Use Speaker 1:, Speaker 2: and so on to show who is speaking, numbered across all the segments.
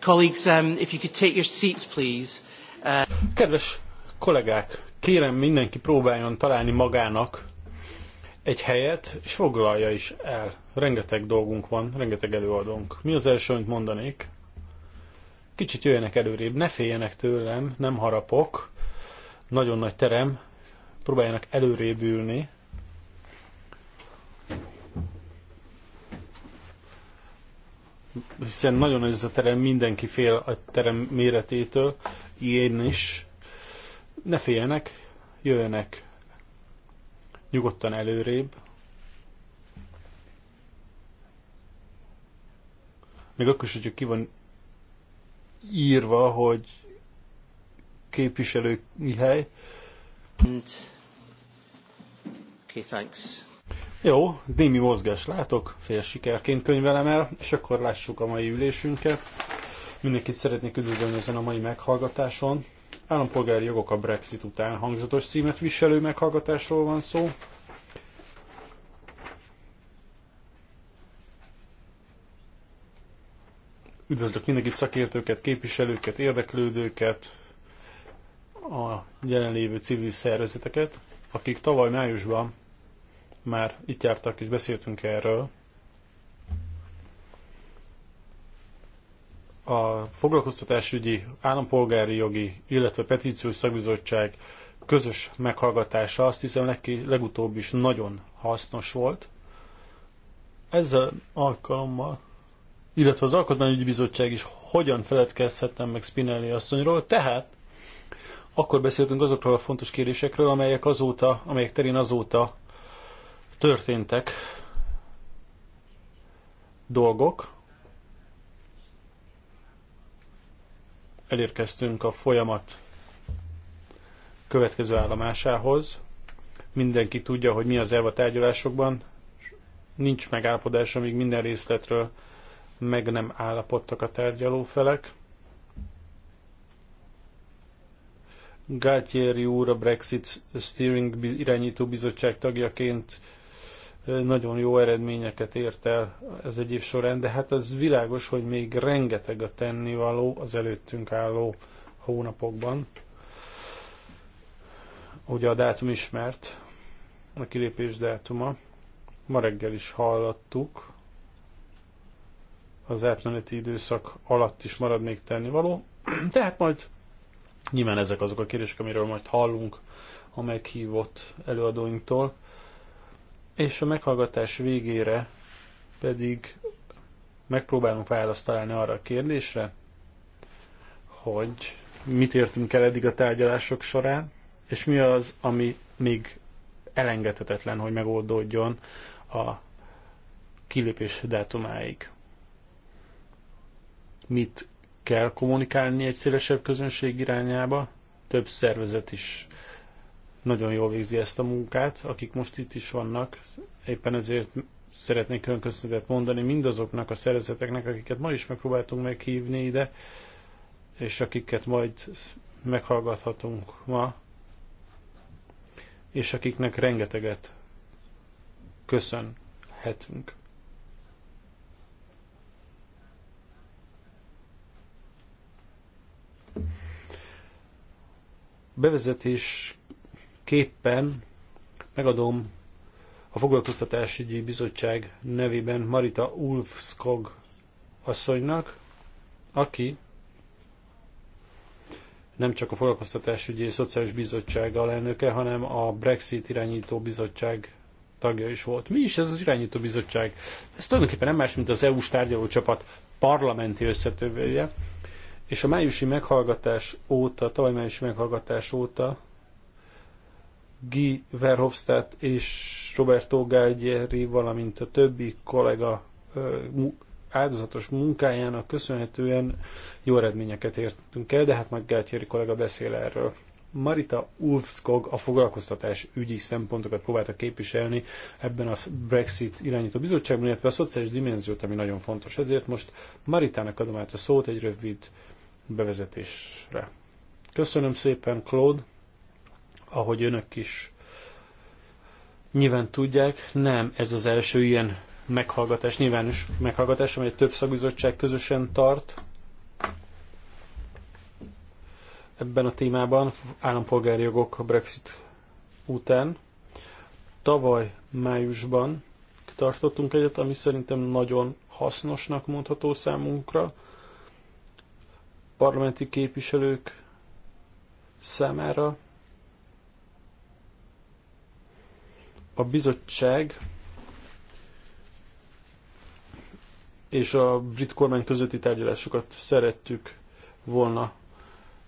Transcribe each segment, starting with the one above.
Speaker 1: Colleagues, um, if you could take your seats, please. Uh... Kedves kollégák, kérem mindenki próbáljon találni magának egy helyet, és foglalja is el. Rengeteg dolgunk van, rengeteg előadónk. Mi az első, amit mondanék? Kicsit jöjjenek előrébb, ne féljenek tőlem, nem harapok. Nagyon nagy terem, próbáljanak előrébb ülni, hiszen nagyon nagy ez a terem, mindenki fél a terem méretétől, én is. Ne féljenek, jöjjenek nyugodtan előrébb. Még akkor is, hogyha ki van írva, hogy képviselő mi hely. And... Okay, thanks. Jó, némi mozgás látok, fél sikerként könyvelem el, és akkor lássuk a mai ülésünket. Mindenkit szeretnék üdvözölni ezen a mai meghallgatáson. Állampolgári jogok a Brexit után hangzatos címet viselő meghallgatásról van szó. Üdvözlök mindenkit, szakértőket, képviselőket, érdeklődőket, a jelenlévő civil szervezeteket, akik tavaly májusban már itt jártak és beszéltünk erről. A foglalkoztatásügyi, állampolgári jogi, illetve petíciós szakbizottság közös meghallgatása azt hiszem leg, legutóbb is nagyon hasznos volt. Ezzel alkalommal, illetve az Alkotmányügyi Bizottság is hogyan feledkezhetne meg Spinelli asszonyról, tehát akkor beszéltünk azokról a fontos kérdésekről, amelyek azóta, amelyek terén azóta történtek dolgok. Elérkeztünk a folyamat következő állomásához. Mindenki tudja, hogy mi az elva tárgyalásokban. Nincs megállapodás, amíg minden részletről meg nem állapodtak a tárgyalófelek. Galtieri úr a Brexit Steering Irányító Bizottság tagjaként nagyon jó eredményeket ért el ez egy év során, de hát az világos, hogy még rengeteg a tennivaló az előttünk álló hónapokban. Ugye a dátum ismert, a kilépés dátuma. Ma reggel is hallottuk, az átmeneti időszak alatt is marad még tennivaló. Tehát majd nyilván ezek azok a kérdések, amiről majd hallunk a meghívott előadóinktól és a meghallgatás végére pedig megpróbálunk választ találni arra a kérdésre, hogy mit értünk el eddig a tárgyalások során, és mi az, ami még elengedhetetlen, hogy megoldódjon a kilépés dátumáig. Mit kell kommunikálni egy szélesebb közönség irányába? Több szervezet is uh, nagyon jól végzi ezt a munkát, akik most itt is vannak, éppen ezért szeretnék külön köszönetet mondani mindazoknak a szervezeteknek, akiket ma is megpróbáltunk meghívni ide, és akiket majd meghallgathatunk ma, és akiknek rengeteget köszönhetünk. Bevezetés képpen megadom a Foglalkoztatásügyi Bizottság nevében Marita Ulfskog asszonynak, aki nem csak a Foglalkoztatásügyi és Szociális Bizottság alelnöke, hanem a Brexit irányító bizottság tagja is volt. Mi is ez az irányító bizottság? Ez tulajdonképpen nem más, mint az EU-s tárgyalócsapat parlamenti összetövője. És a májusi meghallgatás óta, tavaly májusi meghallgatás óta Guy Verhofstadt és Roberto Gallieri, valamint a többi kollega áldozatos munkájának köszönhetően jó eredményeket értünk el, de hát majd Galtieri kollega beszél erről. Marita Ulfskog a foglalkoztatás ügyi szempontokat próbálta képviselni ebben a Brexit irányító bizottságban, illetve a szociális dimenziót, ami nagyon fontos. Ezért most Maritának adom át a szót egy rövid bevezetésre. Köszönöm szépen, Claude! ahogy önök is nyilván tudják, nem ez az első ilyen meghallgatás, nyilvános meghallgatás, amelyet több szakbizottság közösen tart ebben a témában, állampolgári jogok a Brexit után. Tavaly májusban tartottunk egyet, ami szerintem nagyon hasznosnak mondható számunkra. Parlamenti képviselők számára A bizottság és a brit kormány közötti tárgyalásokat szerettük volna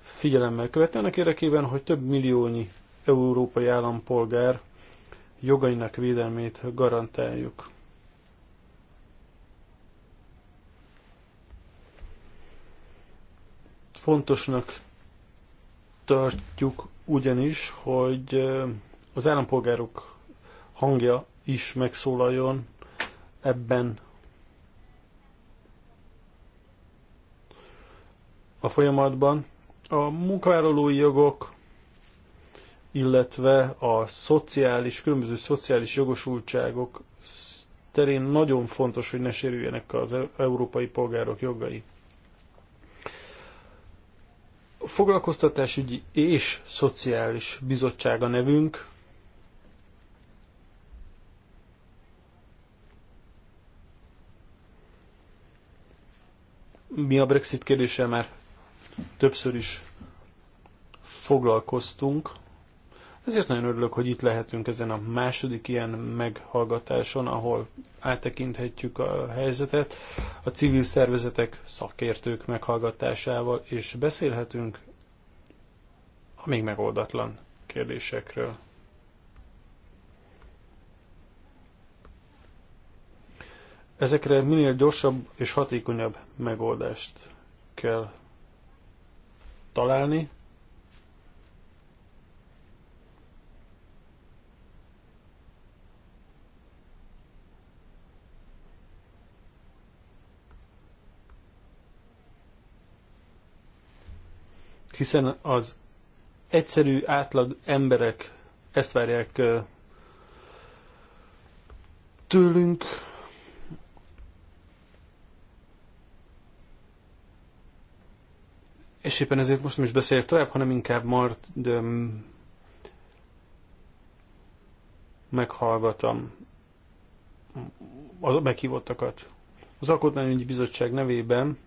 Speaker 1: figyelemmel követni annak érdekében, hogy több milliónyi európai állampolgár jogainak védelmét garantáljuk. Fontosnak tartjuk ugyanis, hogy az állampolgárok hangja is megszólaljon ebben a folyamatban. A munkavállalói jogok, illetve a szociális, különböző szociális jogosultságok terén nagyon fontos, hogy ne sérüljenek az e- európai polgárok jogai. Foglalkoztatásügyi és Szociális Bizottsága nevünk, Mi a Brexit kérdéssel már többször is foglalkoztunk, ezért nagyon örülök, hogy itt lehetünk ezen a második ilyen meghallgatáson, ahol áttekinthetjük a helyzetet a civil szervezetek szakértők meghallgatásával, és beszélhetünk a még megoldatlan kérdésekről. Ezekre minél gyorsabb és hatékonyabb megoldást kell találni. Hiszen az egyszerű átlag emberek ezt várják tőlünk, és éppen ezért most nem is beszélek tovább, hanem inkább majd mm, meghallgatom a meghívottakat. Az Alkotmányügyi Bizottság nevében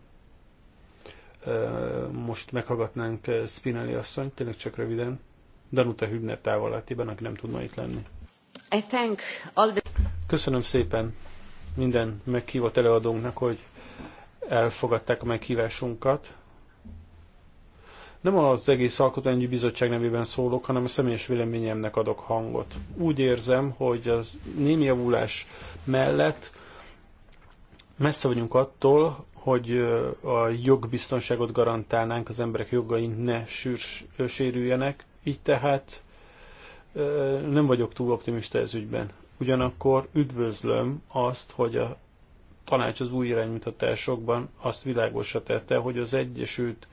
Speaker 1: most meghallgatnánk Spinelli asszonyt, tényleg csak röviden, Danuta Hübner távolátében, aki nem tud ma itt lenni. I thank all the... Köszönöm szépen minden meghívott előadónknak, hogy elfogadták a meghívásunkat. Nem az egész alkotmányi bizottság nevében szólok, hanem a személyes véleményemnek adok hangot. Úgy érzem, hogy a némi javulás mellett messze vagyunk attól, hogy a jogbiztonságot garantálnánk, az emberek jogain ne sérüljenek, így tehát nem vagyok túl optimista ez ügyben. Ugyanakkor üdvözlöm azt, hogy a tanács az új iránymutatásokban azt világosra tette, hogy az Egyesült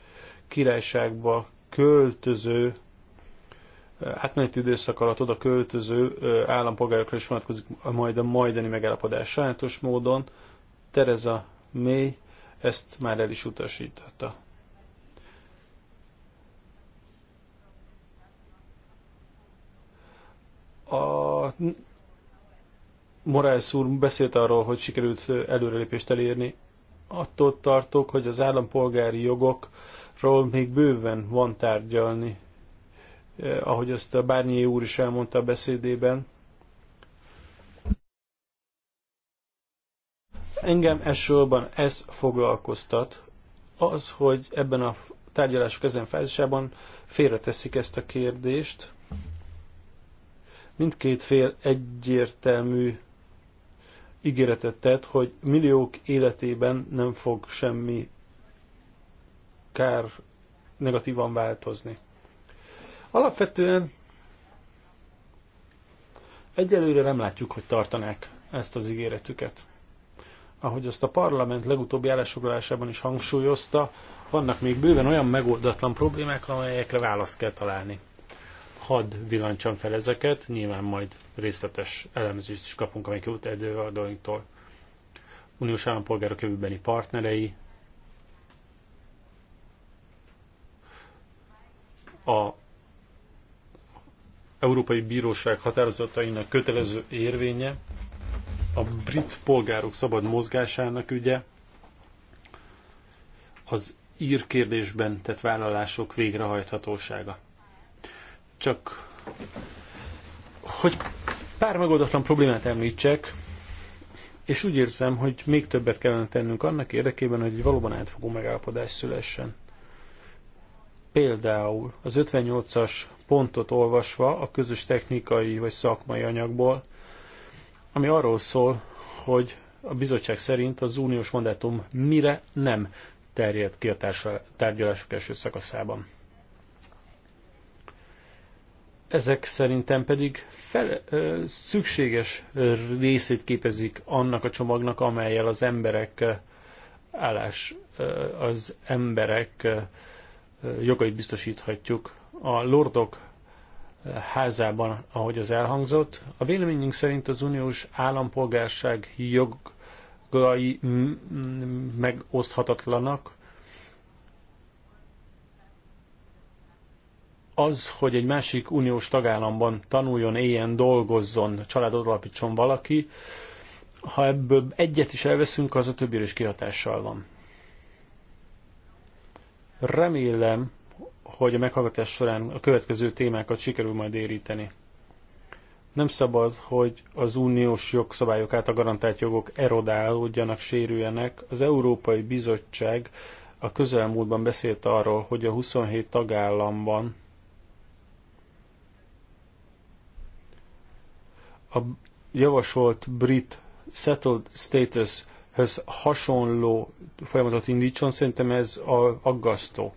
Speaker 1: Királyságba költöző átmeneti időszak alatt oda költöző állampolgárokra is vonatkozik majd a majdani megállapodás sajátos módon. Tereza May ezt már el is utasította. A Morales úr beszélt arról, hogy sikerült előrelépést elérni. Attól tartok, hogy az állampolgári jogok ról még bőven van tárgyalni, eh, ahogy azt a Bárnyi úr is elmondta a beszédében. Engem elsősorban ez foglalkoztat, az, hogy ebben a tárgyalások ezen fázisában félreteszik ezt a kérdést. Mindkét fél egyértelmű ígéretet tett, hogy milliók életében nem fog semmi kár negatívan változni. Alapvetően egyelőre nem látjuk, hogy tartanák ezt az ígéretüket. Ahogy azt a parlament legutóbbi állásfoglalásában is hangsúlyozta, vannak még bőven olyan megoldatlan problémák, amelyekre választ kell találni. Hadd villancsam fel ezeket, nyilván majd részletes elemzést is kapunk, amelyik jut előadóinktól. Uniós állampolgárok jövőbeni partnerei, a Európai Bíróság határozatainak kötelező érvénye, a brit polgárok szabad mozgásának ügye, az ír kérdésben tett vállalások végrehajthatósága. Csak hogy pár megoldatlan problémát említsek, és úgy érzem, hogy még többet kellene tennünk annak érdekében, hogy egy valóban átfogó megállapodás szülessen. Például az 58-as pontot olvasva a közös technikai vagy szakmai anyagból, ami arról szól, hogy a bizottság szerint az uniós mandátum mire nem terjed ki a tárgyalások első szakaszában. Ezek szerintem pedig fel, ö, szükséges részét képezik annak a csomagnak, amelyel az emberek állás, ö, az emberek ö, jogait biztosíthatjuk. A lordok házában, ahogy az elhangzott, a véleményünk szerint az uniós állampolgárság jogai megoszthatatlanak, az, hogy egy másik uniós tagállamban tanuljon, éljen, dolgozzon, családot alapítson valaki, ha ebből egyet is elveszünk, az a többi is kihatással van. Remélem, hogy a meghallgatás során a következő témákat sikerül majd éríteni. Nem szabad, hogy az uniós jogszabályok által garantált jogok erodálódjanak, sérüljenek. Az Európai Bizottság a közelmúltban beszélt arról, hogy a 27 tagállamban a javasolt brit settled status ez hasonló folyamatot indítson, szerintem ez a, aggasztó.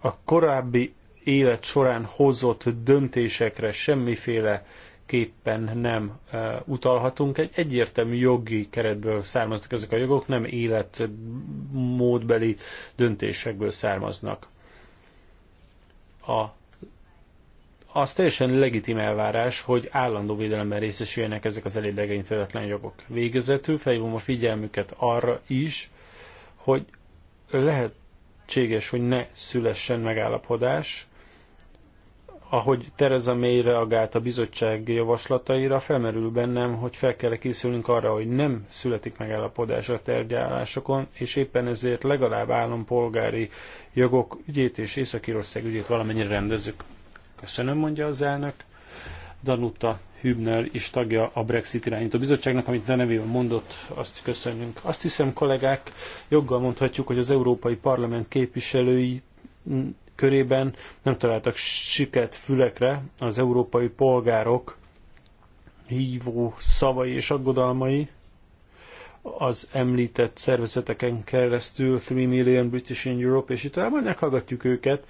Speaker 1: A korábbi élet során hozott döntésekre semmiféle képpen nem uh, utalhatunk. Egy egyértelmű jogi keretből származnak ezek a jogok, nem életmódbeli döntésekből származnak. A az teljesen legitim elvárás, hogy állandó védelemben részesüljenek ezek az elidegényfeletlen jogok. Végezetül felhívom a figyelmüket arra is, hogy lehetséges, hogy ne szülessen megállapodás, ahogy Tereza May reagált a bizottság javaslataira, felmerül bennem, hogy fel kell készülnünk arra, hogy nem születik megállapodás a tergyállásokon, és éppen ezért legalább állampolgári jogok ügyét és Észak-Írország ügyét valamennyire rendezzük. Köszönöm, mondja az elnök. Danuta Hübner is tagja a Brexit irányító bizottságnak, amit nevében mondott, azt köszönünk. Azt hiszem, kollégák, joggal mondhatjuk, hogy az Európai Parlament képviselői körében nem találtak siket fülekre az európai polgárok hívó szavai és aggodalmai az említett szervezeteken keresztül, 3 Million British in Europe, és itt elmondják, hallgatjuk őket,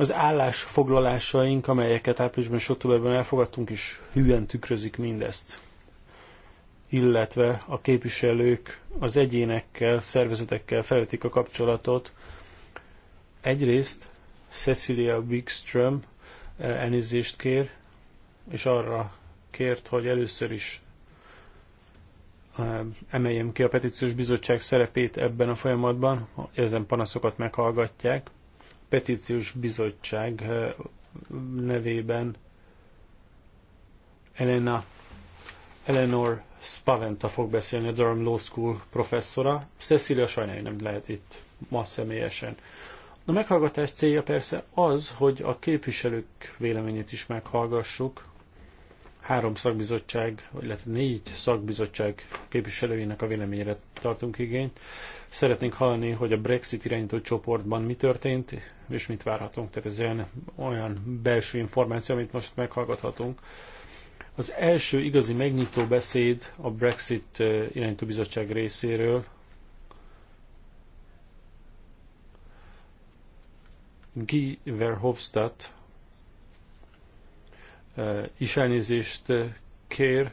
Speaker 1: az állásfoglalásaink, amelyeket áprilisban és októberben elfogadtunk, is hűen tükrözik mindezt illetve a képviselők az egyénekkel, szervezetekkel felvetik a kapcsolatot. Egyrészt Cecilia Wikström eh, elnézést kér, és arra kért, hogy először is eh, emeljem ki a petíciós bizottság szerepét ebben a folyamatban, ezen panaszokat meghallgatják petíciós bizottság eh, nevében Elena Eleanor Spaventa fog beszélni, a Durham Law School professzora. Cecilia sajnálja nem lehet itt ma személyesen. A meghallgatás célja persze az, hogy a képviselők véleményét is meghallgassuk, három szakbizottság, illetve négy szakbizottság képviselőinek a véleményére tartunk igényt. Szeretnénk hallani, hogy a Brexit irányító csoportban mi történt, és mit várhatunk. Tehát ez olyan, olyan belső információ, amit most meghallgathatunk. Az első igazi megnyitó beszéd a Brexit eh, irányító bizottság részéről Guy Verhofstadt is elnézést kér.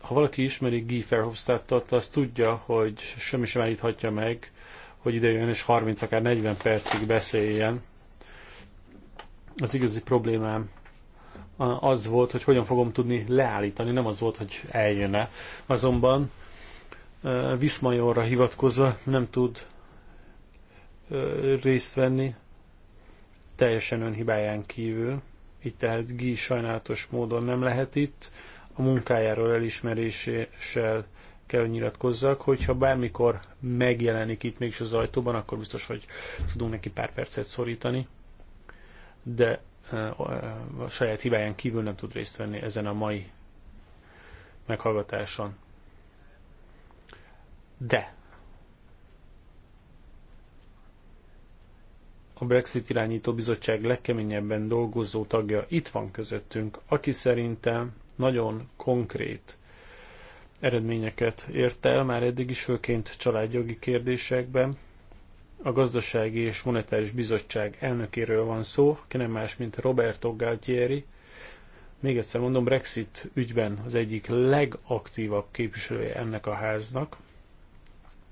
Speaker 1: Ha valaki ismeri Guy Verhofstadtot, az tudja, hogy semmi sem állíthatja meg, hogy idejön és 30, akár 40 percig beszéljen. Az igazi problémám az volt, hogy hogyan fogom tudni leállítani, nem az volt, hogy eljönne. Azonban Viszmajorra hivatkozva nem tud részt venni, teljesen önhibáján kívül tehát Guy sajnálatos módon nem lehet itt. A munkájáról elismeréssel kell, hogy nyilatkozzak, hogyha bármikor megjelenik itt mégis az ajtóban, akkor biztos, hogy tudunk neki pár percet szorítani, de a saját hibáján kívül nem tud részt venni ezen a mai meghallgatáson. De a Brexit irányító bizottság legkeményebben dolgozó tagja itt van közöttünk, aki szerintem nagyon konkrét eredményeket ért el, már eddig is főként családjogi kérdésekben. A Gazdasági és Monetáris Bizottság elnökéről van szó, ki nem más, mint Roberto Galtieri. Még egyszer mondom, Brexit ügyben az egyik legaktívabb képviselője ennek a háznak.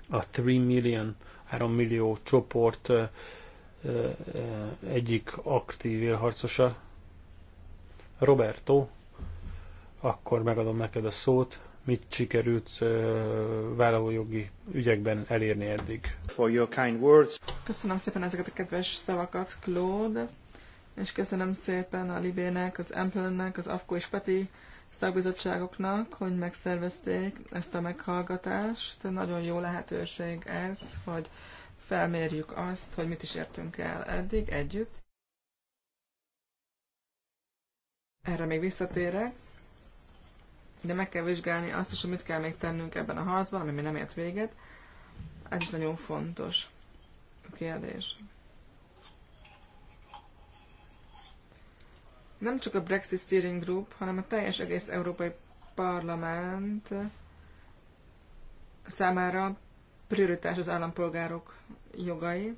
Speaker 1: A 3 million, 3 millió csoport egyik aktív élharcosa. Roberto, akkor megadom neked a szót, mit sikerült vállalójogi ügyekben elérni eddig. For your kind words.
Speaker 2: Köszönöm szépen ezeket a kedves szavakat, Claude, és köszönöm szépen a Libének, az Emplennek, az Afko és Peti szakbizottságoknak, hogy megszervezték ezt a meghallgatást. Nagyon jó lehetőség ez, hogy felmérjük azt, hogy mit is értünk el eddig együtt. Erre még visszatérek, de meg kell vizsgálni azt is, hogy mit kell még tennünk ebben a harcban, ami még nem ért véget. Ez is nagyon fontos kérdés. Nem csak a Brexit Steering Group, hanem a teljes egész Európai Parlament számára prioritás az állampolgárok jogai.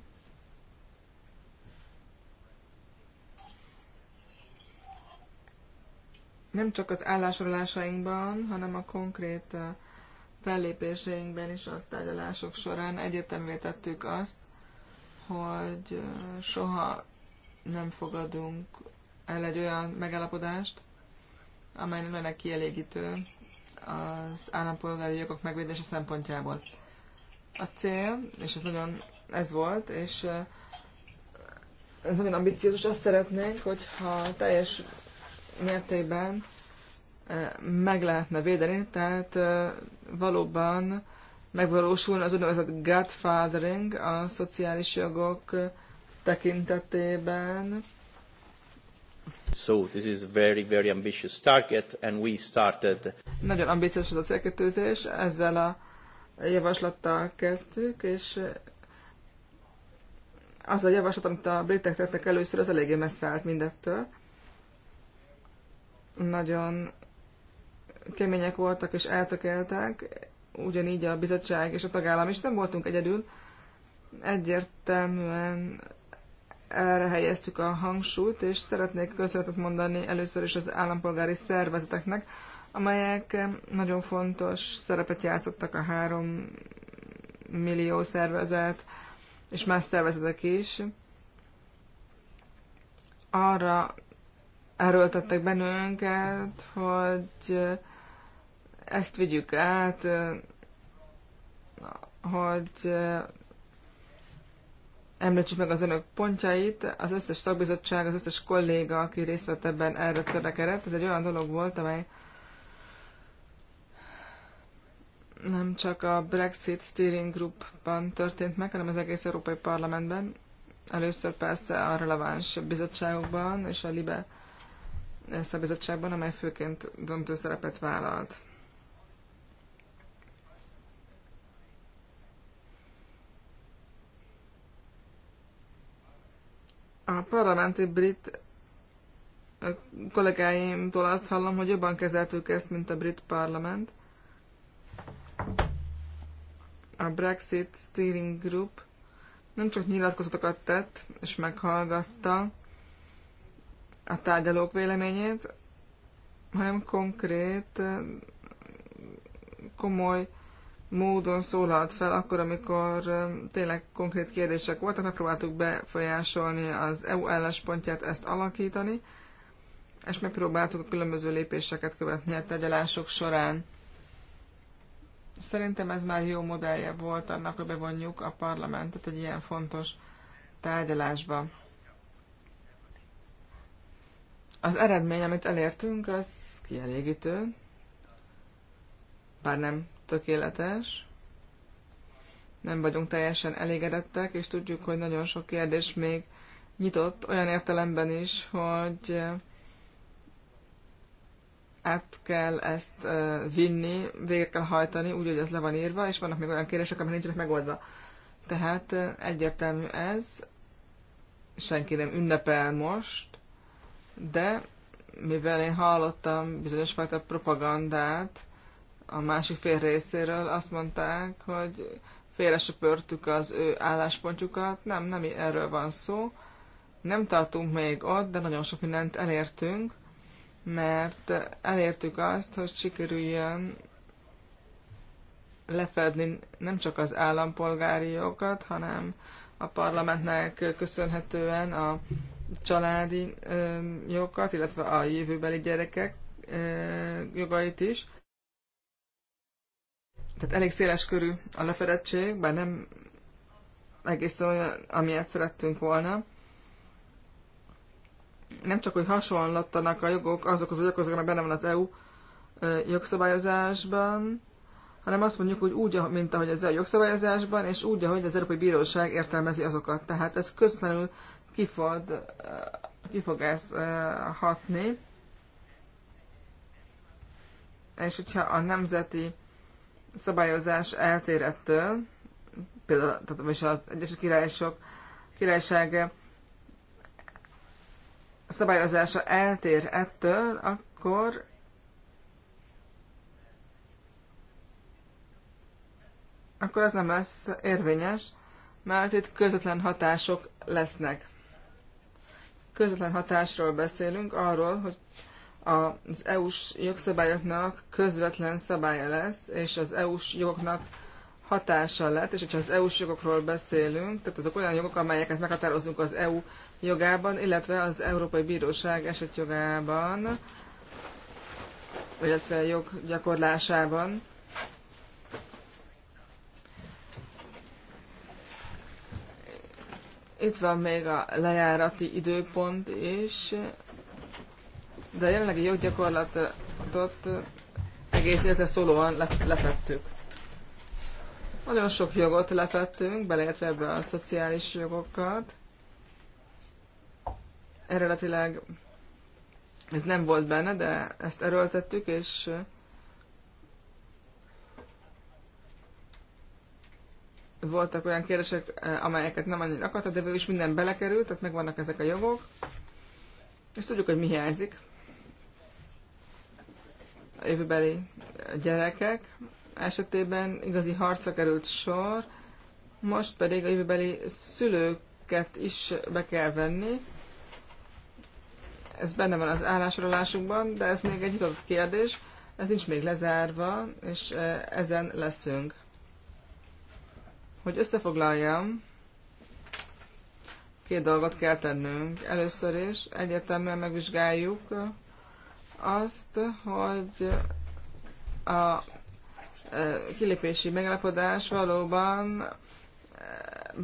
Speaker 2: Nem csak az állásolásainkban, hanem a konkrét uh, fellépéseinkben is a tárgyalások során egyértelművé tettük azt, hogy uh, soha nem fogadunk el egy olyan megállapodást, amely nem lenne kielégítő az állampolgári jogok megvédése szempontjából a cél, és ez nagyon ez volt, és ez nagyon ambiciózus, azt szeretnénk, hogyha teljes mértékben meg lehetne védeni, tehát valóban megvalósulna az úgynevezett godfathering a szociális jogok tekintetében.
Speaker 1: So this is very, very ambitious target, and we started.
Speaker 2: Nagyon ambiciózus az a célkötőzés, ezzel a javaslattal kezdtük, és az a javaslat, amit a britek tettek először, az eléggé messze állt mindettől. Nagyon kemények voltak és eltökéltek, ugyanígy a bizottság és a tagállam is nem voltunk egyedül. Egyértelműen erre helyeztük a hangsúlyt, és szeretnék köszönetet mondani először is az állampolgári szervezeteknek, amelyek nagyon fontos szerepet játszottak a három millió szervezet, és más szervezetek is. Arra erőltettek bennünket, hogy ezt vigyük át, hogy említsük meg az önök pontjait. Az összes szakbizottság, az összes kolléga, aki részt vett ebben, erre törekedett. Ez egy olyan dolog volt, amely nem csak a Brexit Steering Groupban történt meg, hanem az egész Európai Parlamentben. Először persze a releváns bizottságokban és a LIBE szabizottságban, amely főként döntő szerepet vállalt. A parlamenti brit kollégáimtól azt hallom, hogy jobban kezeltük ezt, mint a brit parlament a Brexit Steering Group nem csak nyilatkozatokat tett, és meghallgatta a tárgyalók véleményét, hanem konkrét, komoly módon szólalt fel, akkor, amikor tényleg konkrét kérdések voltak, megpróbáltuk befolyásolni az EU álláspontját, ezt alakítani, és megpróbáltuk a különböző lépéseket követni a tegyelások során. Szerintem ez már jó modellje volt annak, hogy bevonjuk a parlamentet egy ilyen fontos tárgyalásba.
Speaker 1: Az eredmény,
Speaker 2: amit elértünk, az kielégítő, bár nem tökéletes. Nem vagyunk teljesen elégedettek, és tudjuk, hogy nagyon sok kérdés még nyitott olyan értelemben is, hogy át kell ezt vinni, végre kell hajtani, úgy, hogy az le van írva, és vannak még olyan kérdések, amelyek nincsenek megoldva. Tehát egyértelmű ez, senki nem ünnepel most, de mivel én hallottam bizonyos fajta propagandát a másik fél részéről, azt mondták, hogy félresöpörtük az ő álláspontjukat. Nem, nem erről van szó. Nem tartunk még ott, de nagyon sok mindent elértünk mert elértük azt, hogy sikerüljön lefedni nem csak az állampolgári jogokat, hanem a parlamentnek köszönhetően a családi jogokat, illetve a jövőbeli gyerekek jogait is. Tehát elég széles körű a lefedettség, bár nem egészen olyan, amilyet szerettünk volna nem csak, hogy hasonlattanak a jogok azokhoz a jogokhoz, amely benne van az EU jogszabályozásban, hanem azt mondjuk, hogy úgy, mint ahogy az EU jogszabályozásban, és úgy, ahogy az Európai Bíróság értelmezi azokat. Tehát ez közvetlenül kifog, ki fog ez hatni. És hogyha a nemzeti szabályozás eltér ettől, például tehát, és az Egyesült Királyok, Királyság szabályozása eltér ettől, akkor akkor ez nem lesz érvényes, mert itt közvetlen hatások lesznek. Közvetlen hatásról beszélünk, arról, hogy az EU-s jogszabályoknak közvetlen szabálya lesz, és az EU-s jogoknak hatása lett, és hogyha az EU-s jogokról beszélünk, tehát azok olyan jogok, amelyeket meghatározunk az EU jogában, illetve az Európai Bíróság esetjogában, illetve joggyakorlásában. Itt van még a lejárati időpont is, de a jelenlegi joggyakorlatot egész életre szólóan lefettük. Nagyon sok jogot lefettünk, beleértve ebbe a szociális jogokat eredetileg ez nem volt benne, de ezt erőltettük, és eh, voltak olyan kérdések, eh, amelyeket nem annyira akartak, de is minden belekerült, tehát megvannak ezek a jogok, és tudjuk, hogy mi hiányzik. A jövőbeli gyerekek esetében igazi harca került sor, most pedig a jövőbeli szülőket is be kell venni, ez benne van az állásolásunkban, de ez még egy nyitott kérdés, ez nincs még lezárva, és e, ezen leszünk. Hogy összefoglaljam, két dolgot kell tennünk. Először is egyértelműen megvizsgáljuk azt, hogy a e, kilépési megállapodás valóban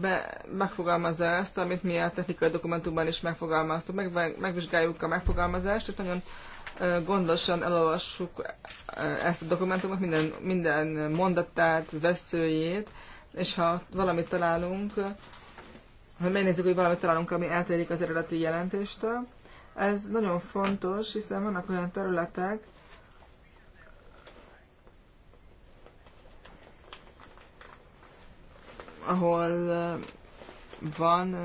Speaker 2: be, megfogalmazza ezt, amit mi a technikai dokumentumban is megfogalmaztuk. Meg, megvizsgáljuk a megfogalmazást, és nagyon gondosan elolvassuk ezt a dokumentumot, minden, minden mondatát, veszőjét, és ha valamit találunk, ha megnézzük, hogy valamit találunk, ami eltérik az eredeti jelentéstől, ez nagyon fontos, hiszen vannak olyan területek, ahol van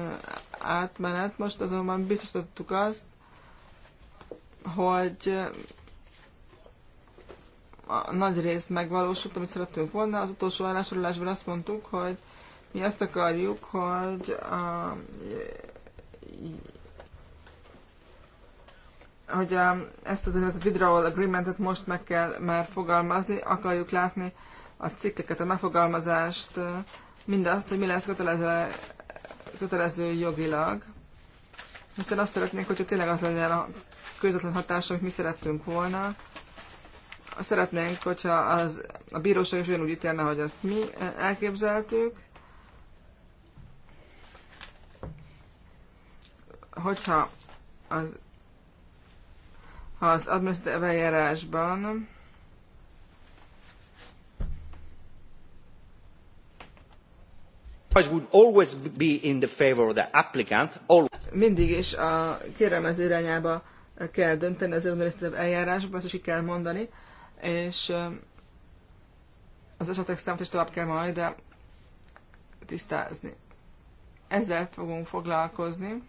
Speaker 2: átmenet. Most azonban biztosítottuk azt, hogy a nagy részt megvalósult, amit szerettünk volna. Az utolsó állásolásban azt mondtuk, hogy mi azt akarjuk, hogy a, hogy a, ezt az úgynevezett withdrawal agreementet most meg kell már fogalmazni, akarjuk látni a cikkeket, a megfogalmazást, mindazt, hogy mi lesz kötelező, kötelező jogilag. Aztán azt szeretnénk, hogyha tényleg az lenne a közvetlen hatás, amit mi szerettünk volna. Szeretnénk, hogyha az, a bíróság is ugyanúgy ítélne, hogy azt mi elképzeltük. Hogyha az, ha az adminisztratív eljárásban Mindig is a kérelmező irányába kell dönteni az önminiszteratív eljárásban, ezt is ki kell mondani, és az esetek számot is tovább kell majd tisztázni. Ezzel fogunk foglalkozni.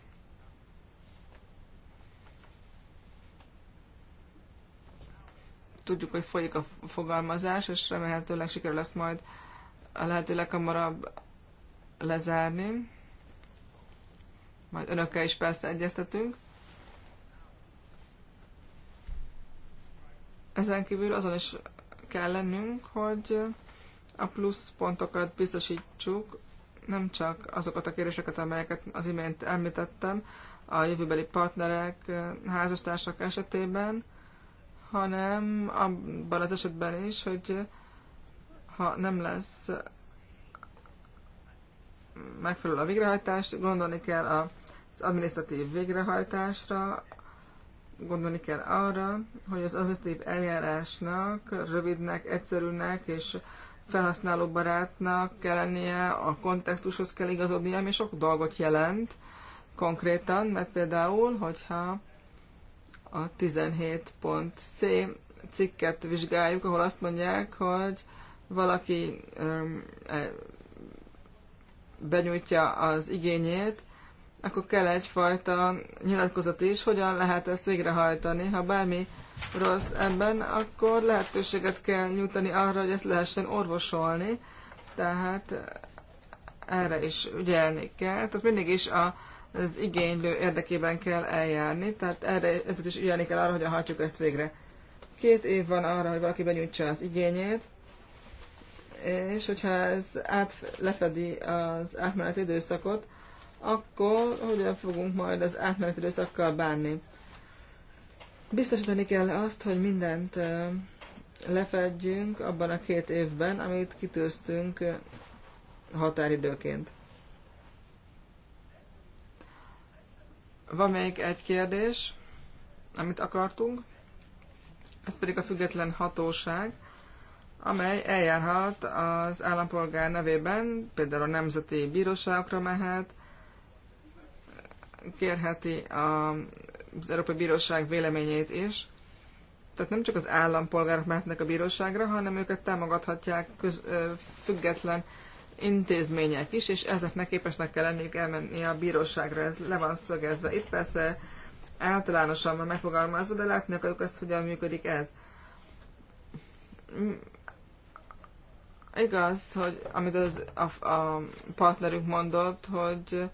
Speaker 2: Tudjuk, hogy folyik a fogalmazás, és remélhetőleg sikerül ezt majd a lehető leghamarabb lezárni. Majd önökkel is persze egyeztetünk. Ezen kívül azon is kell lennünk, hogy a plusz pontokat biztosítsuk, nem csak azokat a kéréseket, amelyeket az imént említettem, a jövőbeli partnerek, házastársak esetében, hanem abban az esetben is, hogy ha nem lesz megfelelő a végrehajtás, gondolni kell az administratív végrehajtásra, gondolni kell arra, hogy az administratív eljárásnak rövidnek, egyszerűnek és felhasználóbarátnak kell lennie, a kontextushoz kell igazodnia, ami sok dolgot jelent konkrétan, mert például, hogyha a 17.c cikket vizsgáljuk, ahol azt mondják, hogy valaki benyújtja az igényét, akkor kell egyfajta nyilatkozat is, hogyan lehet ezt végrehajtani. Ha bármi rossz ebben, akkor lehetőséget kell nyújtani arra, hogy ezt lehessen orvosolni, tehát erre is ügyelni kell. Tehát mindig is a, az igénylő érdekében kell eljárni, tehát erre ezért is ügyelni kell arra, hogy hajtjuk ezt végre. Két év van arra, hogy valaki benyújtsa az igényét, és hogyha ez át lefedi az átmeneti időszakot, akkor hogyan fogunk majd az átmeneti időszakkal bánni? Biztosítani kell azt, hogy mindent lefedjünk abban a két évben, amit kitűztünk határidőként. Van még egy kérdés, amit akartunk, ez pedig a független hatóság amely eljárhat az állampolgár nevében, például a nemzeti bíróságokra mehet, kérheti a, az Európai Bíróság véleményét is. Tehát nem csak az állampolgárok mehetnek a bíróságra, hanem őket támogathatják köz, független intézmények is, és ezeknek képesnek kell lenniük elmenni a bíróságra, ez le van szögezve. Itt persze általánosan van megfogalmazva, de látni akarjuk azt, hogyan működik ez. Igaz, hogy amit az, a, a partnerünk mondott, hogy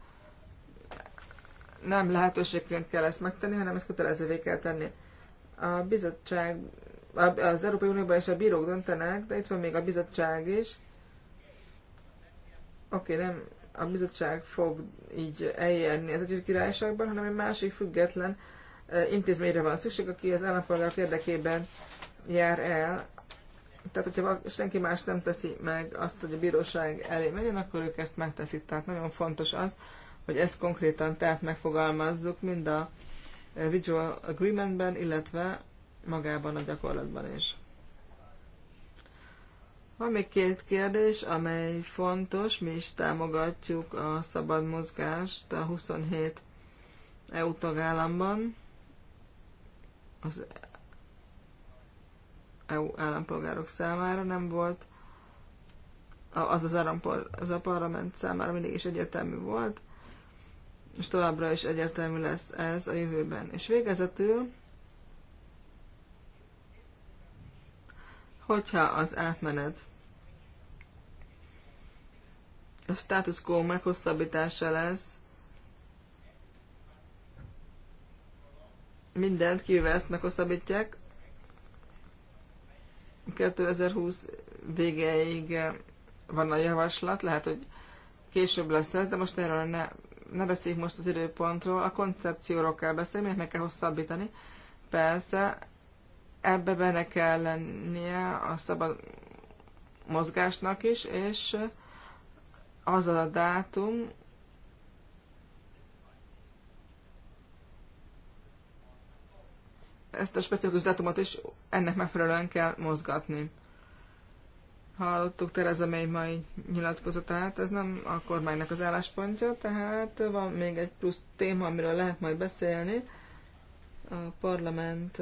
Speaker 2: nem lehetőségként kell ezt megtenni, hanem ezt kötelezővé kell tenni. A bizottság, az Európai Unióban is a bírók döntenek, de itt van még a bizottság is. Oké, okay, nem a bizottság fog így eljárni az Egyesült Királyságban, hanem egy másik független eh, intézményre van szükség, aki az állampolgárok érdekében jár el, tehát, hogyha senki más nem teszi meg azt, hogy a bíróság elé menjen, akkor ők ezt megteszik. Tehát nagyon fontos az, hogy ezt konkrétan tehát megfogalmazzuk mind a e, Visual Agreementben, illetve magában a gyakorlatban is. Van még két kérdés, amely fontos. Mi is támogatjuk a szabad mozgást a 27 EU tagállamban. Az EU állampolgárok számára, nem volt az az, állampol, az a parlament számára mindig is egyértelmű volt, és továbbra is egyértelmű lesz ez a jövőben. És végezetül, hogyha az átmenet a status quo meghosszabbítása lesz, mindent kivéve ezt meghosszabbítják, 2020 végéig eh, van a javaslat, lehet, hogy később lesz ez, de most erről ne, ne beszéljük most az időpontról, a koncepcióról kell beszélni, mert meg kell hosszabbítani. Persze, ebbe benne kell lennie a szabad mozgásnak is, és az a dátum, ezt a specifikus dátumot is ennek megfelelően kell mozgatni. Hallottuk Tereza May mai nyilatkozatát, ez nem a kormánynak az álláspontja, tehát van még egy plusz téma, amiről lehet majd beszélni. A parlament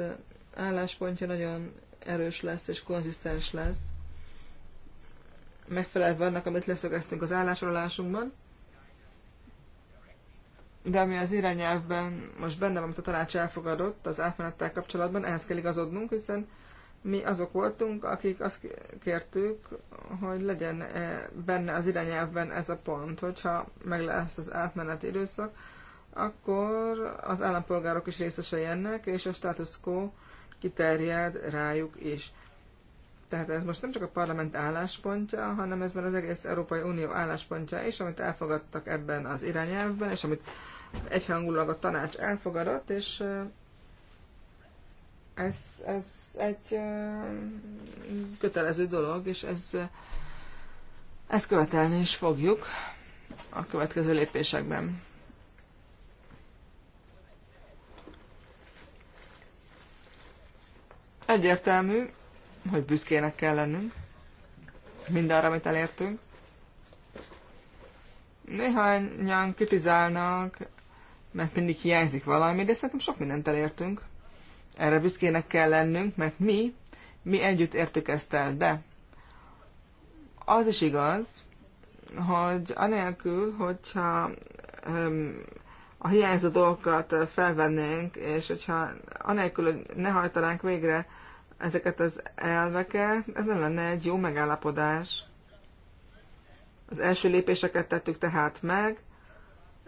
Speaker 2: álláspontja nagyon erős lesz és konzisztens lesz. Megfelelve annak, amit leszögeztünk az állásolásunkban de ami az irányelvben most benne van, amit a tanács elfogadott az átmenettel kapcsolatban, ehhez kell igazodnunk, hiszen mi azok voltunk, akik azt kértük, hogy legyen eh, benne az irányelvben ez a pont, hogyha meg lesz az átmeneti időszak, akkor az állampolgárok is részesei ennek, és a status quo kiterjed rájuk is. Tehát ez most nem csak a parlament álláspontja, hanem ez már az egész Európai Unió álláspontja is, amit elfogadtak ebben az irányelvben, és amit egyhangulag a tanács elfogadott, és ez, ez egy kötelező dolog, és ez, ezt követelni is fogjuk a következő lépésekben. Egyértelmű, hogy büszkének kell lennünk mindarra, amit elértünk. Néhányan kritizálnak mert mindig hiányzik valami, de szerintem sok mindent elértünk. Erre büszkének kell lennünk, mert mi, mi együtt értük ezt el, de az is igaz, hogy anélkül, hogyha öm, a hiányzó dolgokat felvennénk, és hogyha anélkül, hogy ne hajtanánk végre ezeket az elveket, ez nem lenne egy jó megállapodás. Az első lépéseket tettük tehát meg,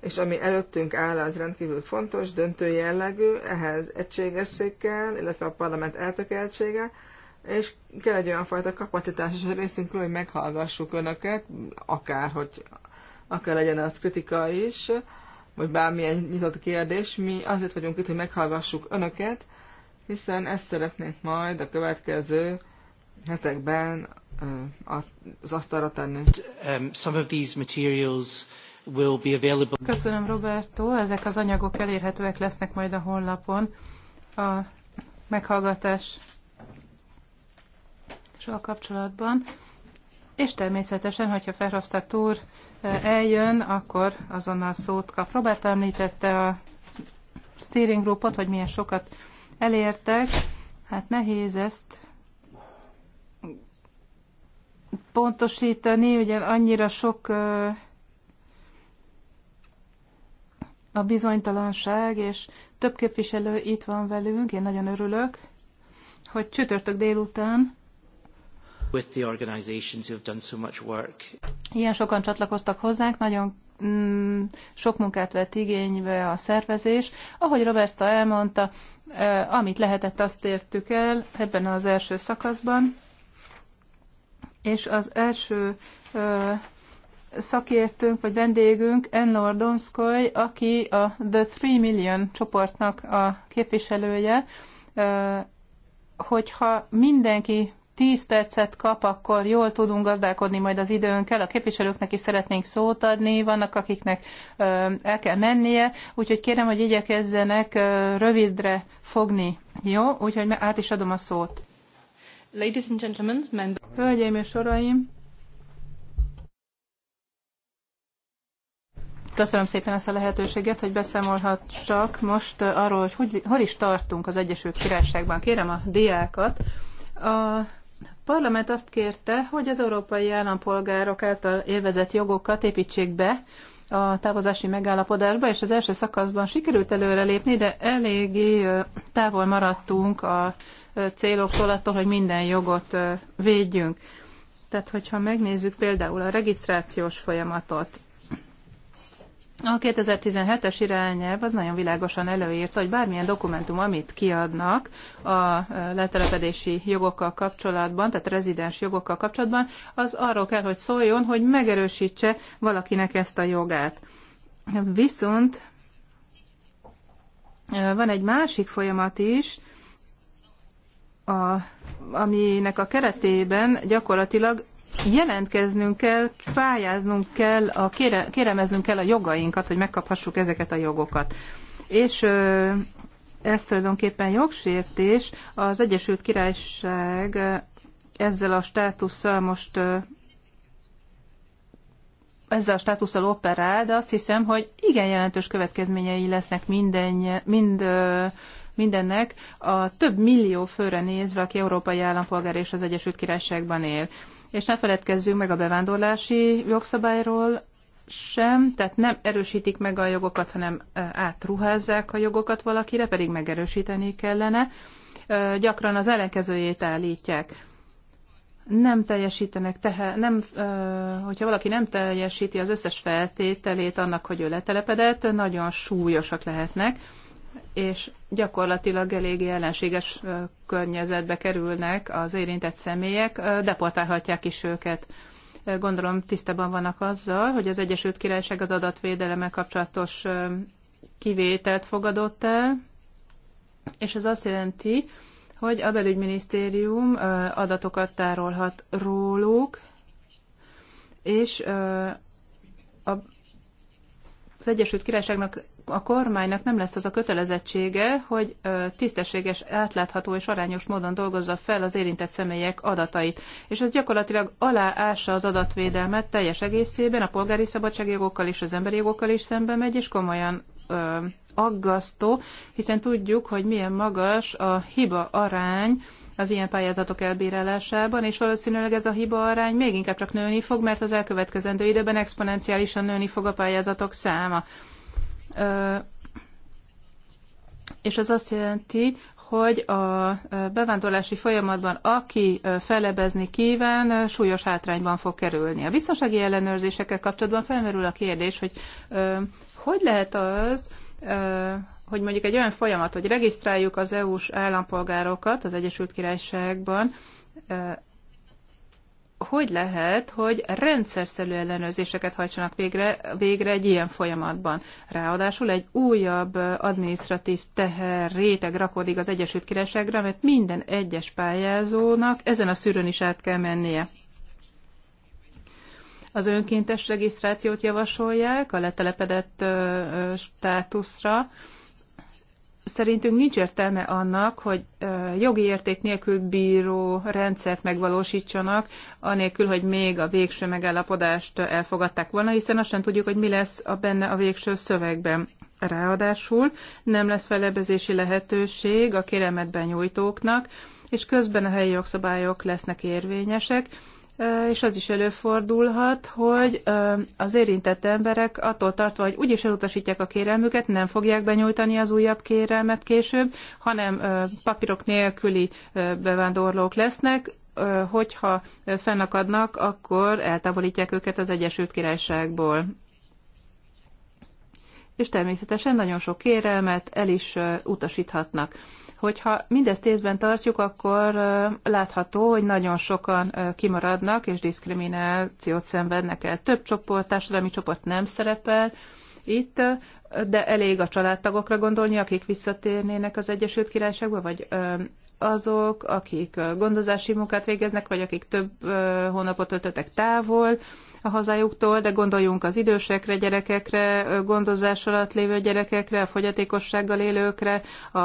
Speaker 2: és ami előttünk áll, az rendkívül fontos, döntő jellegű, ehhez egységesség kell, illetve a parlament eltökeltsége, és kell egy olyan fajta kapacitás is a részünkről, hogy meghallgassuk önöket, akár, hogy akár legyen az kritika is, vagy bármilyen nyitott kérdés, mi azért vagyunk itt, hogy meghallgassuk önöket, hiszen ezt szeretnénk majd a következő hetekben az asztalra tenni. Um, some of these materials Köszönöm
Speaker 3: Roberto, ezek az anyagok elérhetőek lesznek majd a honlapon. A meghallgatás a kapcsolatban. És természetesen, hogyha Ferhofstadt úr eh, eljön, akkor azonnal szót kap. Robert említette a steering groupot, hogy milyen sokat elértek. Hát nehéz ezt pontosítani, ugye annyira sok eh, a bizonytalanság, és több képviselő itt van velünk, én nagyon örülök, hogy csütörtök délután with the organizations who have done so much work. Ilyen sokan csatlakoztak hozzánk, nagyon mm, sok munkát vett igénybe a szervezés. Ahogy Roberta elmondta, eh, amit lehetett, azt értük el ebben az első szakaszban. És az első eh, szakértőnk vagy vendégünk Ennor Donskoy, aki a The Three Million csoportnak a képviselője, hogyha mindenki 10 percet kap, akkor jól tudunk gazdálkodni majd az időnkkel. A képviselőknek is szeretnénk szót adni, vannak akiknek el kell mennie, úgyhogy kérem, hogy igyekezzenek rövidre fogni. Jó? Úgyhogy át is adom a szót. Ladies and gentlemen, Hölgyeim és uraim, Köszönöm szépen ezt a lehetőséget, hogy beszámolhatsak most uh, arról, hogy, hogy hol is tartunk az Egyesült Királyságban. Kérem a diákat. A parlament azt kérte, hogy az európai állampolgárok által élvezett jogokat építsék be a távozási megállapodásba, és az első szakaszban sikerült előrelépni, de eléggé uh, távol maradtunk a uh, céloktól, attól, hogy minden jogot védjünk. Tehát, hogyha megnézzük például a regisztrációs folyamatot, a 2017-es irányelv az nagyon világosan előírta, hogy bármilyen dokumentum, amit kiadnak a e, letelepedési jogokkal kapcsolatban, tehát rezidens jogokkal kapcsolatban, az arról kell, hogy szóljon, hogy megerősítse valakinek ezt a jogát. Viszont e, van egy másik folyamat is, a, aminek a keretében gyakorlatilag jelentkeznünk kell, fájáznunk kell, a kére, kéremeznünk kell a jogainkat, hogy megkaphassuk ezeket a jogokat. És ez tulajdonképpen jogsértés. Az Egyesült Királyság ezzel a státusszal most ezzel a státusszal operál, de azt hiszem, hogy igen jelentős következményei lesznek minden, mind, mindennek a több millió főre nézve, aki európai állampolgár és az Egyesült Királyságban él és ne feledkezzünk meg a bevándorlási jogszabályról sem, tehát nem erősítik meg a jogokat, hanem átruházzák a jogokat valakire, pedig megerősíteni kellene. Gyakran az ellenkezőjét állítják nem teljesítenek, tehát nem, hogyha valaki nem teljesíti az összes feltételét annak, hogy ő letelepedett, nagyon súlyosak lehetnek és gyakorlatilag eléggé ellenséges környezetbe kerülnek az érintett személyek, deportálhatják is őket. Gondolom tisztában vannak azzal, hogy az Egyesült Királyság az adatvédelemmel kapcsolatos kivételt fogadott el, és ez azt jelenti, hogy a belügyminisztérium adatokat tárolhat róluk, és az Egyesült Királyságnak a kormánynak nem lesz az a kötelezettsége, hogy tisztességes, átlátható és arányos módon dolgozza fel az érintett személyek adatait. És ez gyakorlatilag aláássa az adatvédelmet teljes egészében, a polgári szabadságjogokkal és az emberi jogokkal is szembe megy, és komolyan ö, aggasztó, hiszen tudjuk, hogy milyen magas a hiba arány, az ilyen pályázatok elbírálásában, és valószínűleg ez a hiba arány még inkább csak nőni fog, mert az elkövetkezendő időben exponenciálisan nőni fog a pályázatok száma és ez azt jelenti, hogy a bevándorlási folyamatban aki felebezni kíván, súlyos hátrányban fog kerülni. A biztonsági ellenőrzésekkel kapcsolatban felmerül a kérdés, hogy hogy lehet az, hogy mondjuk egy olyan folyamat, hogy regisztráljuk az EU-s állampolgárokat az Egyesült Királyságban, hogy lehet, hogy rendszerszerű ellenőrzéseket hajtsanak végre, végre egy ilyen folyamatban. Ráadásul egy újabb administratív teher réteg rakódik az Egyesült Királyságra, mert minden egyes pályázónak ezen a szűrőn is át kell mennie. Az önkéntes regisztrációt javasolják a letelepedett státuszra, szerintünk nincs értelme annak, hogy jogi érték nélkül bíró rendszert megvalósítsanak, anélkül, hogy még a végső megállapodást elfogadták volna, hiszen azt sem tudjuk, hogy mi lesz a benne a végső szövegben. Ráadásul nem lesz felebezési lehetőség a kéremetben nyújtóknak, és közben a helyi jogszabályok lesznek érvényesek, és az is előfordulhat, hogy az érintett emberek attól tartva, hogy úgyis elutasítják a kérelmüket, nem fogják benyújtani az újabb kérelmet később, hanem papírok nélküli bevándorlók lesznek, hogyha fennakadnak, akkor eltávolítják őket az Egyesült Királyságból. És természetesen nagyon sok kérelmet el is utasíthatnak. Hogyha mindezt észben tartjuk, akkor látható, hogy nagyon sokan kimaradnak és diszkriminációt szenvednek el. Több csoport, társadalmi csoport nem szerepel itt, de elég a családtagokra gondolni, akik visszatérnének az Egyesült Királyságba, vagy azok, akik gondozási munkát végeznek, vagy akik több hónapot töltöttek távol a hazájuktól, de gondoljunk az idősekre, gyerekekre, gondozás alatt lévő gyerekekre, a fogyatékossággal élőkre, a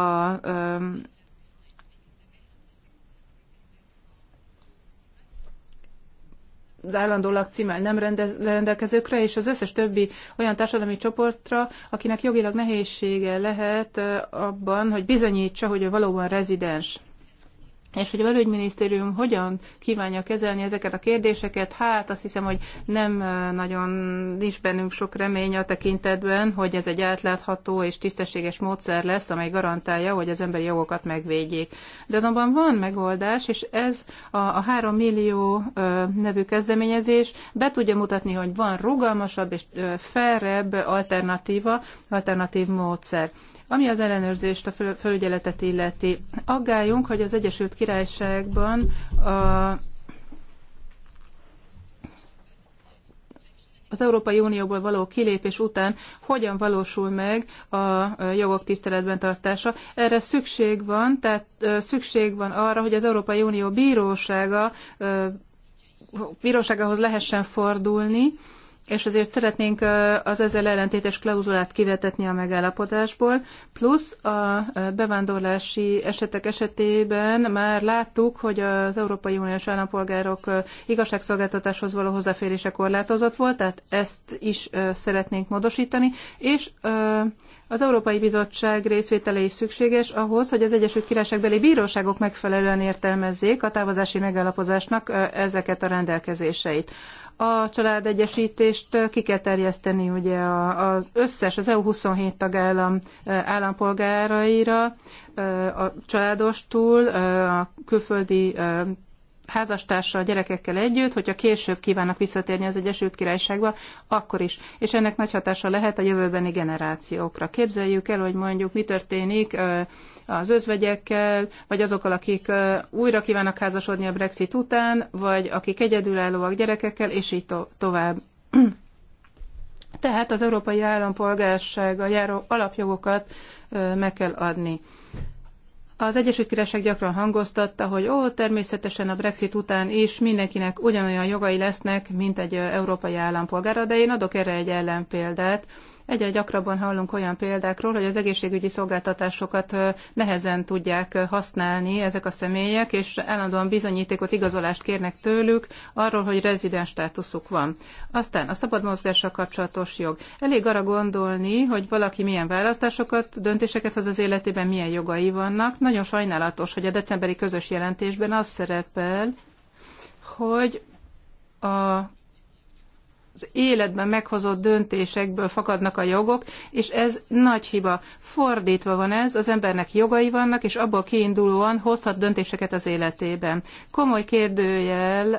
Speaker 3: az állandó lakcímmel nem rendelkezőkre, és az összes többi olyan társadalmi csoportra, akinek jogilag nehézsége lehet abban, hogy bizonyítsa, hogy ő valóban rezidens és hogy a belügyminisztérium hogyan kívánja kezelni ezeket a kérdéseket, hát azt hiszem, hogy nem nagyon nincs bennünk sok remény a tekintetben, hogy ez egy átlátható és tisztességes módszer lesz, amely garantálja, hogy az emberi jogokat megvédjék. De azonban van megoldás, és ez a, a 3 millió ö, nevű kezdeményezés be tudja mutatni, hogy van rugalmasabb és ö, felrebb alternatíva, alternatív módszer. Ami az ellenőrzést, a felügyeletet illeti, aggályunk, hogy az Egyesült Királyságban a az Európai Unióból való kilépés után hogyan valósul meg a jogok tiszteletben tartása. Erre szükség van, tehát szükség van arra, hogy az Európai Unió bírósága, bírósághoz lehessen fordulni, és ezért szeretnénk az ezzel ellentétes klauzulát kivetetni a megállapodásból, plusz a bevándorlási esetek esetében már láttuk, hogy az Európai Uniós állampolgárok igazságszolgáltatáshoz való hozzáférése korlátozott volt, tehát ezt is szeretnénk módosítani, és az Európai Bizottság részvétele is szükséges ahhoz, hogy az Egyesült Királyságbeli bíróságok megfelelően értelmezzék a távozási megállapozásnak ezeket a rendelkezéseit a családegyesítést ki kell terjeszteni ugye az összes, az EU 27 tagállam állampolgáraira, a családos túl, a külföldi a gyerekekkel együtt, hogyha később kívánnak visszatérni az Egyesült Királyságba, akkor is. És ennek nagy hatása lehet a jövőbeni generációkra. Képzeljük el, hogy mondjuk mi történik az özvegyekkel, vagy azokkal, akik újra kívánnak házasodni a Brexit után, vagy akik egyedülállóak gyerekekkel, és így to- tovább. Tehát az európai a járó alapjogokat meg kell adni. Az Egyesült Királyság gyakran hangoztatta, hogy ó, természetesen a Brexit után is mindenkinek ugyanolyan jogai lesznek, mint egy európai állampolgára, de én adok erre egy ellenpéldát. Egyre gyakrabban hallunk olyan példákról, hogy az egészségügyi szolgáltatásokat nehezen tudják használni ezek a személyek, és állandóan bizonyítékot, igazolást kérnek tőlük arról, hogy rezidens státuszuk van. Aztán a szabad mozgással kapcsolatos jog. Elég arra gondolni, hogy valaki milyen választásokat, döntéseket hoz az életében, milyen jogai vannak. Nagyon sajnálatos, hogy a decemberi közös jelentésben az szerepel, hogy a az életben meghozott döntésekből fakadnak a jogok, és ez nagy hiba. Fordítva van ez, az embernek jogai vannak, és abból kiindulóan hozhat döntéseket az életében. Komoly kérdőjel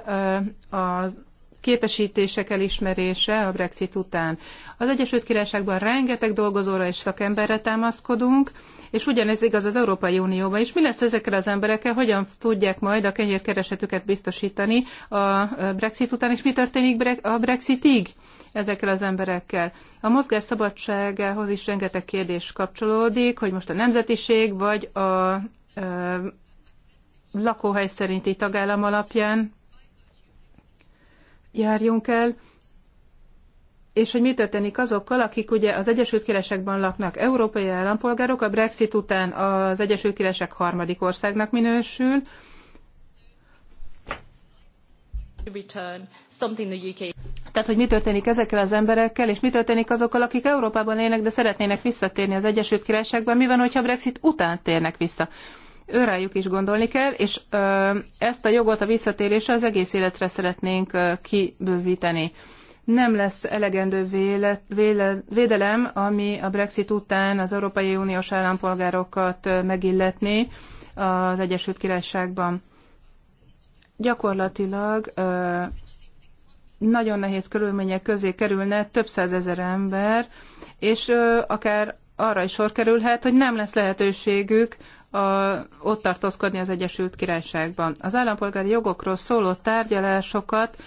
Speaker 3: az képesítések elismerése a Brexit után. Az Egyesült Királyságban rengeteg dolgozóra és szakemberre támaszkodunk, és ugyanez igaz az Európai Unióban is. Mi lesz ezekkel az emberekkel, hogyan tudják majd a kenyérkeresetüket biztosítani a Brexit után, és mi történik a Brexitig ezekkel az emberekkel? A mozgás szabadságához is rengeteg kérdés kapcsolódik, hogy most a nemzetiség vagy a lakóhely szerinti tagállam alapján járjunk el és hogy mi történik azokkal, akik ugye az Egyesült Királyságban laknak, európai állampolgárok, a Brexit után az Egyesült Királyság harmadik országnak minősül, tehát, hogy mi történik ezekkel az emberekkel, és mi történik azokkal, akik Európában élnek, de szeretnének visszatérni az Egyesült Királyságban, mi van, hogyha Brexit után térnek vissza? Őrájuk is gondolni kell, és ö, ezt a jogot a visszatérésre az egész életre szeretnénk ö, kibővíteni nem lesz elegendő véle, véle, védelem, ami a Brexit után az Európai Uniós állampolgárokat megilletné az Egyesült Királyságban. Gyakorlatilag nagyon nehéz körülmények közé kerülne több százezer ember, és akár arra is sor kerülhet, hogy nem lesz lehetőségük a, ott tartózkodni az Egyesült Királyságban. Az állampolgári jogokról szóló tárgyalásokat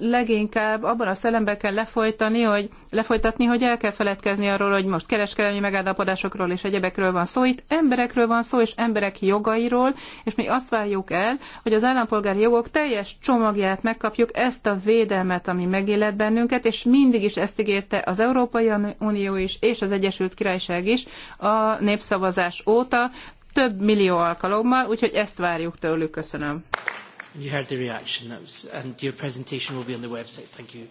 Speaker 3: leginkább abban a szellemben kell lefolytani, hogy, lefolytatni, hogy el kell feledkezni arról, hogy most kereskedelmi megállapodásokról és egyebekről van szó. Itt emberekről van szó, és emberek jogairól, és mi azt várjuk el, hogy az állampolgári jogok teljes csomagját megkapjuk, ezt a védelmet, ami megélet bennünket, és mindig is ezt ígérte az Európai Unió is, és az Egyesült Királyság is a népszavazás óta, több millió alkalommal, úgyhogy ezt várjuk tőlük. Köszönöm. You heard the reaction, that was, and your presentation
Speaker 1: will be on the website. Thank you.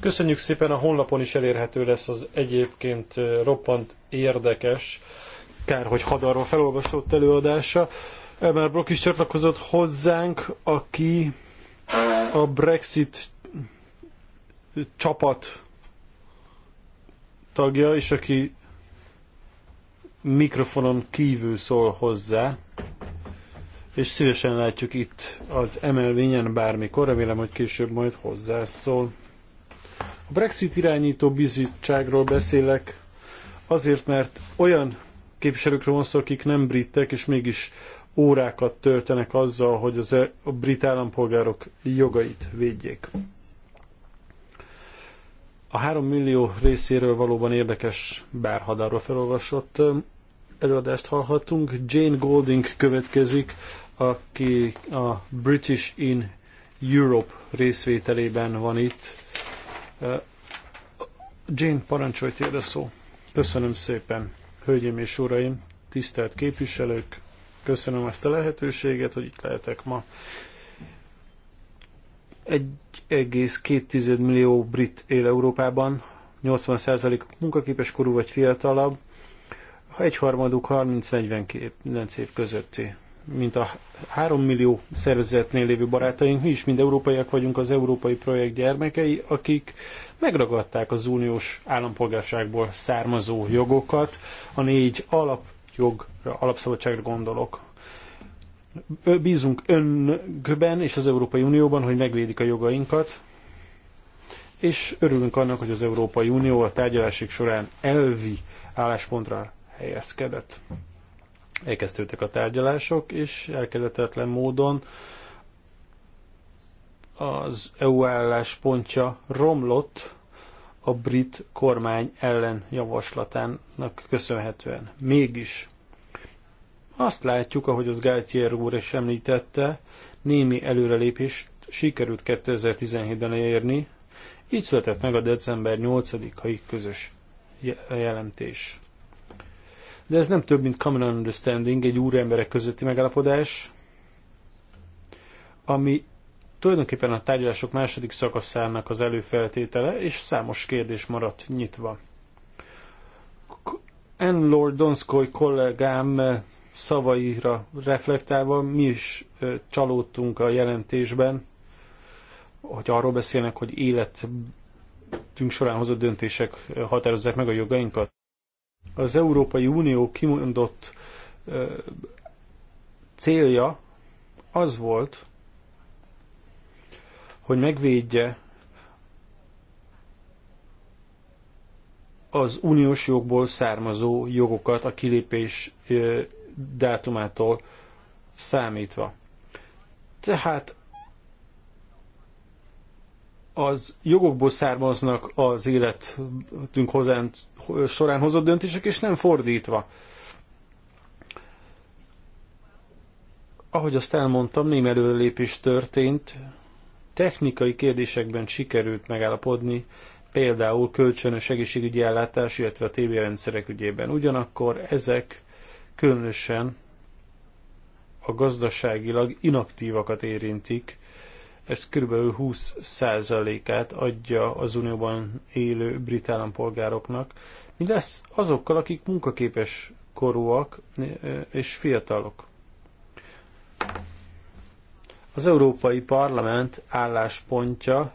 Speaker 1: Köszönjük szépen, a honlapon is elérhető lesz az egyébként roppant érdekes, kár, hogy hadarva felolvasott előadása. Elmer Brock is csatlakozott hozzánk, aki a Brexit csapat tagja, és aki mikrofonon kívül szól hozzá és szívesen látjuk itt az emelvényen bármikor, remélem, hogy később majd hozzászól. A Brexit irányító bizottságról beszélek, azért, mert olyan képviselőkről van szó, akik nem britek, és mégis órákat töltenek azzal, hogy az a brit állampolgárok jogait védjék. A három millió részéről valóban érdekes, bár felolvasott előadást hallhatunk. Jane Golding következik, aki a British in Europe részvételében van itt. Jane, parancsolj tiéd a szó. Köszönöm szépen, hölgyeim és uraim, tisztelt képviselők, köszönöm ezt a lehetőséget, hogy itt lehetek ma. 1,2 millió brit él Európában, 80 munkaképes korú vagy fiatalabb, ha egyharmaduk 30-49 év közötti mint a három millió szervezetnél lévő barátaink, mi is mind európaiak vagyunk az európai projekt gyermekei, akik megragadták az uniós állampolgárságból származó jogokat, a négy alapjogra, alapszabadságra gondolok. Bízunk önökben és az Európai Unióban, hogy megvédik a jogainkat, és örülünk annak, hogy az Európai Unió a tárgyalások során elvi álláspontra helyezkedett elkezdődtek a tárgyalások, és elkerülhetetlen módon az EU álláspontja romlott a brit kormány ellen javaslatának köszönhetően. Mégis azt látjuk, ahogy az Gáltier úr is említette, némi előrelépést sikerült 2017-ben érni, így született meg a december 8-ai közös jelentés. De ez nem több, mint common understanding, egy úr emberek közötti megállapodás, ami tulajdonképpen a tárgyalások második szakaszának az előfeltétele, és számos kérdés maradt nyitva. N. Lord Donskoy kollégám eh, szavaira reflektálva mi is eh, csalódtunk a jelentésben, hogy arról beszélnek, hogy életünk során hozott döntések eh, határozzák meg a jogainkat. Az Európai Unió kimondott célja az volt, hogy megvédje az uniós jogból származó jogokat a kilépés dátumától számítva. Tehát az jogokból származnak az életünk hozzán, során hozott döntések, és nem fordítva. Ahogy azt elmondtam, némi előrelépés történt, technikai kérdésekben sikerült megállapodni, például kölcsönös egészségügyi ellátás, illetve a tévérendszerek ügyében. Ugyanakkor ezek különösen a gazdaságilag inaktívakat érintik, ez kb. 20%-át adja az unióban élő brit állampolgároknak. Mi lesz azokkal, akik munkaképes korúak eh, és fiatalok? Az Európai Parlament álláspontja,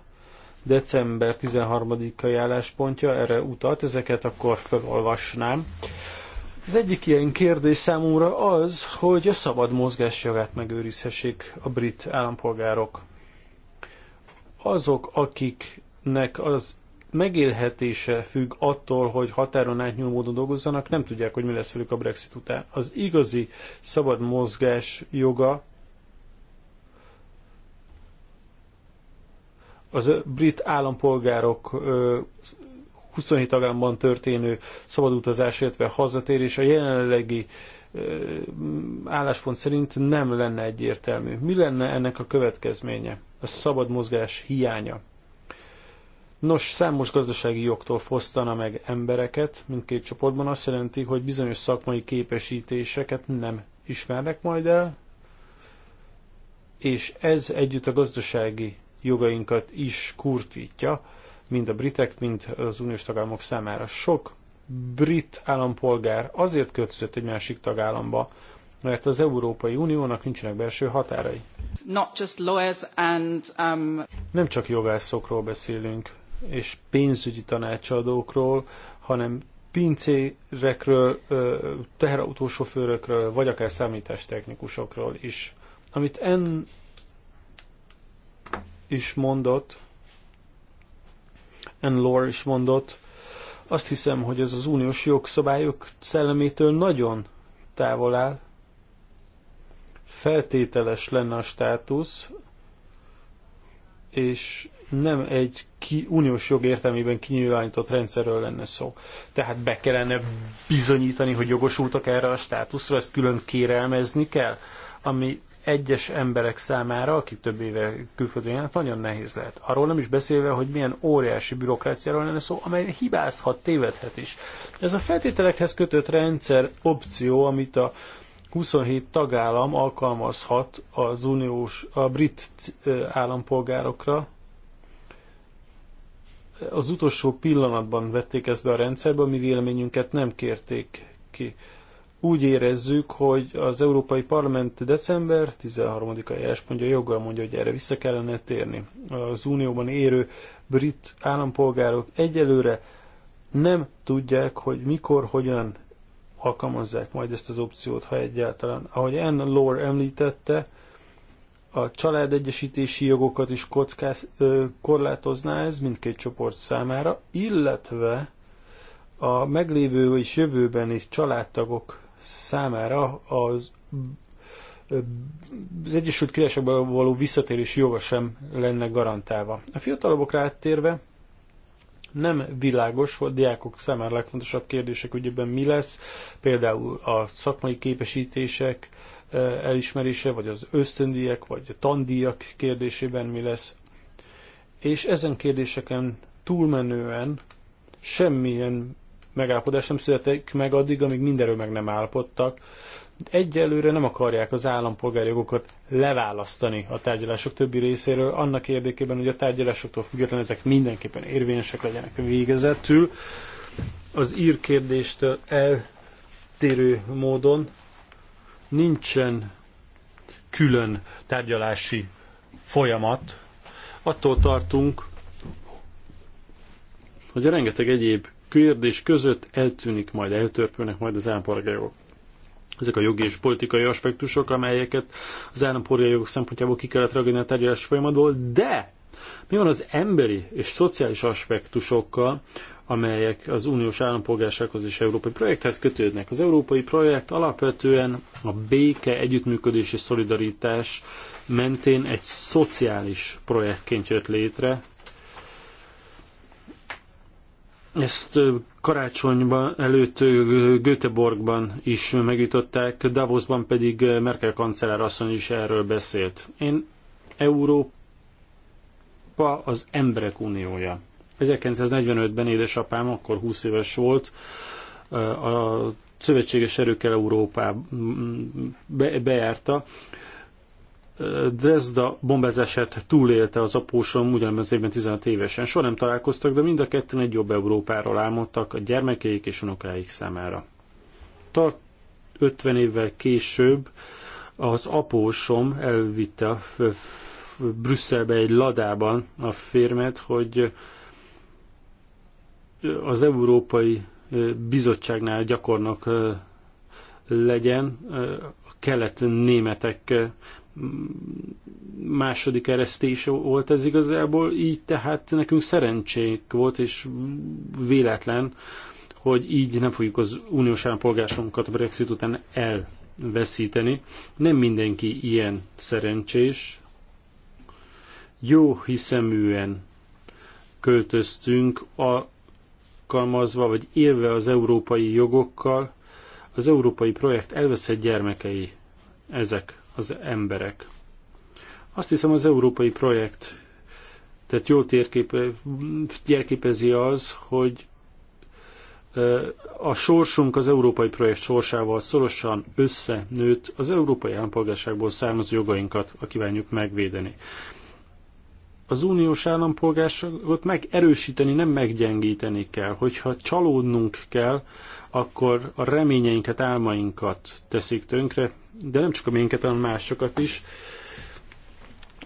Speaker 1: december 13-ai álláspontja erre utalt, ezeket akkor felolvasnám. Az egyik ilyen kérdés számomra az, hogy a szabad jogát megőrizhessék a brit állampolgárok azok, akiknek az megélhetése függ attól, hogy határon átnyúló módon dolgozzanak, nem tudják, hogy mi lesz velük a Brexit után. Az igazi szabad mozgás joga az brit állampolgárok 27 tagállamban történő szabadutazás, illetve hazatérés a jelenlegi álláspont szerint nem lenne egyértelmű. Mi lenne ennek a következménye? A szabad mozgás hiánya. Nos, számos gazdasági jogtól fosztana meg embereket mindkét csoportban, azt jelenti, hogy bizonyos szakmai képesítéseket nem ismernek majd el, és ez együtt a gazdasági jogainkat is kurtítja, mind a britek, mind az uniós tagállamok számára. Sok brit állampolgár azért költözött egy másik tagállamba, mert az Európai Uniónak nincsenek belső határai.
Speaker 3: Not just lawyers and, um...
Speaker 1: Nem csak jogászokról beszélünk, és pénzügyi tanácsadókról, hanem pincérekről, teherautósofőrökről, vagy akár számítástechnikusokról is. Amit en is mondott, en Lore is mondott, azt hiszem, hogy ez az uniós jogszabályok szellemétől nagyon távol áll. Feltételes lenne a státusz, és nem egy ki, uniós jog értelmében kinyilvánított rendszerről lenne szó. Tehát be kellene bizonyítani, hogy jogosultak erre a státuszra, ezt külön kérelmezni kell, ami egyes emberek számára, akik több éve külföldön járnak, nagyon nehéz lehet. Arról nem is beszélve, hogy milyen óriási bürokráciáról lenne szó, amely hibázhat, tévedhet is. Ez a feltételekhez kötött rendszer opció, amit a 27 tagállam alkalmazhat az uniós, a brit eh, állampolgárokra, az utolsó pillanatban vették ezt be a rendszerbe, a mi véleményünket nem kérték ki úgy érezzük, hogy az Európai Parlament december 13-ai elspontja joggal mondja, hogy erre vissza kellene térni. Az unióban érő brit állampolgárok egyelőre nem tudják, hogy mikor, hogyan alkalmazzák majd ezt az opciót, ha egyáltalán. Ahogy Anne Lore említette, a családegyesítési jogokat is kockáz, korlátozná ez mindkét csoport számára, illetve a meglévő és jövőbeni családtagok számára az az Egyesült Királyságba való visszatérés joga sem lenne garantálva. A fiatalabbokra áttérve nem világos, hogy a diákok számára legfontosabb kérdések ügyében mi lesz, például a szakmai képesítések eh, elismerése, vagy az ösztöndíjak, vagy a tandíjak kérdésében mi lesz. És ezen kérdéseken túlmenően semmilyen megállapodás nem születik meg addig, amíg mindenről meg nem állapodtak. Egyelőre nem akarják az állampolgári jogokat leválasztani a tárgyalások többi részéről, annak érdekében, hogy a tárgyalásoktól függetlenül ezek mindenképpen érvényesek legyenek végezetül. Az ír kérdéstől eltérő módon nincsen külön tárgyalási folyamat. Attól tartunk, hogy a rengeteg egyéb kérdés között eltűnik majd, eltörpülnek majd az állampolgárok. Ezek a jogi és politikai aspektusok, amelyeket az állampolgári jogok szempontjából ki kellett ragadni a tárgyalás folyamatból, de mi van az emberi és szociális aspektusokkal, amelyek az uniós állampolgársághoz és európai projekthez kötődnek. Az európai projekt alapvetően a béke, együttműködés és szolidaritás mentén egy szociális projektként jött létre, ezt karácsonyban előtt Göteborgban is megütötték, Davosban pedig Merkel kancellár asszony is erről beszélt. Én Európa az emberek uniója. 1945-ben édesapám, akkor 20 éves volt, a szövetséges erőkkel Európába bejárta. Dresda bombezeset túlélte az apósom ugyanaz évben 15 évesen. Soha nem találkoztak, de mind a ketten egy jobb Európáról álmodtak a gyermekeik és unokáik számára. Tart 50 évvel később az apósom elvitte a Brüsszelbe egy ladában a férmet, hogy az Európai Bizottságnál gyakornok legyen a kelet-németek második eresztés volt ez igazából, így tehát nekünk szerencsék volt, és véletlen, hogy így nem fogjuk az uniós állampolgársunkat a Brexit után elveszíteni. Nem mindenki ilyen szerencsés. Jó hiszeműen költöztünk alkalmazva, vagy élve az európai jogokkal, az európai projekt elveszett gyermekei ezek az emberek. Azt hiszem az európai projekt, tehát jó térképezi az, hogy a sorsunk az európai projekt sorsával szorosan összenőtt, az európai állampolgárságból származó jogainkat kívánjuk megvédeni az uniós állampolgárságot megerősíteni, nem meggyengíteni kell. Hogyha csalódnunk kell, akkor a reményeinket, álmainkat teszik tönkre, de nem csak a miénket, hanem másokat is.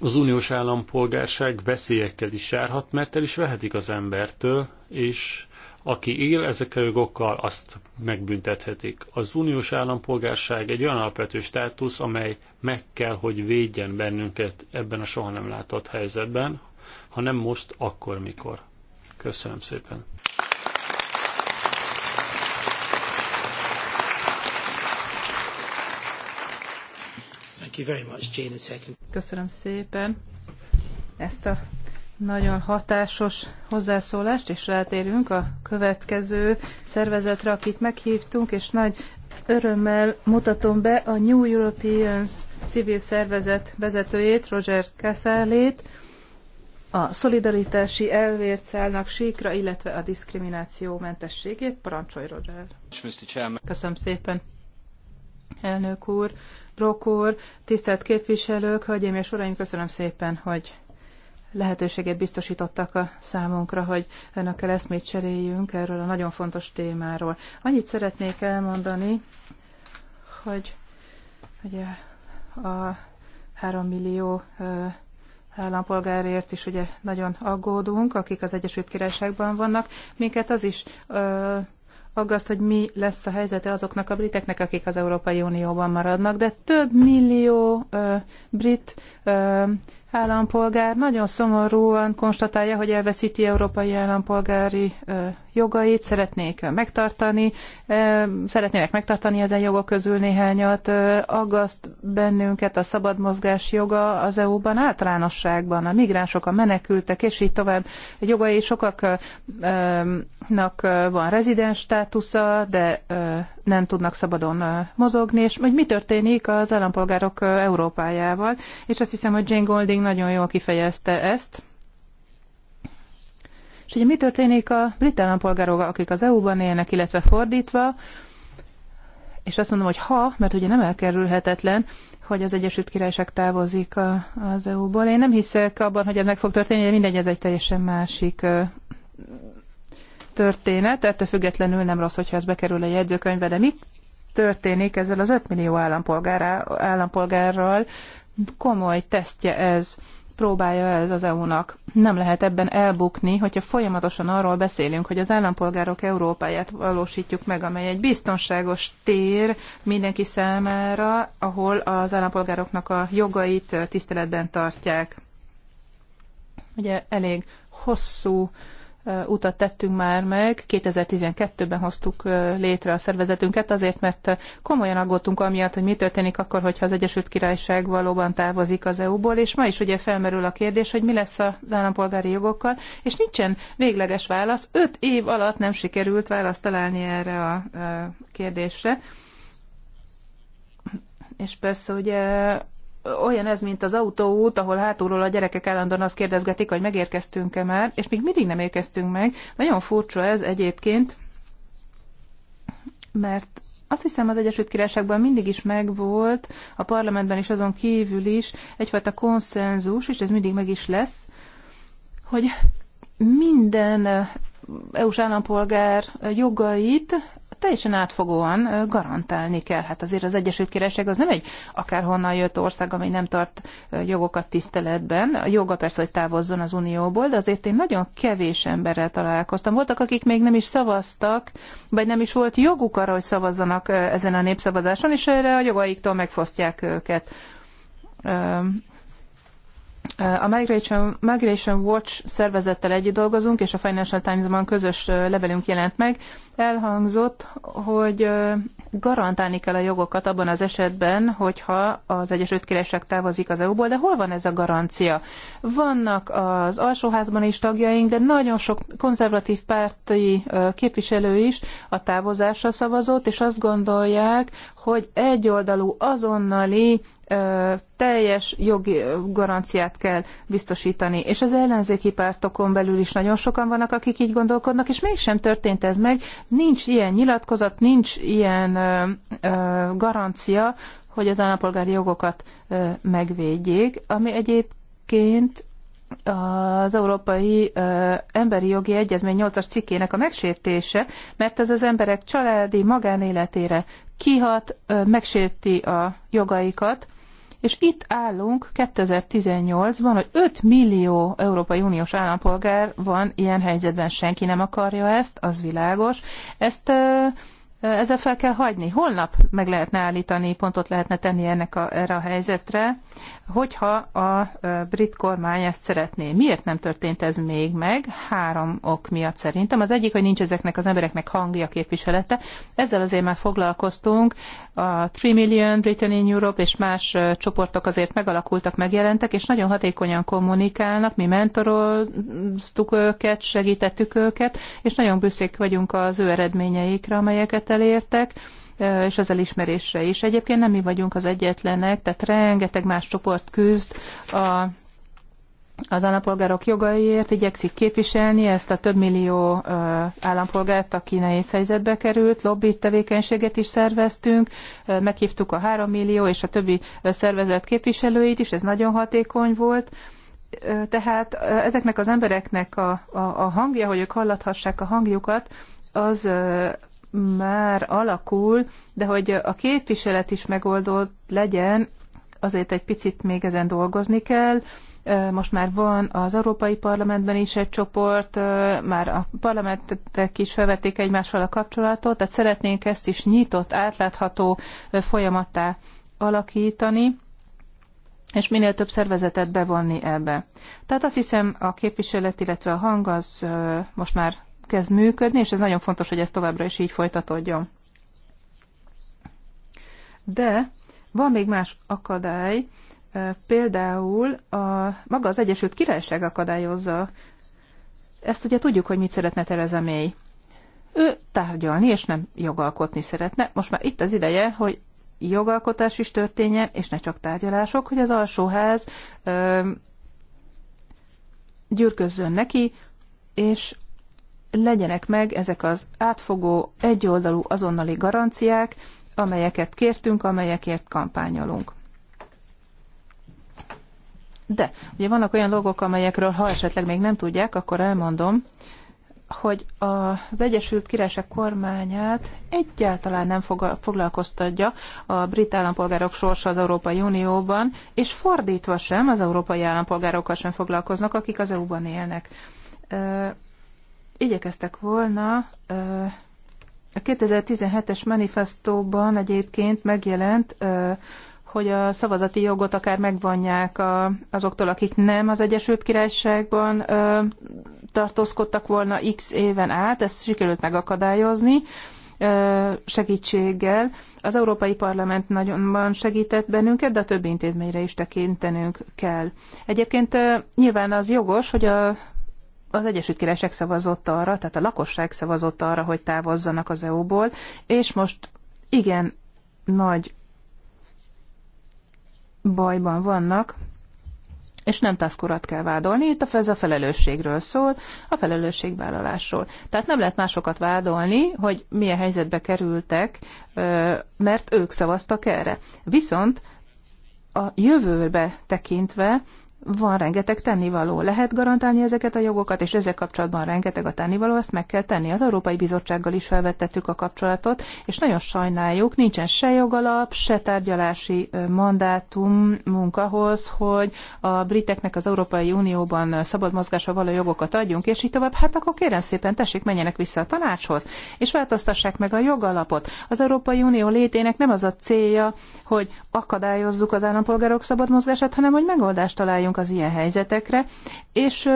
Speaker 1: Az uniós állampolgárság veszélyekkel is járhat, mert el is vehetik az embertől, és aki él ezekkel a jogokkal, azt megbüntethetik. Az uniós állampolgárság egy olyan alapvető státusz, amely meg kell, hogy védjen bennünket ebben a soha nem látott helyzetben, ha nem most, akkor mikor. Köszönöm szépen.
Speaker 3: Köszönöm szépen ezt a nagyon hatásos hozzászólást, és rátérünk a következő szervezetre, akit meghívtunk, és nagy örömmel mutatom be a New Europeans civil szervezet vezetőjét, Roger Casálét, a szolidaritási elvért szállnak síkra, illetve a diszkrimináció mentességét. Parancsolj, Roger! Köszönöm szépen! Elnök úr, Brok úr, tisztelt képviselők, hölgyeim és uraim, köszönöm szépen, hogy lehetőséget biztosítottak a számunkra, hogy önökkel eszmét cseréljünk erről a nagyon fontos témáról. Annyit szeretnék elmondani, hogy ugye a 3 millió állampolgárért is ugye nagyon aggódunk, akik az Egyesült Királyságban vannak. Minket az is ö, aggaszt, hogy mi lesz a helyzete azoknak a briteknek, akik az Európai Unióban maradnak, de több millió ö, brit ö, állampolgár nagyon szomorúan konstatálja, hogy elveszíti európai állampolgári jogait, szeretnék megtartani, szeretnének megtartani ezen jogok közül néhányat. Aggaszt bennünket a szabad mozgás joga az EU-ban általánosságban, a migránsok, a menekültek, és így tovább jogai sokaknak van rezidens státusza, de nem tudnak szabadon mozogni, és hogy mi történik az állampolgárok Európájával. És azt hiszem, hogy Jane Golding nagyon jól kifejezte ezt. És ugye mi történik a brit állampolgárok, akik az EU-ban élnek, illetve fordítva, és azt mondom, hogy ha, mert ugye nem elkerülhetetlen, hogy az Egyesült Királyság távozik a, az EU-ból. Én nem hiszek abban, hogy ez meg fog történni, de mindegy, ez egy teljesen másik történet, ettől függetlenül nem rossz, hogyha ez bekerül a jegyzőkönyvbe, de mi történik ezzel az 5 millió állampolgárral? Komoly tesztje ez, próbálja ez az EU-nak. Nem lehet ebben elbukni, hogyha folyamatosan arról beszélünk, hogy az állampolgárok Európáját valósítjuk meg, amely egy biztonságos tér mindenki számára, ahol az állampolgároknak a jogait tiszteletben tartják. Ugye elég hosszú uh, utat tettünk már meg, 2012-ben hoztuk létre a szervezetünket, azért, mert komolyan aggódtunk amiatt, hogy mi történik akkor, hogyha az Egyesült Királyság valóban távozik az EU-ból, és ma is ugye felmerül a kérdés, hogy mi lesz az állampolgári jogokkal, és nincsen végleges válasz. Öt év alatt nem sikerült választ találni erre a kérdésre. És persze ugye olyan ez, mint az autóút, ahol hátulról a gyerekek állandóan azt kérdezgetik, hogy megérkeztünk-e már, és még mindig nem érkeztünk meg. Nagyon furcsa ez egyébként, mert azt hiszem az Egyesült Királyságban mindig is megvolt, a parlamentben is azon kívül is egyfajta konszenzus, és ez mindig meg is lesz, hogy minden eh, EU-s állampolgár jogait teljesen átfogóan garantálni kell. Hát azért az Egyesült Királyság az nem egy akárhonnan jött ország, ami nem tart jogokat tiszteletben. A joga persze, hogy távozzon az Unióból, de azért én nagyon kevés emberrel találkoztam. Voltak, akik még nem is szavaztak, vagy nem is volt joguk arra, hogy szavazzanak ezen a népszavazáson, és erre a jogaiktól megfosztják őket a Migration, Migration Watch szervezettel együtt dolgozunk, és a Financial Times-ban közös levelünk jelent meg. Elhangzott, hogy garantálni kell a jogokat abban az esetben, hogyha az Egyesült Királyság távozik az EU-ból, de hol van ez a garancia? Vannak az alsóházban is tagjaink, de nagyon sok konzervatív párti képviselő is a távozásra szavazott, és azt gondolják, hogy egyoldalú azonnali teljes jogi garanciát kell biztosítani. És az ellenzéki pártokon belül is nagyon sokan vannak, akik így gondolkodnak, és mégsem történt ez meg. Nincs ilyen nyilatkozat, nincs ilyen garancia, hogy az állampolgári jogokat megvédjék, ami egyébként az Európai Emberi Jogi Egyezmény 8-as cikkének a megsértése, mert ez az emberek családi magánéletére kihat, megsérti a jogaikat, és itt állunk 2018-ban, hogy 5 millió Európai Uniós állampolgár van ilyen helyzetben, senki nem akarja ezt, az világos. Ezt ezzel fel kell hagyni. Holnap meg lehetne állítani, pontot lehetne tenni ennek a, erre a helyzetre, hogyha a brit kormány ezt szeretné. Miért nem történt ez még meg? Három ok miatt szerintem. Az egyik, hogy nincs ezeknek az embereknek hangja, képviselete. Ezzel azért már foglalkoztunk. A 3 Million, Britain in Europe és más csoportok azért megalakultak, megjelentek, és nagyon hatékonyan kommunikálnak. Mi mentoroztuk őket, segítettük őket, és nagyon büszkék vagyunk az ő eredményeikre, amelyeket elértek, és az elismerésre is. Egyébként nem mi vagyunk az egyetlenek, tehát rengeteg más csoport küzd a az állampolgárok jogaiért igyekszik képviselni ezt a több millió állampolgárt, aki nehéz helyzetbe került, lobby tevékenységet is szerveztünk, meghívtuk a három millió és a többi szervezet képviselőit is, ez nagyon hatékony volt. Tehát ezeknek az embereknek a, a, a hangja, hogy ők hallathassák a hangjukat, az már alakul, de hogy a képviselet is megoldott legyen, azért egy picit még ezen dolgozni kell. Most már van az Európai Parlamentben is egy csoport, már a parlamentek is felvették egymással a kapcsolatot, tehát szeretnénk ezt is nyitott, átlátható folyamattá alakítani és minél több szervezetet bevonni ebbe. Tehát azt hiszem a képviselet, illetve a hang az most már kezd működni, és ez nagyon fontos, hogy ez továbbra is így folytatódjon. De van még más akadály, például a, maga az Egyesült Királyság akadályozza. Ezt ugye tudjuk, hogy mit szeretne Tereza May. Ő tárgyalni és nem jogalkotni szeretne. Most már itt az ideje, hogy jogalkotás is történjen, és ne csak tárgyalások, hogy az alsóház ö, gyűrközzön neki, és legyenek meg ezek az átfogó, egyoldalú, azonnali garanciák, amelyeket kértünk, amelyekért kampányolunk. De ugye vannak olyan dolgok, amelyekről ha esetleg még nem tudják, akkor elmondom, hogy az Egyesült Királyság kormányát egyáltalán nem foglalkoztatja a brit állampolgárok sorsa az Európai Unióban, és fordítva sem az európai állampolgárokkal sem foglalkoznak, akik az EU-ban élnek igyekeztek volna a 2017-es manifestóban egyébként megjelent, hogy a szavazati jogot akár megvonják a, azoktól, akik nem az Egyesült Királyságban ö, tartózkodtak volna x éven át, ezt sikerült megakadályozni segítséggel. Az Európai Parlament nagyonban segített bennünket, de a többi intézményre is tekintenünk kell. Egyébként nyilván az jogos, hogy a az Egyesült Királyság szavazott arra, tehát a lakosság szavazott arra, hogy távozzanak az EU-ból, és most igen nagy bajban vannak, és nem taszkurat kell vádolni, itt ez a felelősségről szól, a felelősségvállalásról. Tehát nem lehet másokat vádolni, hogy milyen helyzetbe kerültek, mert ők szavaztak erre. Viszont a jövőbe tekintve van rengeteg tennivaló. Lehet garantálni ezeket a jogokat, és ezzel kapcsolatban rengeteg a tennivaló, ezt meg kell tenni. Az Európai Bizottsággal is felvettettük a kapcsolatot, és nagyon sajnáljuk, nincsen se jogalap, se tárgyalási mandátum munkahoz, hogy a briteknek az Európai Unióban szabad mozgásra való jogokat adjunk, és így tovább. Hát akkor kérem szépen, tessék, menjenek vissza a tanácshoz, és változtassák meg a jogalapot. Az Európai Unió létének nem az a célja, hogy akadályozzuk az állampolgárok szabad mozgását, hanem hogy megoldást találjunk reagáljunk az ilyen helyzetekre, és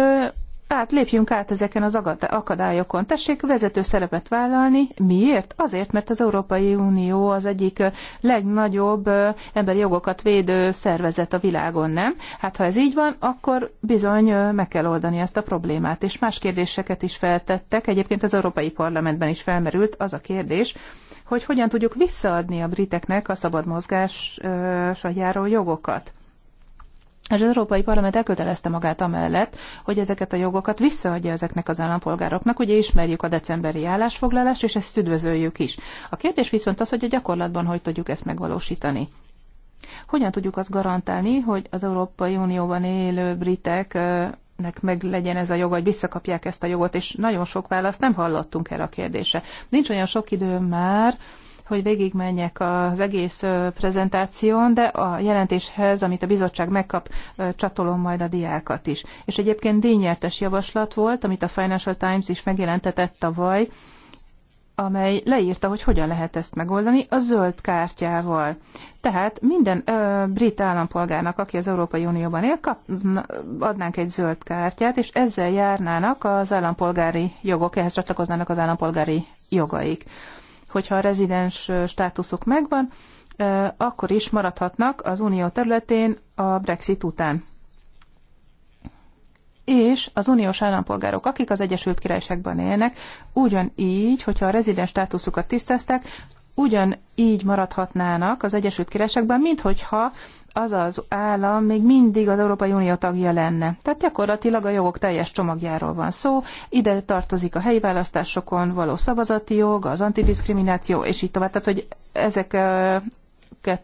Speaker 3: hát lépjünk át ezeken az akadályokon. Tessék vezető szerepet vállalni. Miért? Azért, mert az Európai Unió az egyik legnagyobb emberi jogokat védő szervezet a világon, nem? Hát ha ez így van, akkor bizony meg kell oldani ezt a problémát. És más kérdéseket is feltettek. Egyébként az Európai Parlamentben is felmerült az a kérdés, hogy hogyan tudjuk visszaadni a briteknek a szabad mozgásra járó jogokat és az Európai Parlament elkötelezte magát amellett, hogy ezeket a jogokat visszaadja ezeknek az állampolgároknak. Ugye ismerjük a decemberi állásfoglalást, és ezt üdvözöljük is. A kérdés viszont az, hogy a gyakorlatban hogy tudjuk ezt megvalósítani. Hogyan tudjuk azt garantálni, hogy az Európai Unióban élő britek nek meg legyen ez a joga, hogy visszakapják ezt a jogot, és nagyon sok választ nem hallottunk erre a kérdésre. Nincs olyan sok idő már, hogy végigmenjek az egész prezentáción, de a jelentéshez, amit a bizottság megkap, csatolom majd a diákat is. És egyébként díjnyertes javaslat volt, amit a Financial Times is megjelentetett tavaly, amely leírta, hogy hogyan lehet ezt megoldani a zöld kártyával. Tehát minden ö, brit állampolgárnak, aki az Európai Unióban él, kap, adnánk egy zöld kártyát, és ezzel járnának az állampolgári jogok, ehhez csatlakoznának az állampolgári jogaik hogyha a rezidens státuszuk megvan, akkor is maradhatnak az unió területén a Brexit után. És az uniós állampolgárok, akik az Egyesült Királyságban élnek, ugyanígy, hogyha a rezidens státuszukat tisztáztak, ugyanígy maradhatnának az Egyesült Királyságban, mint hogyha az az állam még mindig az Európai Unió tagja lenne. Tehát gyakorlatilag a jogok teljes csomagjáról van szó. Ide tartozik a helyi választásokon való szavazati jog, az antidiszkrimináció, és így tovább. Tehát, hogy ezek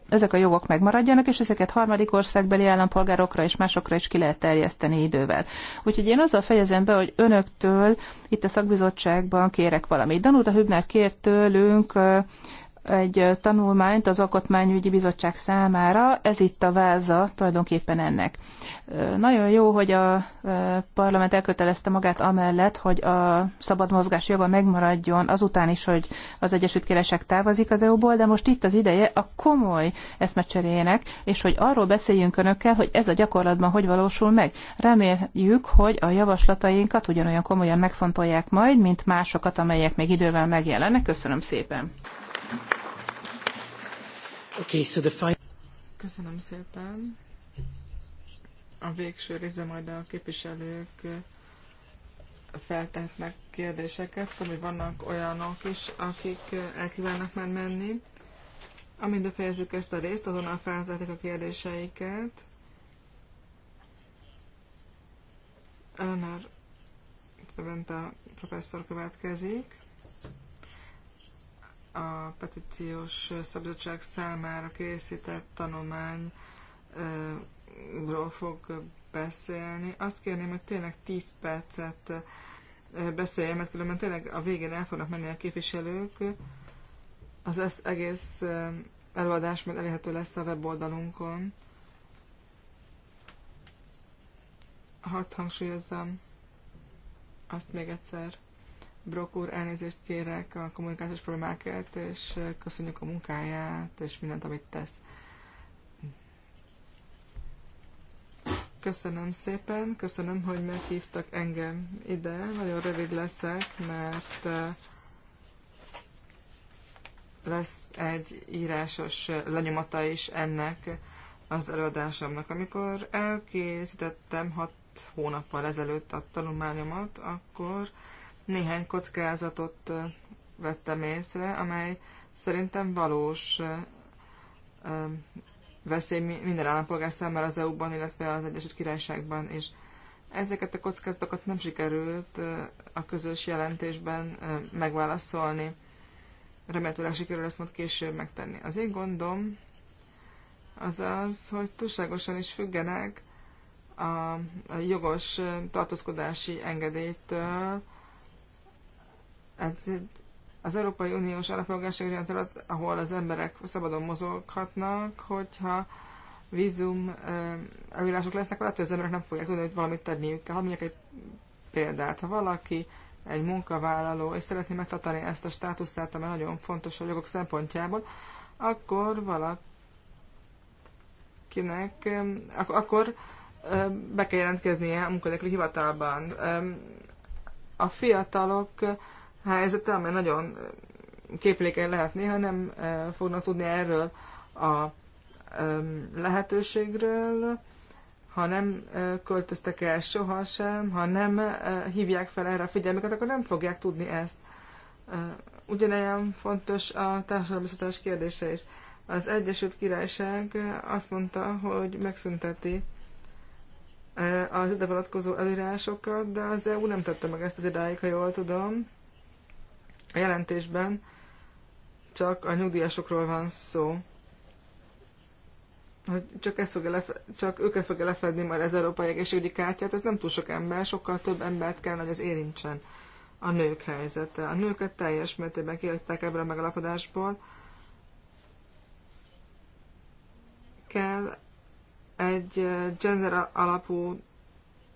Speaker 3: ezek a jogok megmaradjanak, és ezeket harmadik országbeli állampolgárokra és másokra is ki lehet terjeszteni idővel. Úgyhogy én azzal fejezem be, hogy önöktől itt a szakbizottságban kérek valamit. Danuta Hübner kért tőlünk egy tanulmányt az Alkotmányügyi Bizottság számára, ez itt a váza tulajdonképpen ennek. Nagyon jó, hogy a parlament elkötelezte magát amellett, hogy a szabad mozgás joga megmaradjon azután is, hogy az Egyesült Királyság távozik az EU-ból, de most itt az ideje a komoly eszmecseréjének, és hogy arról beszéljünk önökkel, hogy ez a gyakorlatban hogy valósul meg. Reméljük, hogy a javaslatainkat ugyanolyan komolyan megfontolják majd, mint másokat, amelyek még idővel megjelennek. Köszönöm szépen! Okay, so the final...
Speaker 2: Köszönöm szépen. A végső részben majd a képviselők feltehetnek kérdéseket. Tudom, szóval, vannak olyanok is, akik elkívánnak már menni. Amint befejezzük ezt a részt, azonnal feltehetik a kérdéseiket. Eleanor Preventa professzor következik a petíciós szabadság számára készített tanulmányról fog beszélni. Azt kérném, hogy tényleg 10 percet beszéljen, mert különben tényleg a végén el fognak menni a képviselők. Az egész előadás majd elérhető lesz a weboldalunkon. Hadd hangsúlyozzam azt még egyszer, Brok úr, elnézést kérek a kommunikációs problémákért, és köszönjük a munkáját, és mindent, amit tesz. Köszönöm szépen, köszönöm, hogy meghívtak engem ide. Nagyon rövid leszek, mert lesz egy írásos lenyomata is ennek az előadásomnak. Amikor elkészítettem hat hónappal ezelőtt a tanulmányomat, akkor néhány kockázatot vettem észre, amely szerintem valós veszély minden állampolgár számára az EU-ban, illetve az Egyesült Királyságban is. Ezeket a kockázatokat nem sikerült a közös jelentésben megválaszolni. Remélhetőleg sikerül ezt majd később megtenni. Az én gondom az az, hogy túlságosan is függenek a jogos tartózkodási engedélytől, Hát az Európai Uniós alapolgásság olyan terület, ahol az emberek szabadon mozoghatnak, hogyha vízum előírások lesznek, akkor attól az emberek nem fogják tudni, hogy valamit tenniük kell. Ha mondjuk egy példát, ha valaki egy munkavállaló, és szeretné megtartani ezt a státuszát, ami nagyon fontos a jogok szempontjából, akkor valakinek, ak- akkor be kell jelentkeznie a munkanélküli hivatalban. A fiatalok helyzete, mert nagyon képlékeny lehet néha, nem fognak tudni erről a lehetőségről, ha nem költöztek el sohasem, ha nem hívják fel erre a figyelmüket, akkor nem fogják tudni ezt. Ugyanilyen fontos a társadalombiztosítás kérdése is. Az Egyesült Királyság azt mondta, hogy megszünteti az ide vonatkozó előírásokat, de az EU nem tette meg ezt az idáig, ha jól tudom. A jelentésben csak a nyugdíjasokról van szó. Hogy csak, ezt fogja lefe- csak őket fogja lefedni majd az Európai Egészségügyi Kártyát, ez nem túl sok ember, sokkal több embert kell, hogy ez érintsen a nők helyzete. A nőket teljes mértékben kihagyták ebből a megalapodásból. Kell egy gender alapú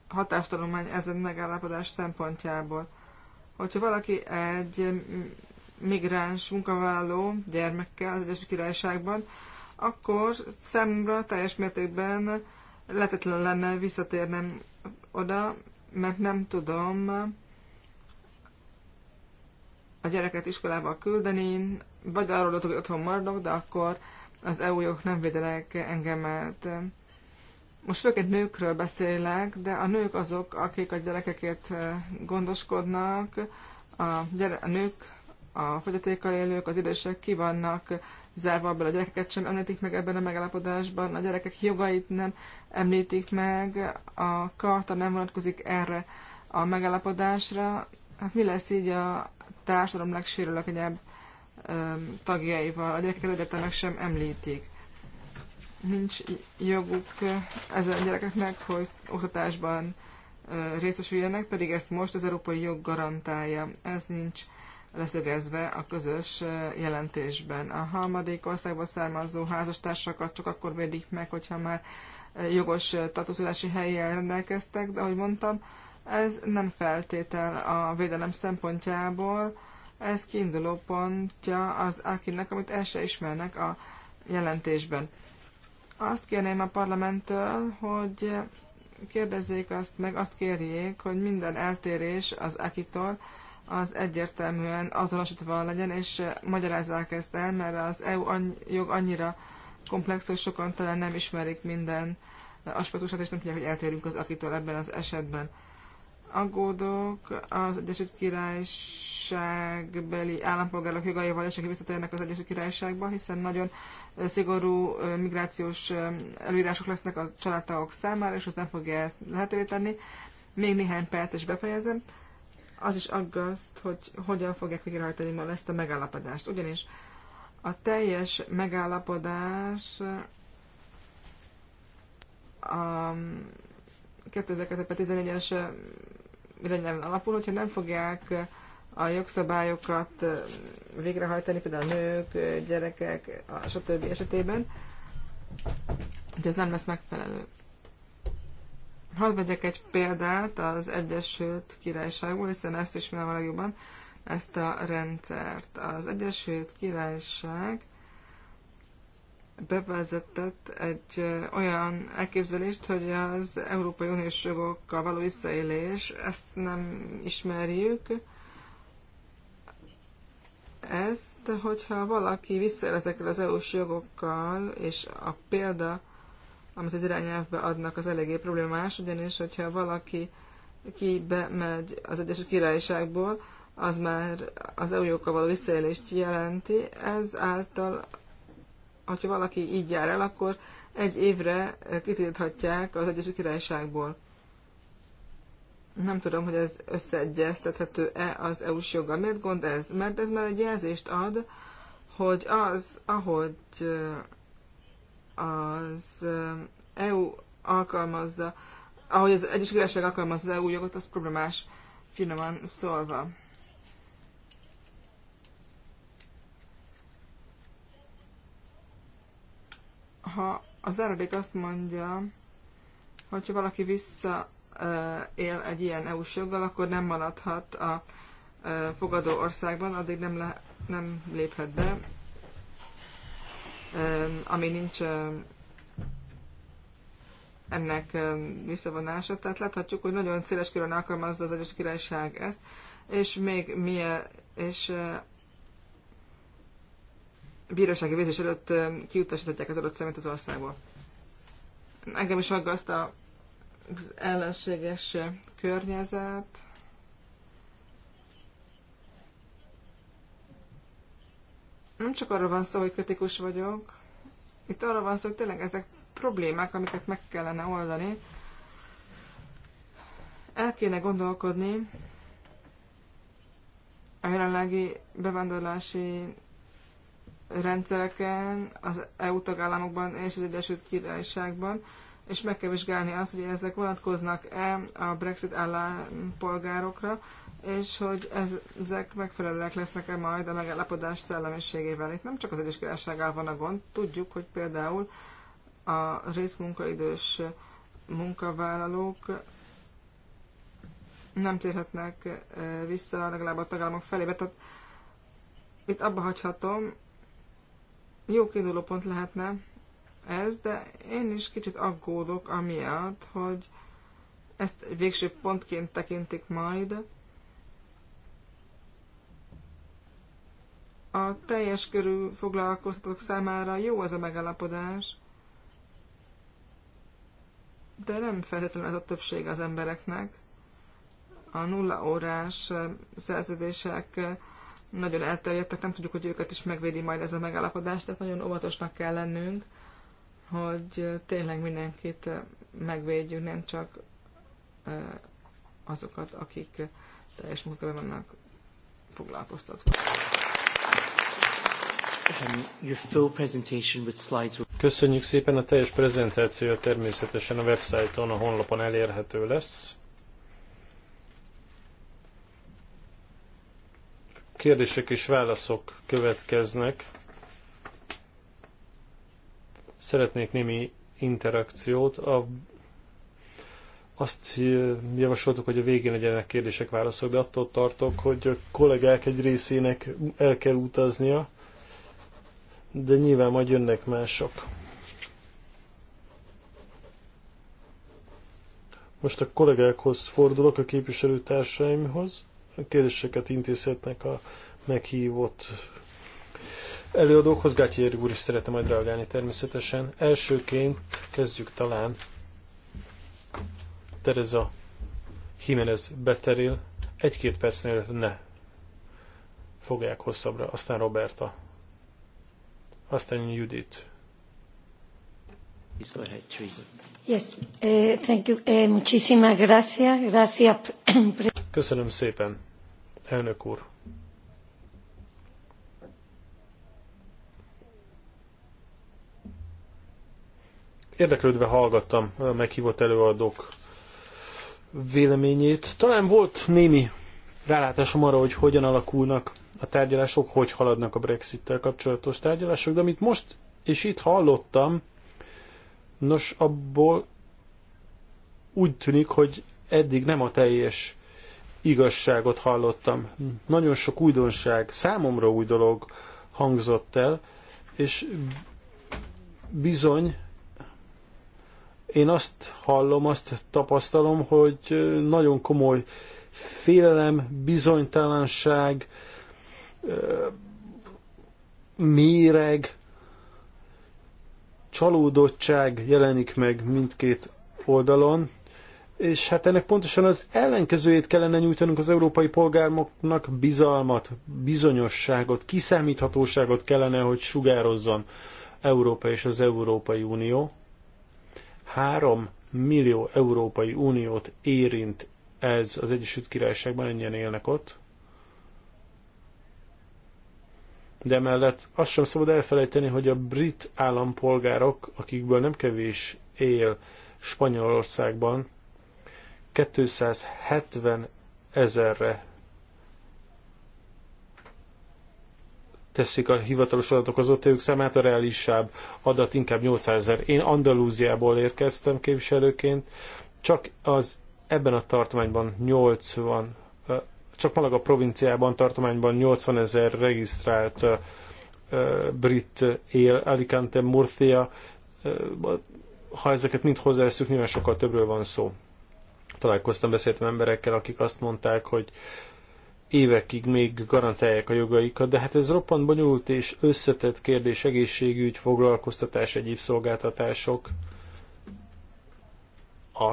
Speaker 2: hatástanulmány ezen megállapodás szempontjából hogyha valaki egy migráns munkavállaló gyermekkel az Egyesült Királyságban, akkor számomra teljes mértékben lehetetlen lenne visszatérnem oda, mert nem tudom a gyereket iskolába küldeni, vagy arról hogy otthon maradok, de akkor az EU-jog nem védenek engemet. Most főként nőkről beszélek, de a nők azok, akik a gyerekekért eh, gondoskodnak, a, gyere, a nők, a fogyatékkal élők, az idősek ki vannak zárva abban, a gyerekeket sem említik meg ebben a megállapodásban, a gyerekek jogait nem említik meg, a karta nem vonatkozik erre a megállapodásra. Hát mi lesz így a társadalom legsérülékenyebb tagjaival? A gyerekeket egyetemek sem említik nincs joguk ezen gyerekeknek, hogy oktatásban részesüljenek, pedig ezt most az európai jog garantálja. Ez nincs leszögezve a közös jelentésben. A harmadik országból származó házastársakat csak akkor védik meg, hogyha már jogos tartózkodási helyjel rendelkeztek, de ahogy mondtam, ez nem feltétel a védelem szempontjából, ez kiinduló pontja az akinek, amit el se ismernek a jelentésben. Azt kérném a parlamenttől, hogy kérdezzék azt, meg azt kérjék, hogy minden eltérés az Akitól az egyértelműen azonosítva legyen, és magyarázzák ezt el, mert az EU jog annyira komplex, hogy sokan talán nem ismerik minden aspektusát, és nem tudják, hogy eltérünk az Akitól ebben az esetben aggódok az Egyesült Királyságbeli állampolgárok jogaival, és akik visszatérnek az Egyesült Királyságba, hiszen nagyon szigorú migrációs előírások lesznek a családtagok számára, és az nem fogja ezt lehetővé tenni. Még néhány perc, és befejezem. Az is aggaszt, hogy hogyan fogják végrehajtani ma ezt a megállapodást. Ugyanis a teljes megállapodás a mm, 2014-es irányelven alapul, hogyha nem fogják a jogszabályokat végrehajtani, például a nők, gyerekek, stb. esetében, hogy ez nem lesz megfelelő. Hadd vegyek egy példát az Egyesült Királyságból, hiszen ezt ismerem a legjobban, ezt a rendszert. Az Egyesült Királyság bevezetett egy olyan elképzelést, hogy az Európai Uniós jogokkal való visszaélés, ezt nem ismerjük. Ezt, hogyha valaki visszaél ezekkel az EU-s jogokkal, és a példa, amit az irányelvbe adnak, az eléggé problémás, ugyanis, hogyha valaki ki bemegy az Egyesült Királyságból, az már az EU jogokkal való visszaélést jelenti, ez által hogyha valaki így jár el, akkor egy évre eh, kitilthatják az Egyesült Királyságból. Nem tudom, hogy ez összeegyeztethető-e az EU-s joggal. Miért gond ez? Mert ez már egy jelzést ad, hogy az, ahogy eh, az eh, EU alkalmazza, ahogy az Egyesült Királyság alkalmazza az EU jogot, az problémás, finoman szólva. ha az eredék azt mondja, hogyha valaki vissza él egy ilyen EU-s joggal, akkor nem maradhat a fogadó országban, addig nem, le, nem léphet be, ami nincs ennek visszavonása. Tehát láthatjuk, hogy nagyon széles körön alkalmazza az Egyes Királyság ezt, és még milyen, és bírósági vézés előtt kiutasították az adott szemét az országból. Engem is aggaszt az ellenséges környezet. Nem csak arról van szó, hogy kritikus vagyok. Itt arról van szó, hogy tényleg ezek problémák, amiket meg kellene oldani. El kéne gondolkodni a jelenlegi bevándorlási rendszereken, az EU tagállamokban és az Egyesült Királyságban, és meg kell vizsgálni azt, hogy ezek vonatkoznak-e a Brexit állampolgárokra, és hogy ezek megfelelőek lesznek-e majd a megállapodás szellemiségével. Itt nem csak az Egyesült Királyság van a gond, tudjuk, hogy például a részmunkaidős munkavállalók nem térhetnek eh, vissza legalább a tagállamok felébe. Tehát itt abba hagyhatom, jó kiinduló pont lehetne ez, de én is kicsit aggódok amiatt, hogy ezt végső pontként tekintik majd. A teljes körű foglalkoztatók számára jó ez a megállapodás, de nem feltétlenül ez a többség az embereknek. A nulla órás szerződések nagyon elterjedtek, nem tudjuk, hogy őket is megvédi majd ez a megállapodás, tehát nagyon óvatosnak kell lennünk, hogy tényleg mindenkit megvédjük, nem csak azokat, akik teljes munkában vannak foglalkoztatva.
Speaker 1: Um, Köszönjük szépen, a teljes prezentáció természetesen a websájton, a honlapon elérhető lesz. Kérdések és válaszok következnek. Szeretnék némi interakciót. A, azt javasoltuk, hogy a végén legyenek kérdések, válaszok, de attól tartok, hogy a kollégák egy részének el kell utaznia, de nyilván majd jönnek mások. Most a kollégákhoz fordulok, a képviselőtársaimhoz kérdéseket intézhetnek a meghívott előadókhoz. Gátyér úr is szeretne majd reagálni természetesen. Elsőként kezdjük talán Tereza Jimenez Beteril. Egy-két percnél ne fogják hosszabbra, aztán Roberta, aztán Judit Please go ahead, Teresa. Yes, eh, thank you. Eh, muchísimas gracias. Gracias. Köszönöm szépen, elnök úr. Érdeklődve hallgattam a meghívott előadók véleményét. Talán volt némi rálátásom arra, hogy hogyan alakulnak a tárgyalások, hogy haladnak a Brexit-tel kapcsolatos tárgyalások, de amit most és itt hallottam, Nos, abból úgy tűnik, hogy eddig nem a teljes igazságot hallottam. Nagyon sok újdonság, számomra új dolog hangzott el, és bizony én azt hallom, azt tapasztalom, hogy nagyon komoly félelem, bizonytalanság, méreg csalódottság jelenik meg mindkét oldalon, és hát ennek pontosan az ellenkezőjét kellene nyújtanunk az európai polgároknak bizalmat, bizonyosságot, kiszámíthatóságot kellene, hogy sugározzon Európa és az Európai Unió. Három millió Európai Uniót érint ez az Egyesült Királyságban, ennyien élnek ott. de mellett azt sem szabad elfelejteni, hogy a brit állampolgárok, akikből nem kevés él Spanyolországban, 270 ezerre teszik a hivatalos adatok az ott élők számát, a reálisabb adat inkább 800 ezer. Én Andalúziából érkeztem képviselőként, csak az ebben a tartományban 80 csak Malaga provinciában, tartományban 80 ezer regisztrált brit él, Alicante, Murcia, ha ezeket mind hozzáesszük, nyilván sokkal többről van szó. Találkoztam, beszéltem emberekkel, akik azt mondták, hogy évekig még garantálják a jogaikat, de hát ez roppant bonyolult és összetett kérdés, egészségügy, foglalkoztatás, egyéb szolgáltatások. A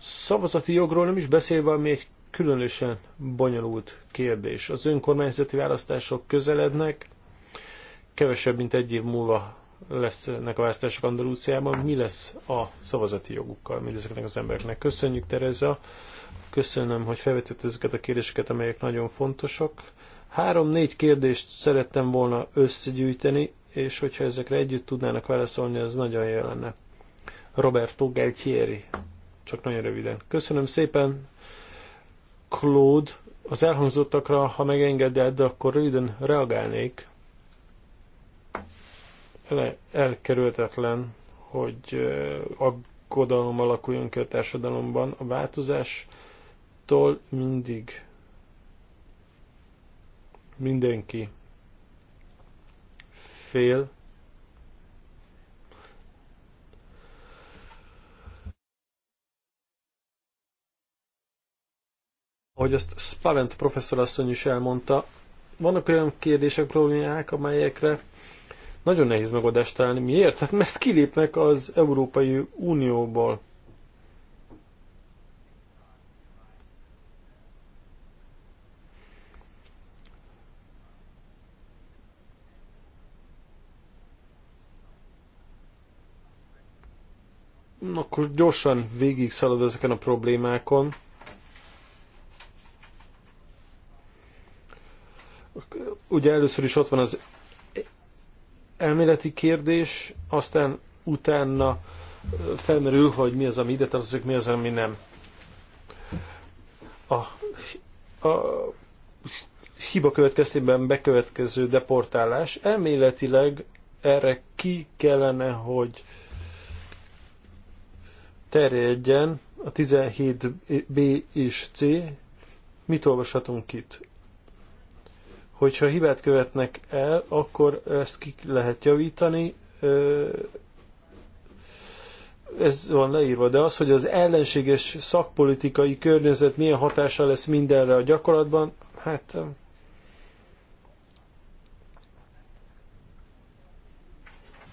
Speaker 1: szavazati jogról nem is beszélve, ami egy különösen bonyolult kérdés. Az önkormányzati választások közelednek, kevesebb, mint egy év múlva lesznek a választások Andalúciában. Mi lesz a szavazati jogukkal mindezeknek az embereknek? Köszönjük, Tereza! Köszönöm, hogy felvetett ezeket a kérdéseket, amelyek nagyon fontosak. Három-négy kérdést szerettem volna összegyűjteni, és hogyha ezekre együtt tudnának válaszolni, az nagyon jó lenne. Roberto Galtieri. Csak nagyon röviden. Köszönöm szépen, Claude, az elhangzottakra, ha megengeded, akkor röviden reagálnék. Ele, elkerülhetetlen, hogy aggodalom alakuljon ki a társadalomban. A változástól mindig mindenki fél, ahogy azt Spavent professzorasszony is elmondta, vannak olyan kérdések, problémák, amelyekre nagyon nehéz megoldást találni. Miért? Hát mert kilépnek az Európai Unióból. Na, akkor gyorsan végig szalad ezeken a problémákon. Ugye először is ott van az elméleti kérdés, aztán utána felmerül, hogy mi az, ami ide tartozik, mi az, ami nem. A, a hiba következtében bekövetkező deportálás elméletileg erre ki kellene, hogy terjedjen a 17B és C. Mit olvashatunk itt? hogyha hibát követnek el, akkor ezt ki lehet javítani, ez van leírva, de az, hogy az ellenséges szakpolitikai környezet milyen hatása lesz mindenre a gyakorlatban, hát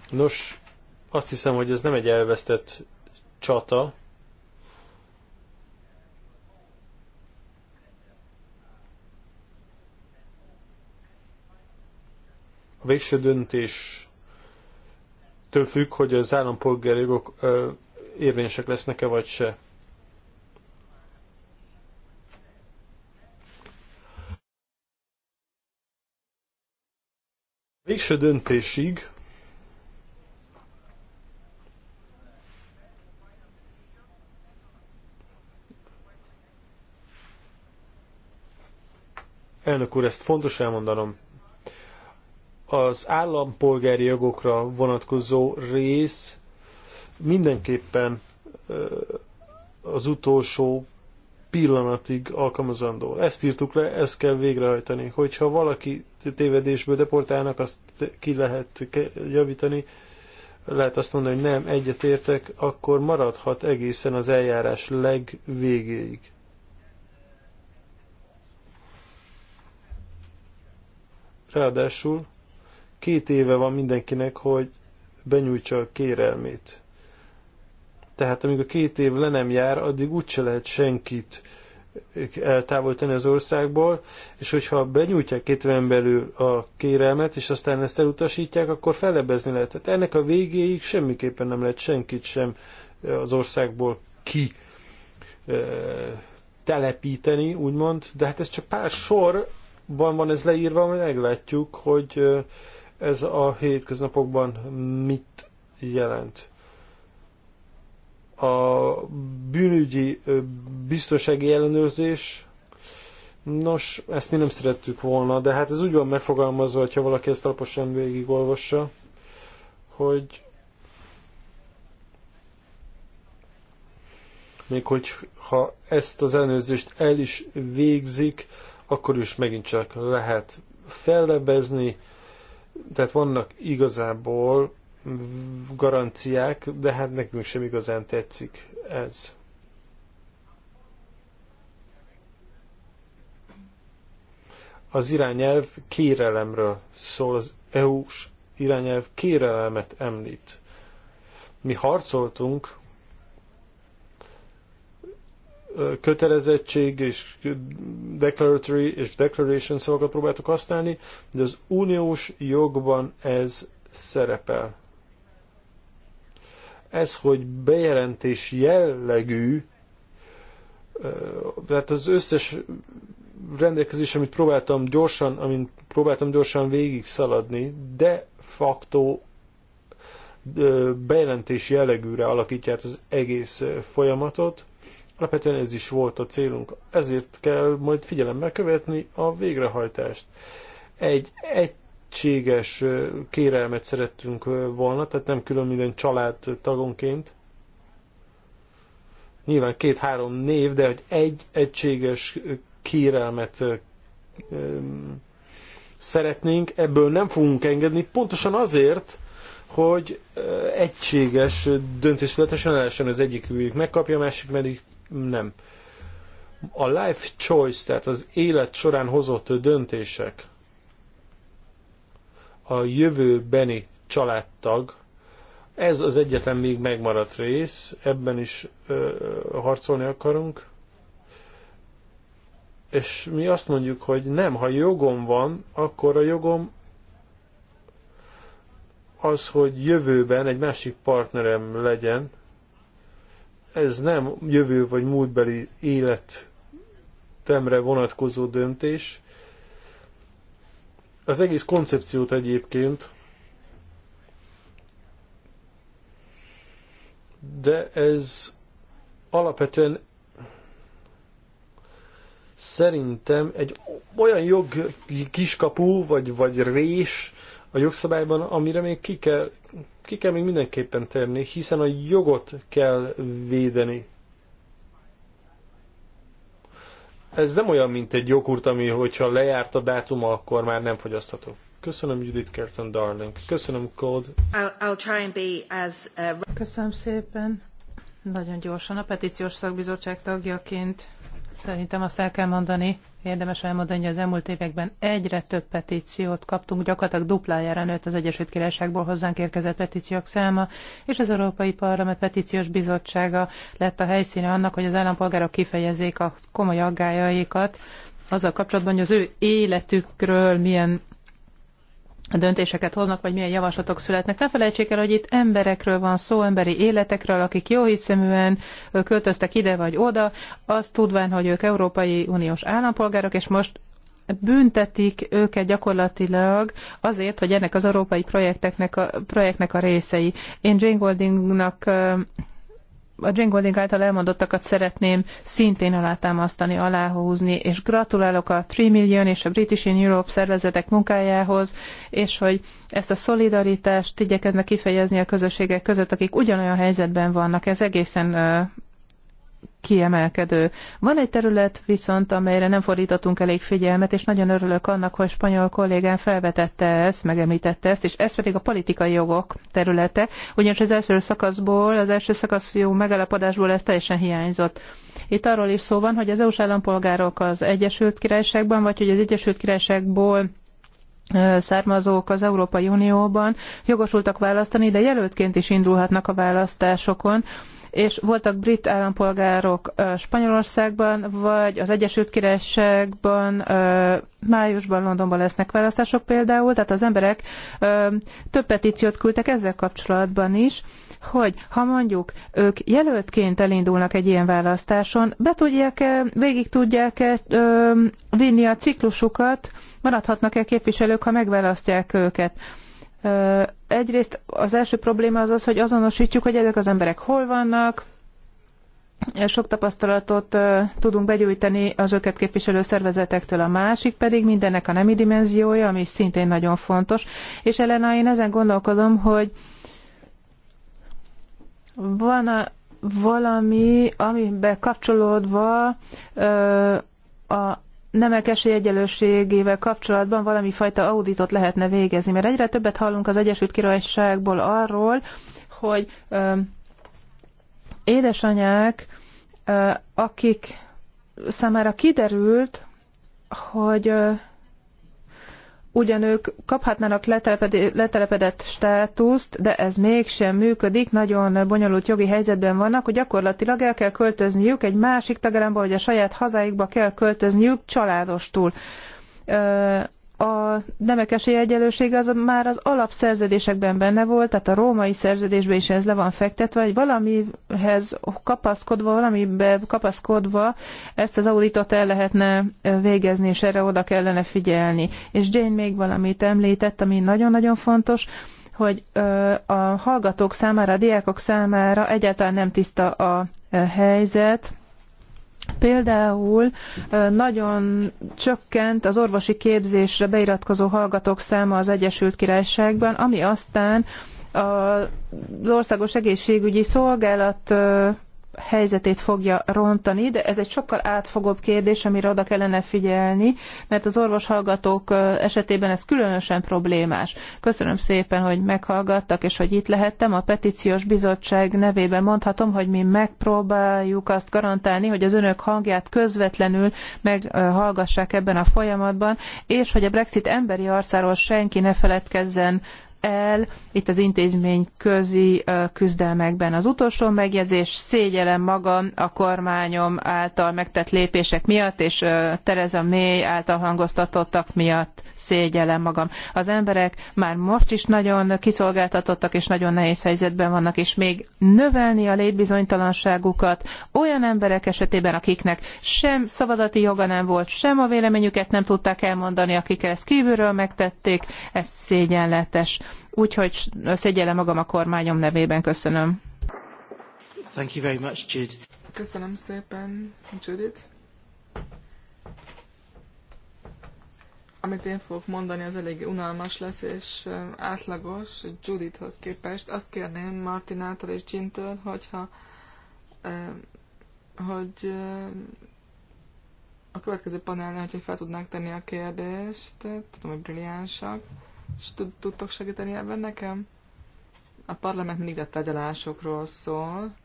Speaker 1: Nos, azt hiszem, hogy ez nem egy elvesztett csata, végső döntés től függ, hogy az állampolgári jogok érvényesek lesznek-e vagy se. Végső döntésig Elnök úr, ezt fontos elmondanom az állampolgári jogokra vonatkozó rész mindenképpen az utolsó pillanatig alkalmazandó. Ezt írtuk le, ezt kell végrehajtani. Hogyha valaki tévedésből deportálnak, azt ki lehet javítani, lehet azt mondani, hogy nem, egyetértek, akkor maradhat egészen az eljárás legvégéig. Ráadásul Két éve van mindenkinek, hogy benyújtsa a kérelmét. Tehát amíg a két év le nem jár, addig úgyse lehet senkit eltávolítani az országból, és hogyha benyújtják két éven belül a kérelmet, és aztán ezt elutasítják, akkor fellebezni lehet. Tehát ennek a végéig semmiképpen nem lehet senkit sem eh, az országból ki eh, telepíteni, úgymond, de hát ez csak pár sorban van ez leírva, majd meglátjuk, hogy eh, ez a hétköznapokban mit jelent? A bűnügyi biztonsági ellenőrzés, nos, ezt mi nem szerettük volna, de hát ez úgy van megfogalmazva, hogyha valaki ezt alaposan végigolvassa, hogy még hogyha ezt az ellenőrzést el is végzik, akkor is megint csak lehet fellebezni, tehát vannak igazából garanciák, de hát nekünk sem igazán tetszik ez. Az irányelv kérelemről szól, az EU-s irányelv kérelemet említ. Mi harcoltunk kötelezettség és declaratory és declaration szavakat próbáltuk használni, de az uniós jogban ez szerepel. Ez, hogy bejelentés jellegű, tehát az összes rendelkezés, amit próbáltam gyorsan, amint próbáltam gyorsan végig szaladni, de facto bejelentés jellegűre alakítják az egész folyamatot. Alapvetően ez is volt a célunk, ezért kell majd figyelemmel követni a végrehajtást. Egy egységes kérelmet szerettünk volna, tehát nem külön minden család tagonként. Nyilván két-három név, de hogy egy egységes kérelmet szeretnénk, ebből nem fogunk engedni, pontosan azért, hogy egységes döntés születesen az egyik ügyük megkapja, a másik pedig nem. A life choice, tehát az élet során hozott döntések a jövőbeni családtag, ez az egyetlen még megmaradt rész, ebben is ö, harcolni akarunk. És mi azt mondjuk, hogy nem, ha jogom van, akkor a jogom az, hogy jövőben egy másik partnerem legyen, ez nem jövő vagy múltbeli életemre vonatkozó döntés. Az egész koncepciót egyébként, de ez alapvetően szerintem egy olyan jog kiskapu, vagy, vagy rés a jogszabályban, amire még ki kell ki kell még mindenképpen tenni, hiszen a jogot kell védeni. Ez nem olyan, mint egy jogurt, ami hogyha lejárt a dátuma, akkor már nem fogyasztható. Köszönöm Judith Kerton Darling. Köszönöm Claude.
Speaker 3: I'll, I'll try and be as, uh... Köszönöm szépen. Nagyon gyorsan a petíciós szakbizottság tagjaként Szerintem azt el kell mondani, érdemes elmondani, hogy az elmúlt években egyre több petíciót kaptunk, gyakorlatilag duplájára nőtt az Egyesült Királyságból hozzánk érkezett petíciók száma, és az Európai Parlament Petíciós Bizottsága lett a helyszíne annak, hogy az állampolgárok kifejezzék a komoly aggájaikat azzal kapcsolatban, hogy az ő életükről milyen döntéseket hoznak, vagy milyen javaslatok születnek. Ne felejtsék el, hogy itt emberekről van szó, emberi életekről, akik jó hiszeműen költöztek ide vagy oda, azt tudván, hogy ők Európai Uniós állampolgárok, és most büntetik őket gyakorlatilag azért, hogy ennek az európai projekteknek a, projektnek a részei. Én Jane Goldingnak a Jane által elmondottakat szeretném szintén alátámasztani, aláhúzni, és gratulálok a 3 Million és a British in Europe szervezetek munkájához, és hogy ezt a szolidaritást igyekeznek kifejezni a közösségek között, akik ugyanolyan helyzetben vannak. Ez egészen kiemelkedő. Van egy terület viszont, amelyre nem fordítottunk elég figyelmet, és nagyon örülök annak, hogy spanyol kollégám felvetette ezt, megemlítette ezt, és ez pedig a politikai jogok területe, ugyanis az első szakaszból, az első szakasz jó megállapodásból ez teljesen hiányzott. Itt arról is szó van, hogy az EU-s állampolgárok az Egyesült Királyságban, vagy hogy az Egyesült Királyságból származók az Európai Unióban jogosultak választani, de jelöltként is indulhatnak a választásokon, és voltak brit állampolgárok Spanyolországban, vagy az Egyesült Királyságban, májusban Londonban lesznek választások például, tehát az emberek több petíciót küldtek ezzel kapcsolatban is, hogy ha mondjuk ők jelöltként elindulnak egy ilyen választáson, be tudják-e, végig tudják-e vinni a ciklusukat, maradhatnak-e képviselők, ha megválasztják őket. Egyrészt az első probléma az az, hogy azonosítsuk, hogy ezek az emberek hol vannak, sok tapasztalatot tudunk begyűjteni az őket képviselő szervezetektől, a másik pedig mindennek a nemi dimenziója, ami szintén nagyon fontos. És Elena, én ezen gondolkodom, hogy van valami, amiben kapcsolódva a nemek esélyegyelőségével kapcsolatban valami fajta auditot lehetne végezni, mert egyre többet hallunk az Egyesült Királyságból arról, hogy ö, édesanyák, ö, akik számára kiderült, hogy ö, ugyan ők kaphatnának letelepedett státuszt, de ez mégsem működik, nagyon bonyolult jogi helyzetben vannak, hogy gyakorlatilag el kell költözniük egy másik tagállamba, vagy a saját hazáikba kell költözniük családostól a nemek esélyegyenlősége az már az alapszerződésekben benne volt, tehát a római szerződésben is ez le van fektetve, hogy valamihez kapaszkodva, valamibe kapaszkodva ezt az auditot el lehetne végezni, és erre oda kellene figyelni. És Jane még valamit említett, ami nagyon-nagyon fontos, hogy a hallgatók számára, a diákok számára egyáltalán nem tiszta a helyzet, Például nagyon csökkent az orvosi képzésre beiratkozó hallgatók száma az Egyesült Királyságban, ami aztán az Országos Egészségügyi Szolgálat helyzetét fogja rontani, de ez egy sokkal átfogóbb kérdés, amire oda kellene figyelni, mert az orvoshallgatók esetében ez különösen problémás. Köszönöm szépen, hogy meghallgattak, és hogy itt lehettem. A petíciós bizottság nevében mondhatom, hogy mi megpróbáljuk azt garantálni, hogy az önök hangját közvetlenül meghallgassák ebben a folyamatban, és hogy a Brexit emberi arcáról senki ne feledkezzen el itt az intézmény közi küzdelmekben. Az utolsó megjegyzés, szégyelem magam a kormányom által megtett lépések miatt, és Tereza May által hangoztatottak miatt szégyelem magam. Az emberek már most is nagyon kiszolgáltatottak, és nagyon nehéz helyzetben vannak, és még növelni a létbizonytalanságukat olyan emberek esetében, akiknek sem szavazati joga nem volt, sem a véleményüket nem tudták elmondani, akik ezt kívülről megtették, ez szégyenletes úgyhogy szégyellem magam a kormányom nevében. Köszönöm. Thank you very much, Jude.
Speaker 2: Köszönöm szépen, Judith. Amit én fogok mondani, az elég unalmas lesz és átlagos Judithhoz képest. Azt kérném Martinától és Jintől, hogyha hogy a következő panelnél, hogyha fel tudnák tenni a kérdést, tudom, hogy brilliánsak, és tudtok segíteni ebben nekem? A parlament mindig a tegyelásokról szól.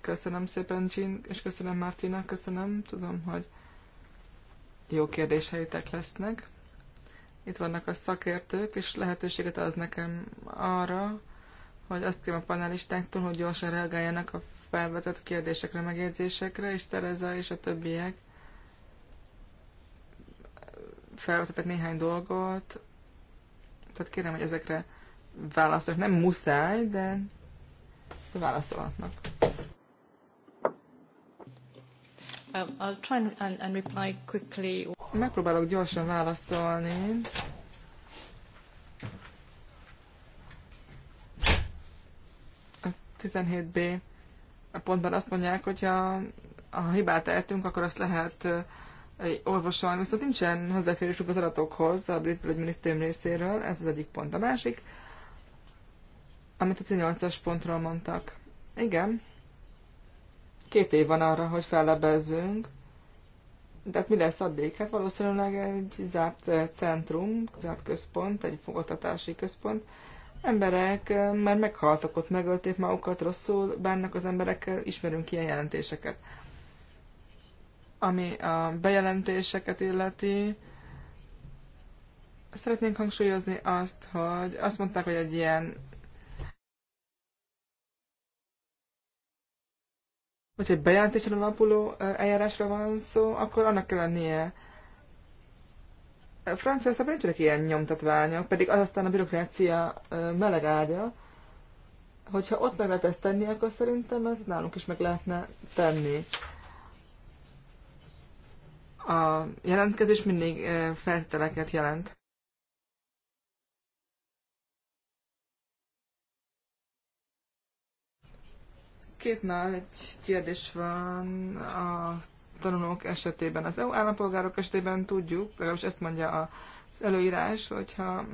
Speaker 2: Köszönöm szépen, Jean, és köszönöm Martina, köszönöm. Tudom, hogy jó kérdéseitek lesznek. Itt vannak a szakértők, és lehetőséget az nekem arra, hogy azt kérem a panelistáktól, hogy gyorsan reagáljanak a felvetett kérdésekre, megjegyzésekre, és Tereza és a többiek felvetettek néhány dolgot, tehát kérem, hogy ezekre válaszolok. Nem muszáj, de válaszolhatnak.
Speaker 3: I'll try and, and reply
Speaker 2: quickly. Megpróbálok gyorsan válaszolni. A 17b a pontban azt mondják, hogy ha a hibát eltünk, akkor azt lehet uh, orvosolni, viszont nincsen hozzáférésük az adatokhoz a brit belügyminisztérium részéről, ez az egyik pont. A másik, amit a C8-as pontról mondtak. Igen, két év van arra, hogy fellebezzünk, de hát mi lesz addig? Hát valószínűleg egy zárt eh, centrum, zárt központ, egy fogadtatási központ. Emberek eh, már meghaltak ott, megölték magukat, rosszul bánnak az emberekkel, ismerünk ilyen jelentéseket. Ami a bejelentéseket illeti, szeretnénk hangsúlyozni azt, hogy azt mondták, hogy egy ilyen hogyha egy bejelentésen alapuló eljárásra van szó, akkor annak kell lennie. Franciaországban nincsenek ilyen nyomtatványok, pedig az aztán a bürokrácia meleg ágya. Hogyha ott meg lehet ezt tenni, akkor szerintem ezt nálunk is meg lehetne tenni a jelentkezés mindig feltételeket jelent. Két nagy kérdés van a tanulók esetében. Az EU állampolgárok esetében tudjuk, legalábbis ezt mondja az előírás, hogyha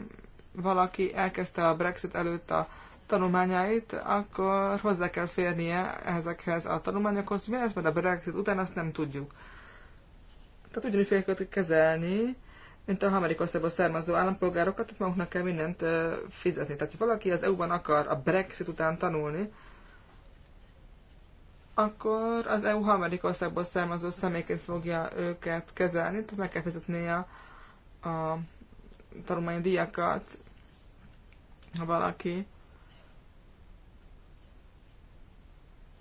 Speaker 2: valaki elkezdte a Brexit előtt a tanulmányait, akkor hozzá kell férnie ezekhez a tanulmányokhoz. Mi lesz mert a Brexit után, azt nem tudjuk. Tehát ugyanúgy fogják kezelni, mint a harmadik országból származó állampolgárokat, tehát maguknak kell mindent fizetni. Tehát, ha valaki az EU-ban akar a Brexit után tanulni, akkor az EU harmadik országból származó személyként fogja őket kezelni, tehát meg kell fizetnie a, a tanulmánydíjakat, ha valaki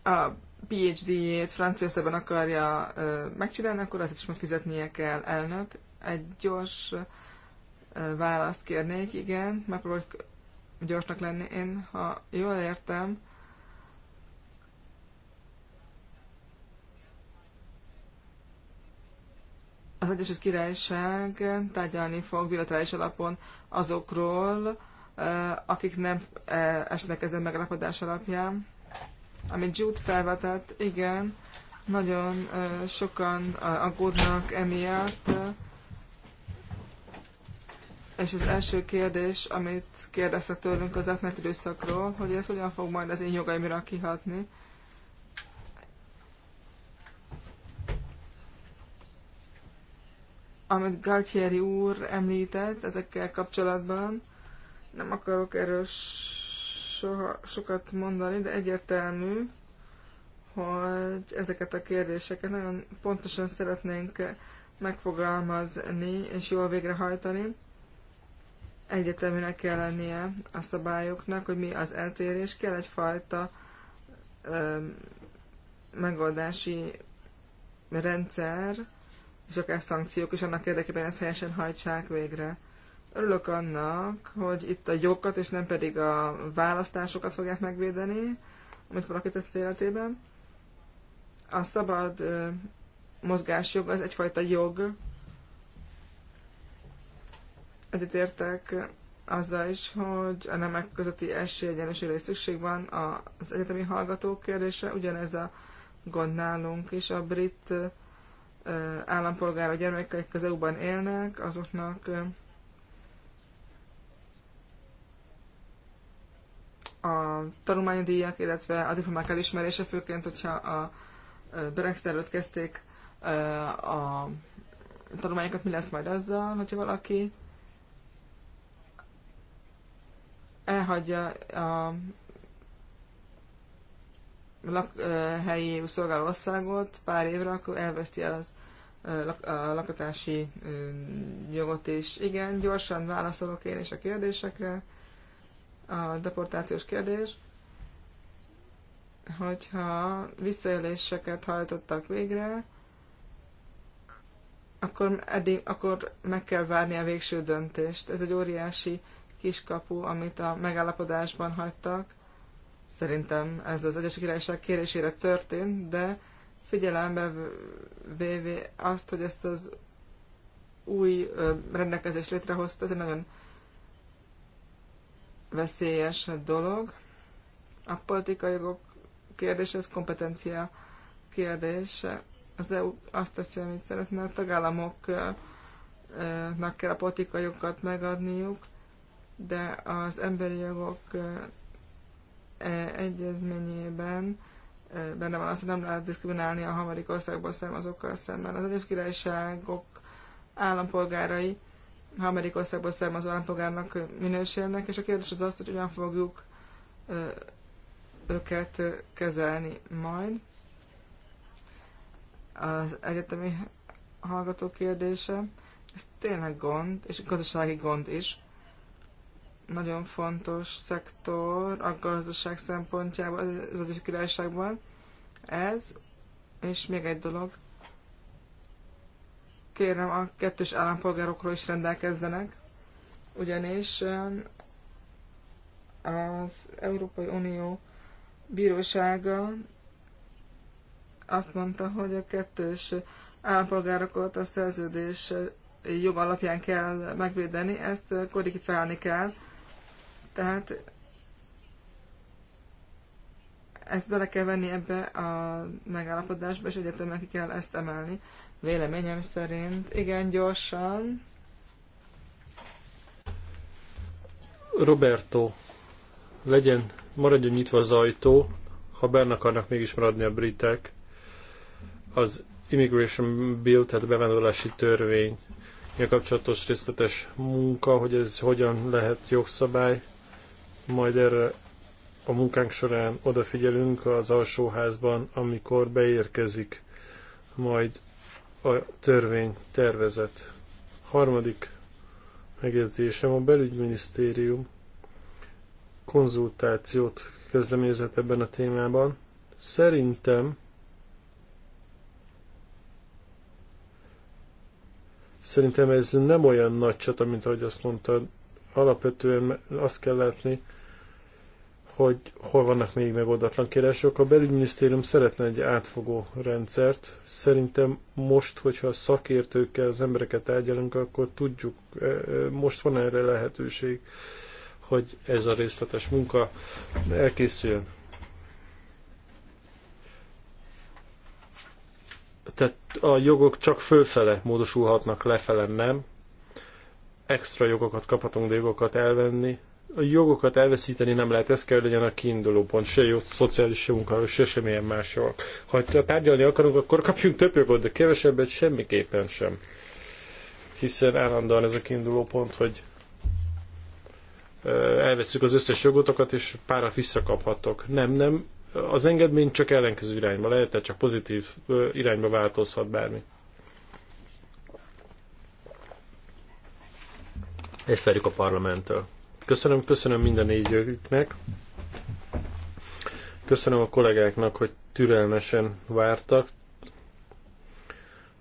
Speaker 2: a PhD-jét Franciaországban akarja megcsinálni, akkor azt is majd fizetnie kell elnök. Egy gyors választ kérnék, igen, megpróbálok gyorsnak lenni. Én, ha jól értem, az Egyesült Királyság tárgyalni fog bilaterális alapon azokról, akik nem esnek ezen megállapodás alapján amit Jude felvetett, igen, nagyon sokan aggódnak emiatt, és az első kérdés, amit kérdeztek tőlünk az etnet időszakról, hogy ez hogyan fog majd az én jogaimra kihatni. Amit Galtieri úr említett ezekkel kapcsolatban, nem akarok erős soha, sokat mondani, de egyértelmű, hogy ezeket a kérdéseket nagyon pontosan szeretnénk megfogalmazni és jól végrehajtani. Egyeteműnek kell lennie a szabályoknak, hogy mi az eltérés, kell egyfajta ö, megoldási rendszer, és akár szankciók, és annak érdekében ezt helyesen hajtsák végre. Örülök annak, hogy itt a jogokat és nem pedig a választásokat fogják megvédeni, amit valaki tesz életében. A szabad mozgásjog az egyfajta jog. értek azzal is, hogy a nemek közötti esélyegyenlőségre is szükség van. Az egyetemi hallgatók kérdése ugyanez a gond nálunk is. A brit állampolgára gyermekek közelúban élnek, azoknak a tanulmánydíjak, illetve a diplomák elismerése, főként, hogyha a Brexit előtt kezdték a tanulmányokat, mi lesz majd azzal, hogyha valaki elhagyja a lakhelyi szolgáló országot pár évre, akkor elveszti az a lakatási jogot is. Igen, gyorsan válaszolok én is a kérdésekre a deportációs kérdés, hogyha visszaéléseket hajtottak végre, akkor, eddig, akkor meg kell várni a végső döntést. Ez egy óriási kiskapu, amit a megállapodásban hagytak. Szerintem ez az Egyesült Királyság kérésére történt, de figyelembe véve azt, hogy ezt az új rendelkezést létrehozta, ez egy nagyon veszélyes dolog. A politikai jogok kérdése, ez kompetencia kérdése. Az EU azt teszi, amit szeretne, a tagállamoknak kell a politikai jogokat megadniuk, de az emberi jogok eh, egyezményében eh, benne van az, hogy nem lehet diszkriminálni a harmadik országból származókkal szemben. Az egyes királyságok állampolgárai harmadik országból származó állampolgárnak minősülnek, és a kérdés az az, hogy hogyan fogjuk őket kezelni majd. Az egyetemi hallgató kérdése, ez tényleg gond, és gazdasági gond is. Nagyon fontos szektor a gazdaság szempontjából az egyik Királyságban. Ez, és még egy dolog, kérem a kettős állampolgárokról is rendelkezzenek, ugyanis um, az Európai Unió bírósága azt mondta, hogy a kettős állampolgárokat a szerződés jog alapján kell megvédeni, ezt kodifikálni kell. Tehát ezt bele kell venni ebbe a megállapodásba, és egyetemben ki kell ezt emelni Véleményem szerint igen gyorsan.
Speaker 1: Roberto, legyen, maradjon nyitva az ajtó, ha benne akarnak mégis maradni a britek. Az Immigration Bill, tehát bevándorlási törvény kapcsolatos részletes munka, hogy ez hogyan lehet jogszabály. Majd erre a munkánk során odafigyelünk az alsóházban, amikor beérkezik majd a törvény tervezet. Harmadik megjegyzésem a belügyminisztérium konzultációt kezdeményezett ebben a témában. Szerintem szerintem ez nem olyan nagy csata, mint ahogy azt mondtad. Alapvetően azt kell látni, hogy hol vannak még megoldatlan kérdések. A belügyminisztérium szeretne egy átfogó rendszert. Szerintem most, hogyha a szakértőkkel az embereket tárgyalunk, akkor tudjuk, eh, eh, most van erre lehetőség, hogy ez a részletes munka elkészüljön. Tehát a jogok csak fölfele módosulhatnak, lefele nem. Extra jogokat kaphatunk, de jogokat elvenni a jogokat elveszíteni nem lehet, ez kell legyen a kiinduló pont, se jó szociális munkáról, se semmilyen másról. Ha tárgyalni akarunk, akkor kapjunk több jogot, de kevesebbet semmiképpen sem. Hiszen állandóan ez a kiinduló pont, hogy elveszük az összes jogotokat, és párat visszakaphatok. Nem, nem, az engedmény csak ellenkező irányba lehet, tehát csak pozitív irányba változhat bármi. Ezt várjuk a parlamenttől. Köszönöm, köszönöm minden négyőknek. Köszönöm a kollégáknak, hogy türelmesen vártak.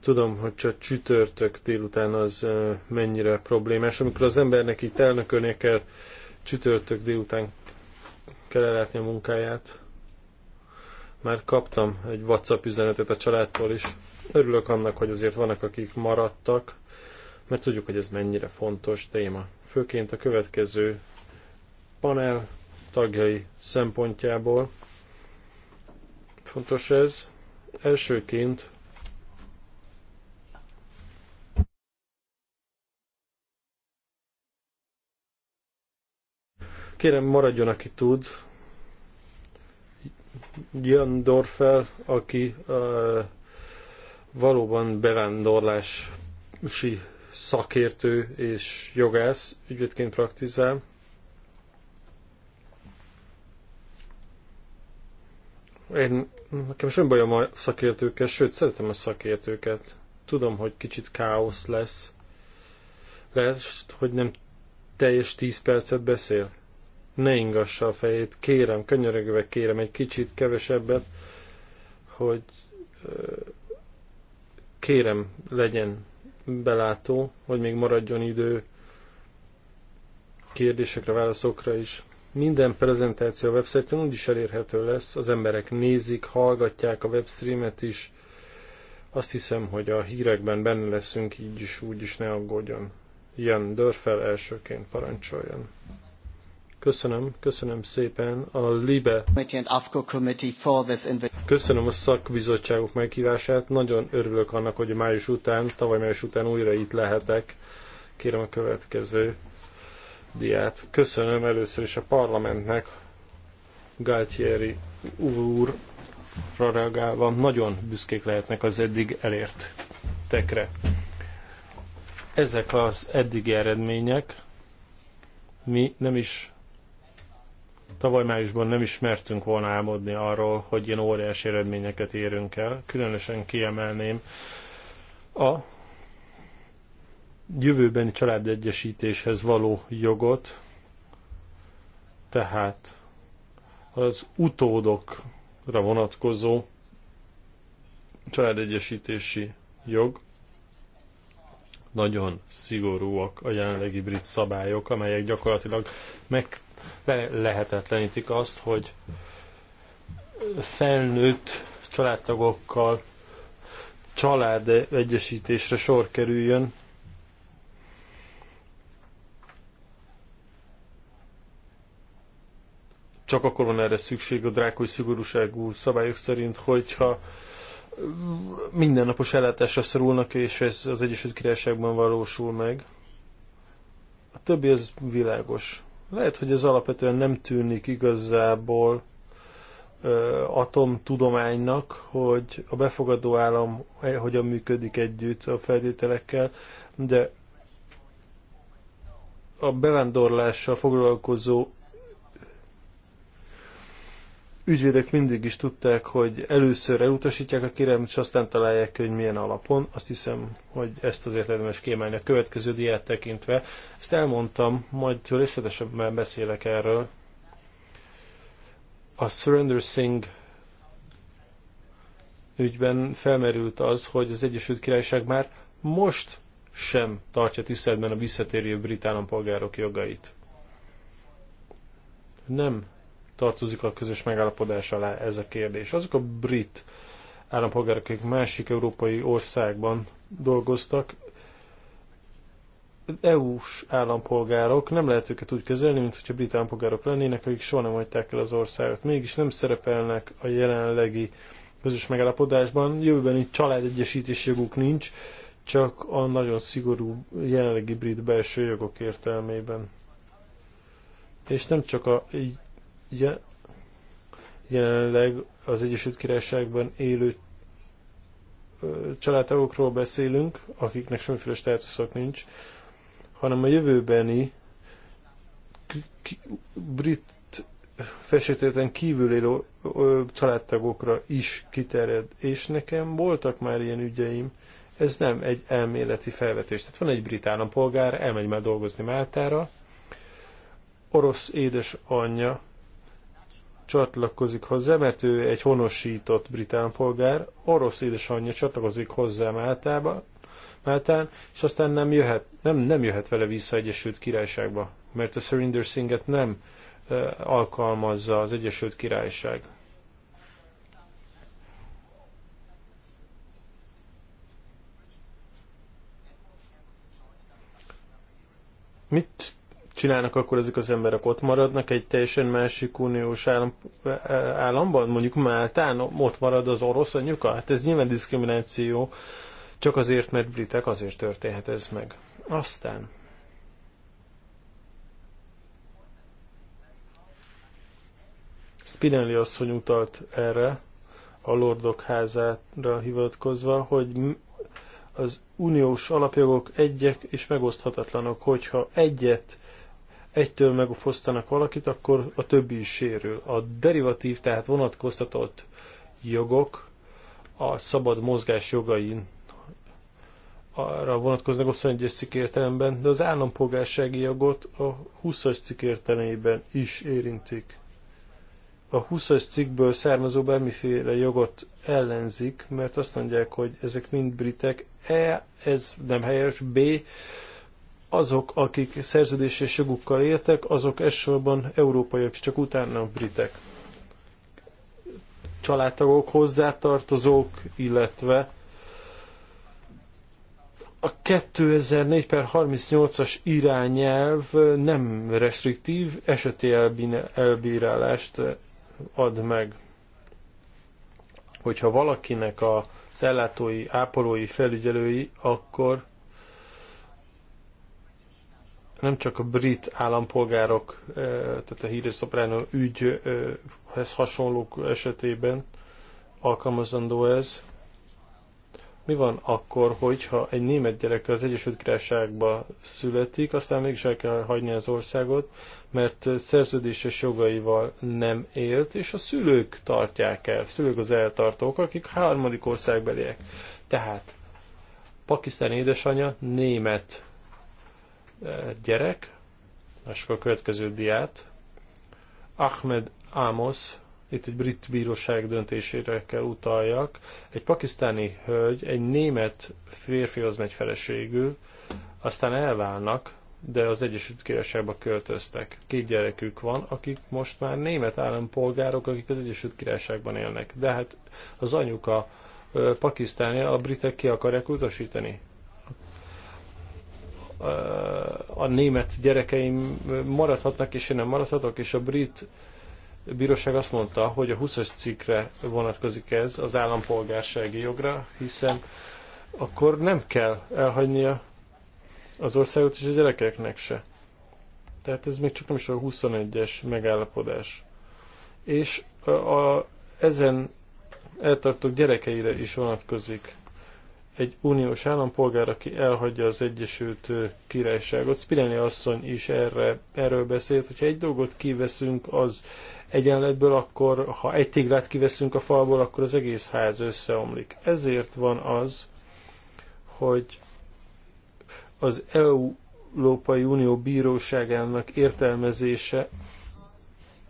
Speaker 1: Tudom, hogy csak csütörtök délután az mennyire problémás. Amikor az embernek itt elnökölnie kell, csütörtök délután kell ellátni a munkáját. Már kaptam egy WhatsApp üzenetet a családtól is. Örülök annak, hogy azért vannak, akik maradtak, mert tudjuk, hogy ez mennyire fontos téma főként a következő panel tagjai szempontjából. Fontos ez. Elsőként Kérem, maradjon, aki tud. Jan Dorfel, aki uh, valóban bevándorlási szakértő és jogász ügyvédként praktizál. Én, nekem sem bajom a szakértőkkel, sőt, szeretem a szakértőket. Tudom, hogy kicsit káosz lesz. Lehet, hogy nem teljes 10 percet beszél. Ne ingassa a fejét, kérem, könyörögve kérem, egy kicsit kevesebbet, hogy kérem, legyen belátó, hogy még maradjon idő kérdésekre, válaszokra is. Minden prezentáció a websájton úgyis elérhető lesz, az emberek nézik, hallgatják a webstreamet is. Azt hiszem, hogy a hírekben benne leszünk, így is, úgy is, ne aggódjon. Jan Dörfel elsőként parancsoljon. Köszönöm, köszönöm szépen a LIBE. Köszönöm a szakbizottságok meghívását. Nagyon örülök annak, hogy május után, tavaly május után újra itt lehetek. Kérem a következő diát. Köszönöm először is a parlamentnek, Galtieri úr reagálva. Nagyon büszkék lehetnek az eddig elért tekre. Ezek az eddigi eredmények, mi nem is Tavaly májusban nem ismertünk volna álmodni arról, hogy ilyen óriási eredményeket érünk el. Különösen kiemelném a jövőbeni családegyesítéshez való jogot, tehát az utódokra vonatkozó családegyesítési jog. Nagyon szigorúak a jelenlegi brit szabályok, amelyek gyakorlatilag meg le lehetetlenítik azt, hogy felnőtt családtagokkal család egyesítésre sor kerüljön. Csak akkor van erre szükség a drákói szigorúságú szabályok szerint, hogyha mindennapos ellátásra szorulnak, és ez az Egyesült Királyságban valósul meg. A többi az világos. Lehet, hogy ez alapvetően nem tűnik igazából atomtudománynak, hogy a befogadó állam eh, hogyan működik együtt a feltételekkel, de a bevándorlással foglalkozó ügyvédek mindig is tudták, hogy először elutasítják a kérelmet, és aztán találják, hogy milyen alapon. Azt hiszem, hogy ezt azért érdemes kiemelni a következő diát tekintve. Ezt elmondtam, majd részletesebben beszélek erről. A Surrender Singh ügyben felmerült az, hogy az Egyesült Királyság már most sem tartja tiszteletben a visszatérő brit állampolgárok jogait. Nem tartozik a közös megállapodás alá ez a kérdés. Azok a brit állampolgárok, akik másik európai országban dolgoztak, EU-s állampolgárok, nem lehet őket úgy kezelni, mint hogyha brit állampolgárok lennének, akik soha nem hagyták el az országot. Mégis nem szerepelnek a jelenlegi közös megállapodásban. itt családegyesítés joguk nincs, csak a nagyon szigorú jelenlegi brit belső jogok értelmében. És nem csak a je, jelenleg az Egyesült Királyságban élő családtagokról beszélünk, akiknek semmiféle státuszok nincs, hanem a jövőbeni brit felsőtérten kívül élő családtagokra is kiterjed. És nekem voltak már ilyen ügyeim, ez nem egy elméleti felvetés. Tehát van egy brit állampolgár, elmegy már dolgozni Máltára, orosz édesanyja csatlakozik hozzá, mert ő egy honosított brit állampolgár, orosz édesanyja csatlakozik hozzá Máltába, Máltán, és aztán nem jöhet, nem, nem jöhet vele vissza Egyesült Királyságba, mert a Surrender Singet nem e, alkalmazza az Egyesült Királyság. Mit csinálnak, akkor ezek az emberek ott maradnak egy teljesen másik uniós állam, eh, államban, mondjuk Máltán, ott marad az orosz anyuka? Hát ez nyilván diszkrimináció, csak azért, mert britek, azért történhet ez meg. Aztán Spinelli asszony utalt erre, a Lordok házára hivatkozva, hogy az uniós alapjogok egyek és megoszthatatlanok, hogyha egyet egytől megfosztanak valakit, akkor a többi is sérül. A derivatív, tehát vonatkoztatott jogok a szabad mozgás jogain arra vonatkoznak a 21-es cikk értelemben, de az állampolgársági jogot a 20-as cikk értelemében is érintik. A 20-as cikkből származó bármiféle jogot ellenzik, mert azt mondják, hogy ezek mind britek, E, ez nem helyes, B, azok, akik szerződéses jogukkal éltek, azok elsősorban európaiak, és csak utána a britek. Családtagok, hozzátartozók, illetve a 2004 per 38-as irányelv nem restriktív, eseti elbírálást ad meg. Hogyha valakinek a ellátói, ápolói, felügyelői, akkor nem csak a brit állampolgárok, eh, tehát a híres szopránó ügyhez hasonlók esetében alkalmazandó ez. Mi van akkor, hogyha egy német gyerek az Egyesült Királyságba születik, aztán mégis el kell hagyni az országot, mert szerződéses jogaival nem élt, és a szülők tartják el, szülők az eltartók, akik harmadik országbeliek. Tehát Pakisztán édesanyja német gyerek. Lássuk a következő diát. Ahmed Amos, itt egy brit bíróság döntésére kell utaljak. Egy pakisztáni hölgy egy német férfihoz megy feleségül, aztán elválnak, de az Egyesült Királyságba költöztek. Két gyerekük van, akik most már német állampolgárok, akik az Egyesült Királyságban élnek. De hát az anyuka pakisztáni, a britek ki akarják utasítani a német gyerekeim maradhatnak, és én nem maradhatok, és a brit bíróság azt mondta, hogy a 20-as cikkre vonatkozik ez az állampolgársági jogra, hiszen akkor nem kell elhagynia az országot és a gyerekeknek se. Tehát ez még csak nem is a 21-es megállapodás. És a, a, ezen eltartók gyerekeire is vonatkozik egy uniós állampolgár, aki elhagyja az Egyesült Királyságot. Spirelli asszony is erre, erről beszélt, hogyha egy dolgot kiveszünk az egyenletből, akkor ha egy téglát kiveszünk a falból, akkor az egész ház összeomlik. Ezért van az, hogy az EU Európai Unió bíróságának értelmezése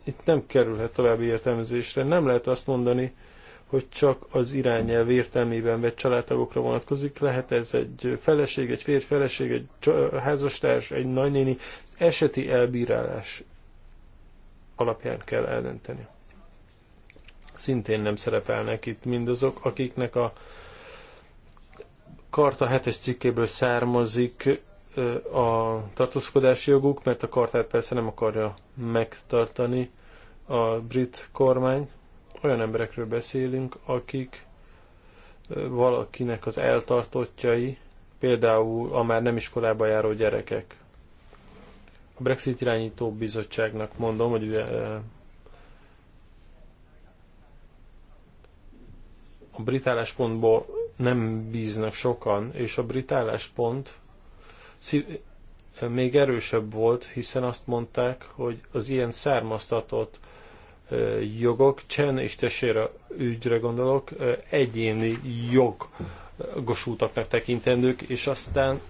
Speaker 1: itt nem kerülhet további értelmezésre. Nem lehet azt mondani, hogy csak az irányelv értelmében vett családtagokra vonatkozik. Lehet ez egy feleség, egy férj feleség, egy házastárs, egy nagynéni. Az eseti elbírálás alapján kell eldönteni. Szintén nem szerepelnek itt mindazok, akiknek a karta 7-es cikkéből származik a tartózkodási joguk, mert a kartát persze nem akarja megtartani a brit kormány, olyan emberekről beszélünk, akik valakinek az eltartottjai, például a már nem iskolába járó gyerekek. A Brexit irányító bizottságnak mondom, hogy a brit álláspontból nem bíznak sokan, és a brit álláspont még erősebb volt, hiszen azt mondták, hogy az ilyen származtatott jogok, Chen és testvére ügyre gondolok, egyéni jogosultaknak tekintendők, és aztán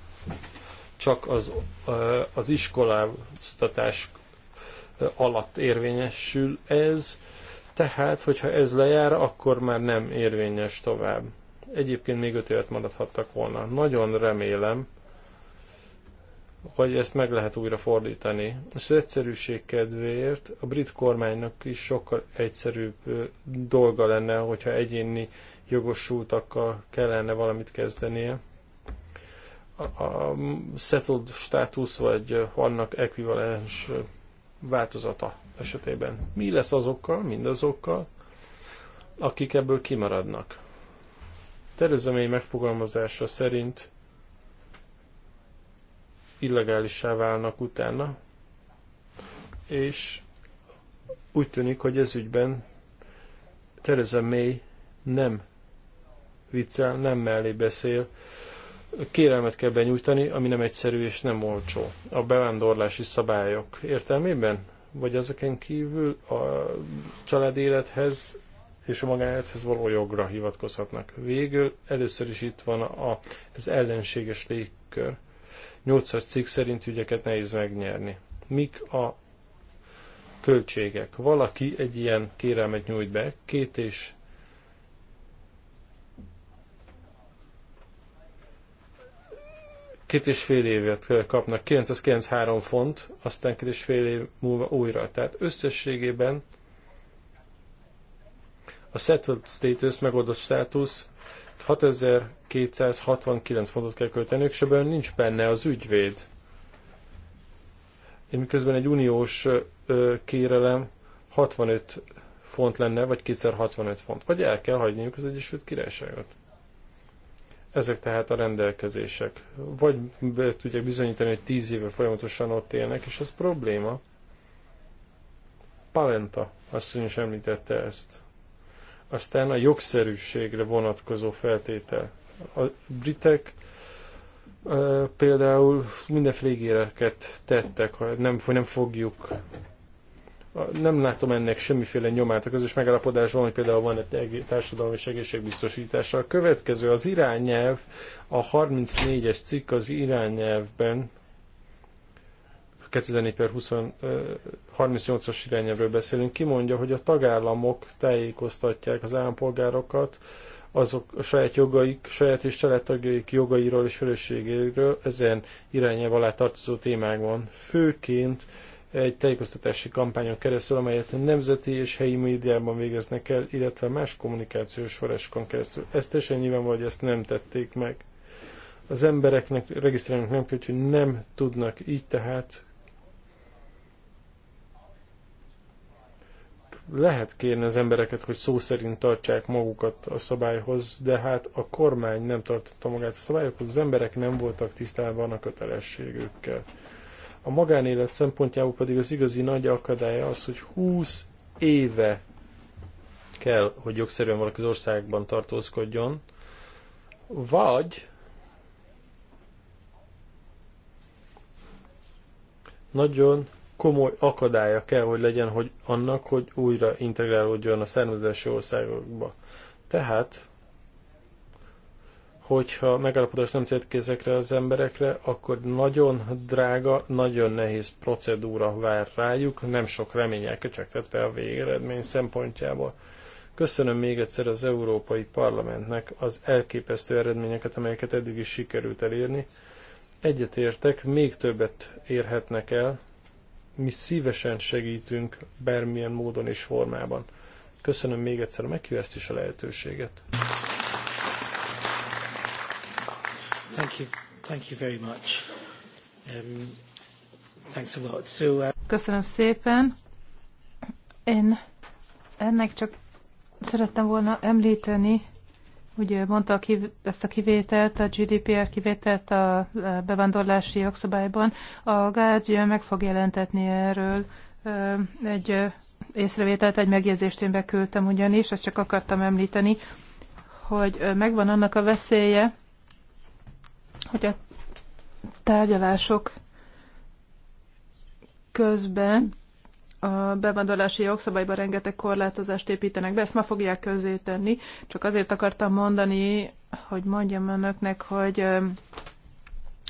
Speaker 1: csak az, az iskoláztatás alatt érvényesül ez, tehát, hogyha ez lejár, akkor már nem érvényes tovább. Egyébként még öt évet maradhattak volna. Nagyon remélem, hogy ezt meg lehet újra fordítani. az egyszerűség kedvéért a brit kormánynak is sokkal egyszerűbb dolga lenne, hogyha egyéni jogosultakkal kellene valamit kezdenie. A, settled státusz vagy annak ekvivalens változata esetében. Mi lesz azokkal, mindazokkal, akik ebből kimaradnak? Tereza megfogalmazása szerint illegálissá válnak utána, és úgy tűnik, hogy ez ügyben Tereza May nem viccel, nem mellé beszél, kérelmet kell benyújtani, ami nem egyszerű és nem olcsó. A bevándorlási szabályok értelmében? Vagy ezeken kívül a család élethez és a magánélethez való jogra hivatkozhatnak. Végül először is itt van a, az ellenséges légkör. 8 cikk szerint ügyeket nehéz megnyerni. Mik a költségek? Valaki egy ilyen kérelmet nyújt be, két és két és fél évet kapnak, 993 font, aztán két és fél év múlva újra. Tehát összességében a settled status, megoldott státusz 6269 fontot kell költeni, és ebben nincs benne az ügyvéd. Én miközben egy uniós ö, kérelem 65 font lenne, vagy 265 font. Vagy el kell hagyniuk az Egyesült Királyságot. Ezek tehát a rendelkezések. Vagy be tudják bizonyítani, hogy 10 éve folyamatosan ott élnek, és ez probléma. Palenta asszony is említette ezt. Aztán a jogszerűségre vonatkozó feltétel. A britek például mindenféle ígéreket tettek, hogy nem, nem fogjuk nem látom ennek semmiféle nyomát. A közös van, hogy például van egy társadalmi és egészségbiztosítása. A következő az irányelv, a 34-es cikk az irányelvben 2004 38-as irányelvről beszélünk, kimondja, hogy a tagállamok tájékoztatják az állampolgárokat azok a saját jogaik, saját és családtagjaik jogairól és felelősségéről ezen irányelv alá tartozó témákban. Főként egy tájékoztatási kampányon keresztül, amelyet nemzeti és helyi médiában végeznek el, illetve más kommunikációs forrásokon keresztül. Ezt teljesen nyilvánvaló, hogy ezt nem tették meg. Az embereknek regisztrálnak nem kell, hogy nem tudnak, így tehát lehet kérni az embereket, hogy szó szerint tartsák magukat a szabályhoz, de hát a kormány nem tartotta magát a szabályokhoz, az emberek nem voltak tisztában a kötelességükkel. A magánélet szempontjából pedig az igazi nagy akadálya az, hogy 20 éve kell, hogy jogszerűen valaki az országban tartózkodjon, vagy nagyon komoly akadálya kell, hogy legyen hogy annak, hogy újra integrálódjon a származási országokba. Tehát, hogyha megállapodást nem tett kézekre az emberekre, akkor nagyon drága, nagyon nehéz procedúra vár rájuk, nem sok reményel kecsegtetve a végeredmény szempontjából. Köszönöm még egyszer az Európai Parlamentnek az elképesztő eredményeket, amelyeket eddig is sikerült elérni. Egyetértek, még többet érhetnek el, mi szívesen segítünk bármilyen módon és formában. Köszönöm még egyszer a meghívást és a lehetőséget. Thank you. Thank you very
Speaker 2: much. Um, thanks a lot. So, uh...
Speaker 3: Köszönöm szépen. Én ennek csak szerettem volna említeni, Ugye mondta a kiv- ezt a kivételt, a GDPR kivételt a bevándorlási jogszabályban. A Guardian meg fog jelentetni erről egy észrevételt, egy megjegyzést én beküldtem ugyanis, ezt csak akartam említeni, hogy megvan annak a veszélye, hogy a tárgyalások közben a bevándorlási jogszabályban rengeteg korlátozást építenek be, ezt ma fogják közé tenni. Csak azért akartam mondani, hogy mondjam önöknek, hogy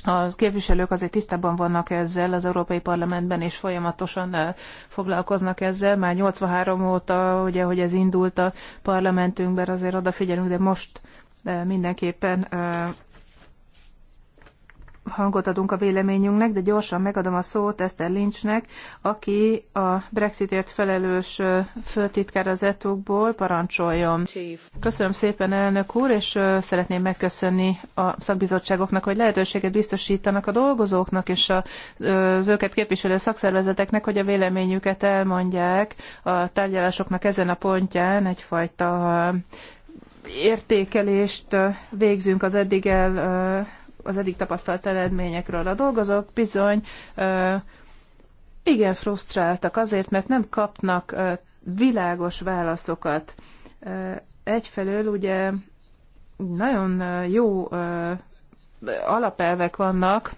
Speaker 3: a képviselők azért tisztában vannak ezzel az Európai Parlamentben, és folyamatosan foglalkoznak ezzel. Már 83 óta, ugye, hogy ez indult a parlamentünkben, azért odafigyelünk, de most mindenképpen hangot adunk a véleményünknek, de gyorsan megadom a szót Eszter Lynchnek, aki a Brexitért felelős főtitkár az etókból parancsoljon. Köszönöm szépen, elnök úr, és szeretném megköszönni a szakbizottságoknak, hogy lehetőséget biztosítanak a dolgozóknak és az őket képviselő szakszervezeteknek, hogy a véleményüket elmondják a tárgyalásoknak ezen a pontján egyfajta értékelést végzünk az eddig el az eddig tapasztalt eredményekről. A dolgozók bizony igen frusztráltak azért, mert nem kapnak világos válaszokat. Egyfelől ugye nagyon jó alapelvek vannak,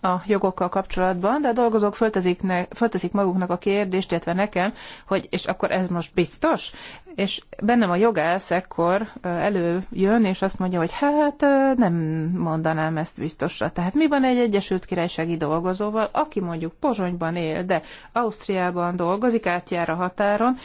Speaker 3: a jogokkal kapcsolatban, de a dolgozók föltezik, ne, fölteszik maguknak a kérdést, illetve nekem, hogy és akkor ez most biztos? És bennem a jogász ekkor előjön, és azt mondja, hogy hát nem mondanám ezt biztosra. Tehát mi van egy Egyesült Királysági dolgozóval, aki mondjuk Pozsonyban él, de Ausztriában dolgozik, átjár a határon,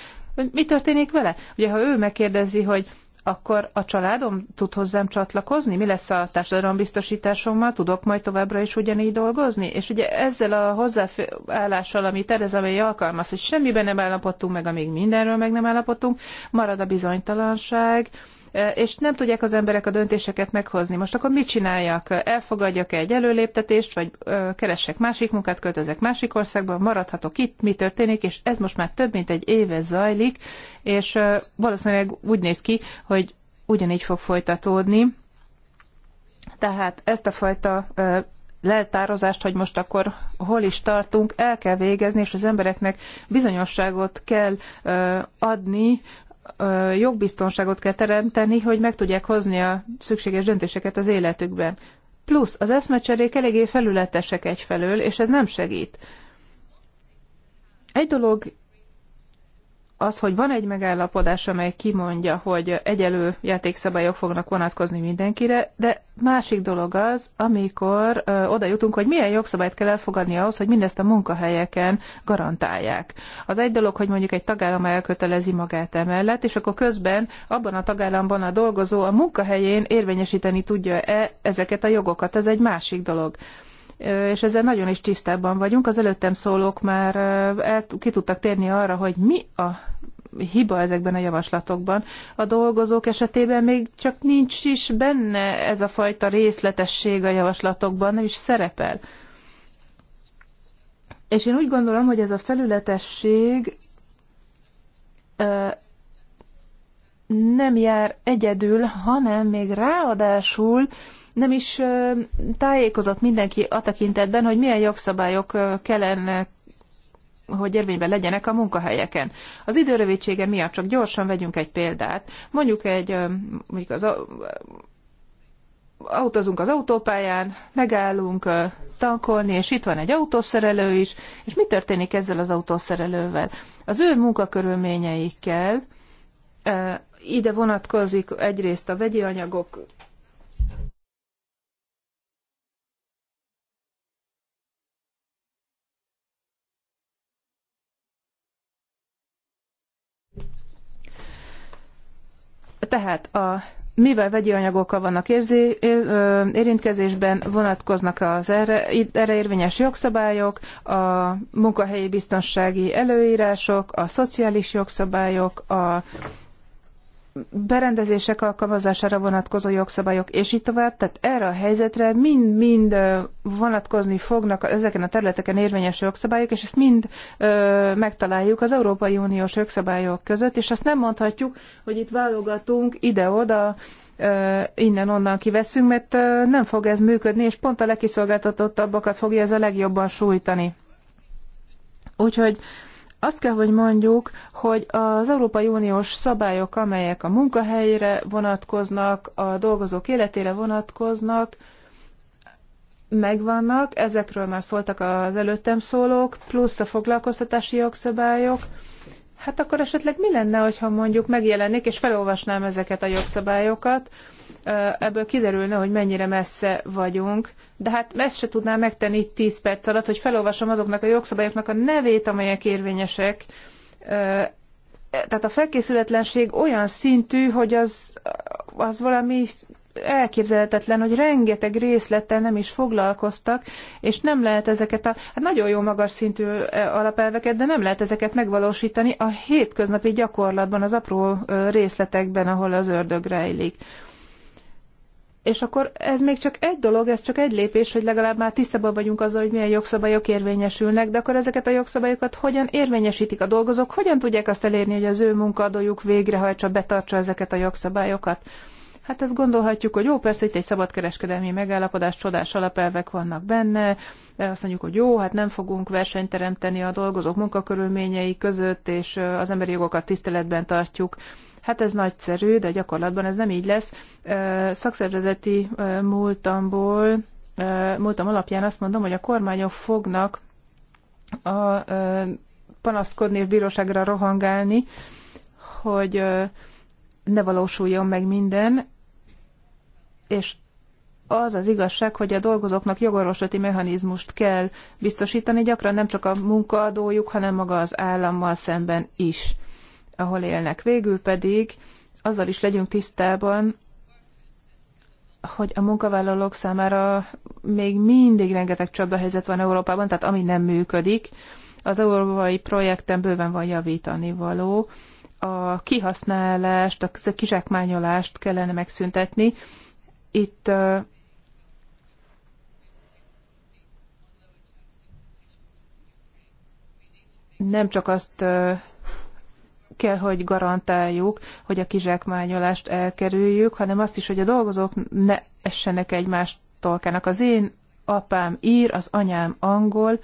Speaker 3: mi történik vele? Ugye, ha ő megkérdezi, hogy akkor a családom tud hozzám csatlakozni? Mi lesz a társadalombiztosításommal? Tudok majd továbbra is ugyanígy dolgozni? És ugye ezzel a hozzáállással, amit Tereza May alkalmaz, hogy semmiben nem állapodtunk meg, amíg mindenről meg nem állapodtunk, marad a bizonytalanság, Eh, és nem tudják az emberek a döntéseket meghozni. Most akkor mit csináljak? Elfogadjak-e egy előléptetést, vagy keresek másik munkát, költözek másik országba, maradhatok itt, mi történik, és ez most már több mint egy éve zajlik, és valószínűleg úgy néz ki, hogy ugyanígy fog folytatódni. Tehát ezt a fajta leltározást, hogy most akkor hol is tartunk, el kell végezni, és az embereknek bizonyosságot kell adni jogbiztonságot kell teremteni, hogy meg tudják hozni a szükséges döntéseket az életükben. Plusz az eszmecserék eléggé felületesek egyfelől, és ez nem segít. Egy dolog az, hogy van egy megállapodás, amely kimondja, hogy egyelő játékszabályok fognak vonatkozni mindenkire, de másik dolog az, amikor ö, oda jutunk, hogy milyen jogszabályt kell elfogadni ahhoz, hogy mindezt a munkahelyeken garantálják. Az egy dolog, hogy mondjuk egy tagállam elkötelezi magát emellett, és akkor közben abban a tagállamban a dolgozó a munkahelyén érvényesíteni tudja-e ezeket a jogokat. Ez egy másik dolog és ezzel nagyon is tisztában vagyunk. Az előttem szólók már el, ki tudtak térni arra, hogy mi a hiba ezekben a javaslatokban. A dolgozók esetében még csak nincs is benne ez a fajta részletesség a javaslatokban, nem is szerepel. És én úgy gondolom, hogy ez a felületesség nem jár egyedül, hanem még ráadásul nem is tájékozott mindenki a tekintetben, hogy milyen jogszabályok kellene hogy érvényben legyenek a munkahelyeken. Az időrövidsége miatt csak gyorsan vegyünk egy példát. Mondjuk egy, mondjuk az autózunk az autópályán, megállunk tankolni, és itt van egy autószerelő is, és mi történik ezzel az autószerelővel? Az ő munkakörülményeikkel ide vonatkozik egyrészt a vegyi anyagok Tehát a mivel vegyi anyagokkal vannak érzi, érintkezésben, vonatkoznak az erre, erre érvényes jogszabályok, a munkahelyi biztonsági előírások, a szociális jogszabályok, a berendezések alkalmazására vonatkozó jogszabályok, és így tovább, tehát erre a helyzetre mind-mind vonatkozni fognak ezeken a területeken érvényes jogszabályok, és ezt mind ö, megtaláljuk az Európai Uniós jogszabályok között, és azt nem mondhatjuk, hogy itt válogatunk ide-oda, innen-onnan kiveszünk, mert nem fog ez működni, és pont a legkiszolgáltatottabbakat fogja ez a legjobban sújtani. Úgyhogy azt kell, hogy mondjuk, hogy az Európai Uniós szabályok, amelyek a munkahelyre vonatkoznak, a dolgozók életére vonatkoznak, megvannak, ezekről már szóltak az előttem szólók, plusz a foglalkoztatási jogszabályok. Hát akkor esetleg mi lenne, hogyha mondjuk megjelennék és felolvasnám ezeket a jogszabályokat, ebből kiderülne, hogy mennyire messze vagyunk, de hát ezt se tudnám megtenni itt 10 perc alatt, hogy felolvasom azoknak a jogszabályoknak a nevét, amelyek érvényesek. Tehát a felkészületlenség olyan szintű, hogy az, az valami elképzelhetetlen, hogy rengeteg részlettel nem is foglalkoztak, és nem lehet ezeket a hát nagyon jó magas szintű alapelveket, de nem lehet ezeket megvalósítani a hétköznapi gyakorlatban, az apró részletekben, ahol az ördög rejlik. És akkor ez még csak egy dolog, ez csak egy lépés, hogy legalább már tisztában vagyunk azzal, hogy milyen jogszabályok érvényesülnek, de akkor ezeket a jogszabályokat hogyan érvényesítik a dolgozók, hogyan tudják azt elérni, hogy az ő munkadójuk végrehajtsa, betartsa ezeket a jogszabályokat. Hát ezt gondolhatjuk, hogy jó, persze itt egy szabadkereskedelmi megállapodás, csodás alapelvek vannak benne, azt mondjuk, hogy jó, hát nem fogunk versenyt teremteni a dolgozók munkakörülményei között, és az emberi jogokat tiszteletben tartjuk. Hát ez nagyszerű, de gyakorlatban ez nem így lesz. Szakszervezeti múltamból, múltam alapján azt mondom, hogy a kormányok fognak a panaszkodni és bíróságra rohangálni, hogy ne valósuljon meg minden, és az az igazság, hogy a dolgozóknak jogorvoslati mechanizmust kell biztosítani, gyakran nem csak a munkaadójuk, hanem maga az állammal szemben is ahol élnek. Végül pedig azzal is legyünk tisztában, hogy a munkavállalók számára még mindig rengeteg csapdahelyzet van Európában, tehát ami nem működik, az európai projekten bőven van javítani való. A kihasználást, a kizsákmányolást kellene megszüntetni. Itt nem csak azt kell, hogy garantáljuk, hogy a kizsákmányolást elkerüljük, hanem azt is, hogy a dolgozók ne essenek egymást tolkának. Az én apám ír, az anyám angol,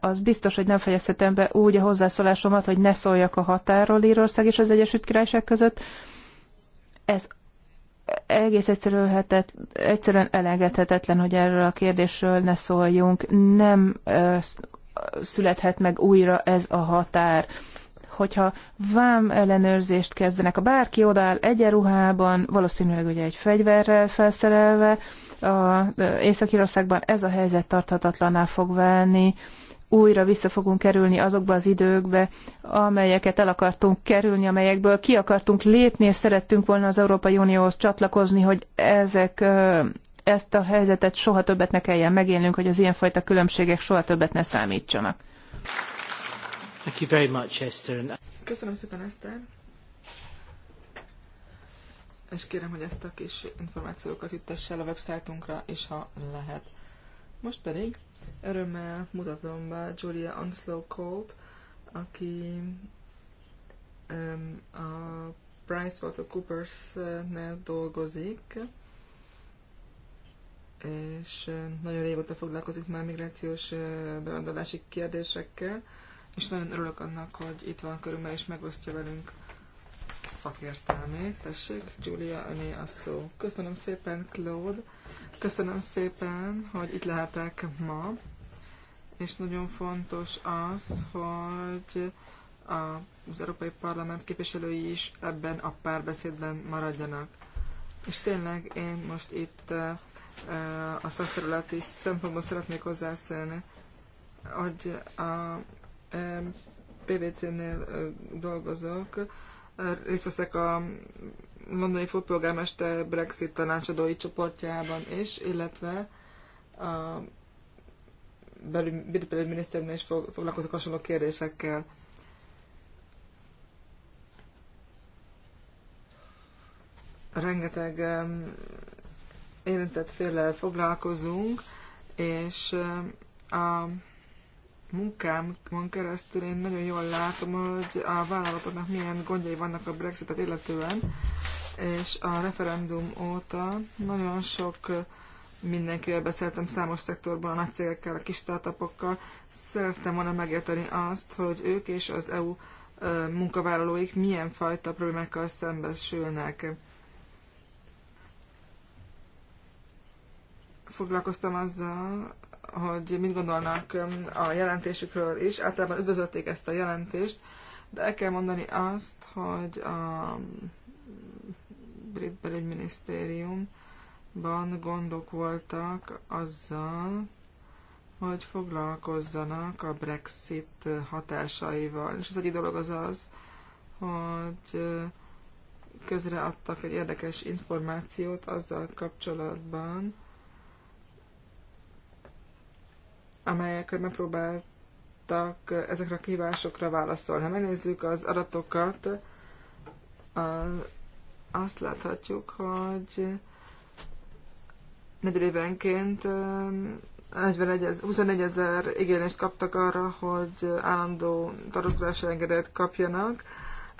Speaker 3: az biztos, hogy nem fejezhetem be úgy a hozzászólásomat, hogy ne szóljak a határól Írország és az Egyesült Királyság között. Ez egész egyszerűen, egyszerűen elengedhetetlen, hogy erről a kérdésről ne szóljunk. Nem születhet meg újra ez a határ hogyha vám ellenőrzést kezdenek, a bárki odáll egyenruhában, valószínűleg ugye egy fegyverrel felszerelve, a Észak-Írországban ez a helyzet tarthatatlaná fog válni, újra vissza fogunk kerülni azokba az időkbe, amelyeket el akartunk kerülni, amelyekből ki akartunk lépni, és szerettünk volna az Európai Unióhoz csatlakozni, hogy ezek ezt a helyzetet soha többet ne kelljen megélnünk, hogy az ilyenfajta különbségek soha többet ne számítsanak. Thank
Speaker 2: you very much, Esther. Uh, Köszönöm szépen, Esther. És kérem, hogy ezt a kis információkat juttass el a websájtunkra, és ha lehet. Most pedig örömmel mutatom be Julia Onslow Colt, aki um, a PricewaterCoopers-nél dolgozik, és nagyon régóta foglalkozik már migrációs bevándorlási kérdésekkel és nagyon örülök annak, hogy itt van körülbelül, és megosztja velünk szakértelmét. Tessék, Julia, öné a szó. Köszönöm szépen, Claude. Köszönöm szépen, hogy itt lehetek ma. És nagyon fontos az, hogy az Európai Parlament képviselői is ebben a párbeszédben maradjanak. És tényleg én most itt a szakterületi szempontból szeretnék hozzászólni, hogy a PVC-nél dolgozok, részt veszek a londoni főpolgármester Brexit tanácsadói csoportjában is, illetve a belügyminiszternél is foglalkozok hasonló kérdésekkel. Rengeteg érintett félel foglalkozunk, és a munkámon keresztül én nagyon jól látom, hogy a vállalatoknak milyen gondjai vannak a Brexitet illetően, és a referendum óta nagyon sok mindenkivel beszéltem számos szektorban, a nagy cégekkel, a kis startupokkal. Szerettem volna megérteni azt, hogy ők és az EU munkavállalóik milyen fajta problémákkal szembesülnek. Foglalkoztam azzal, hogy mit gondolnak um, a jelentésükről is. Általában üdvözölték ezt a jelentést, de el kell mondani azt, hogy a brit belügyminisztériumban gondok voltak azzal, hogy foglalkozzanak a Brexit hatásaival. És az egyik dolog az az, hogy uh, közreadtak egy érdekes információt azzal kapcsolatban, amelyek megpróbáltak ezekre a kívásokra válaszolni. Ha megnézzük az adatokat, azt láthatjuk, hogy negyedévenként 41, 24 ezer igényest kaptak arra, hogy állandó tartózkodási engedélyt kapjanak.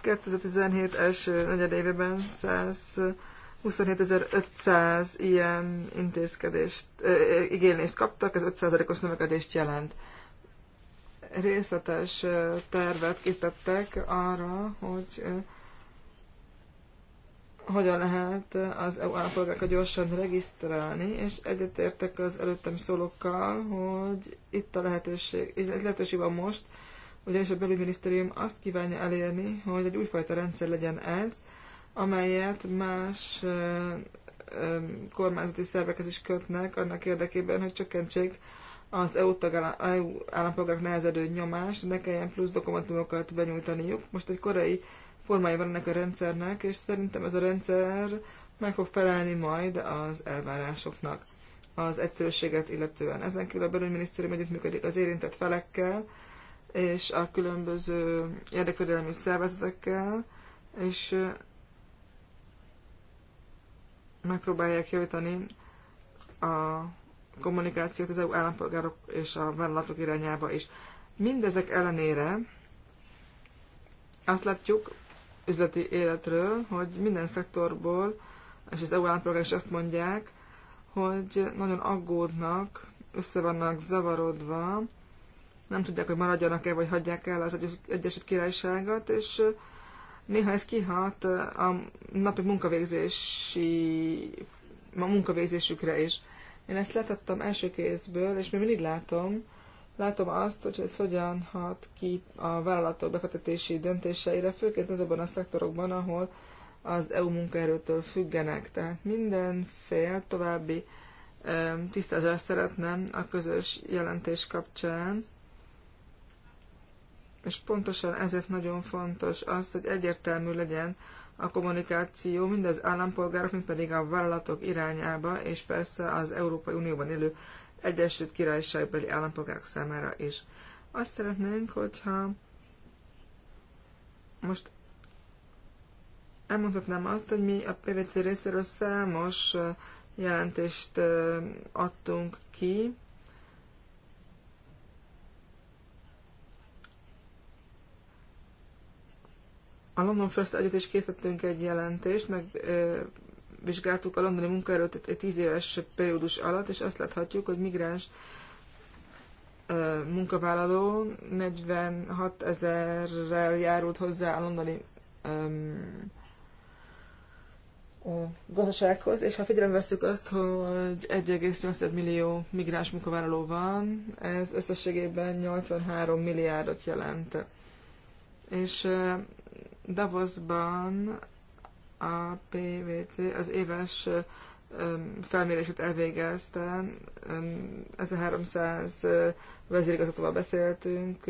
Speaker 2: 2017 első negyedévében 100 27.500 ilyen intézkedést, ö, igénylést kaptak, ez 5%-os növekedést jelent. Részletes tervet készítettek arra, hogy ö, hogyan lehet az EU állampolgárokat gyorsan regisztrálni, és egyetértek az előttem szólókkal, hogy itt a lehetőség, egy lehetőség van most, ugyanis a belügyminisztérium azt kívánja elérni, hogy egy újfajta rendszer legyen ez, amelyet más kormányzati szervekhez is kötnek annak érdekében, hogy csökkentsék az EU, tagállam, EU állampolgárok nehezedő nyomást, ne kelljen plusz dokumentumokat benyújtaniuk. Most egy korai formája van ennek a rendszernek, és szerintem ez a rendszer meg fog felelni majd az elvárásoknak az egyszerűséget illetően. Ezen kívül a belügyminisztérium együttműködik az érintett felekkel, és a különböző érdekvédelmi szervezetekkel, és megpróbálják javítani a kommunikációt az EU állampolgárok és a vállalatok irányába is. Mindezek ellenére azt látjuk üzleti életről, hogy minden szektorból, és az EU állampolgárok is azt mondják, hogy nagyon aggódnak, össze vannak zavarodva, nem tudják, hogy maradjanak-e, vagy hagyják el az Egyesült Királyságot, és Néha ez kihat a napi munkavégzési, a munkavégzésükre is. Én ezt letettem első kézből, és még mindig látom, látom azt, hogy ez hogyan hat ki a vállalatok befektetési döntéseire, főként azokban a szektorokban, ahol az EU munkaerőtől függenek. Tehát minden fél további tisztázást szeretném a közös jelentés kapcsán és pontosan ezért nagyon fontos az, hogy egyértelmű legyen a kommunikáció mind az állampolgárok, mind pedig a vállalatok irányába, és persze az Európai Unióban élő Egyesült Királyságbeli állampolgárok számára is. Azt szeretnénk, hogyha most elmondhatnám azt, hogy mi a PVC részéről számos jelentést adtunk ki, a London First együtt is készítettünk egy jelentést, meg vizsgáltuk a londoni munkaerőt egy tíz éves periódus alatt, és azt láthatjuk, hogy migráns munkavállaló 46 ezerrel járult hozzá a londoni ö, a gazdasághoz, és ha figyelembe veszük azt, hogy 1,8 millió migráns munkavállaló van, ez összességében 83 milliárdot jelent. És Davosban a PVC az éves felmérését elvégezte, 1300 vezérigazgatóval beszéltünk,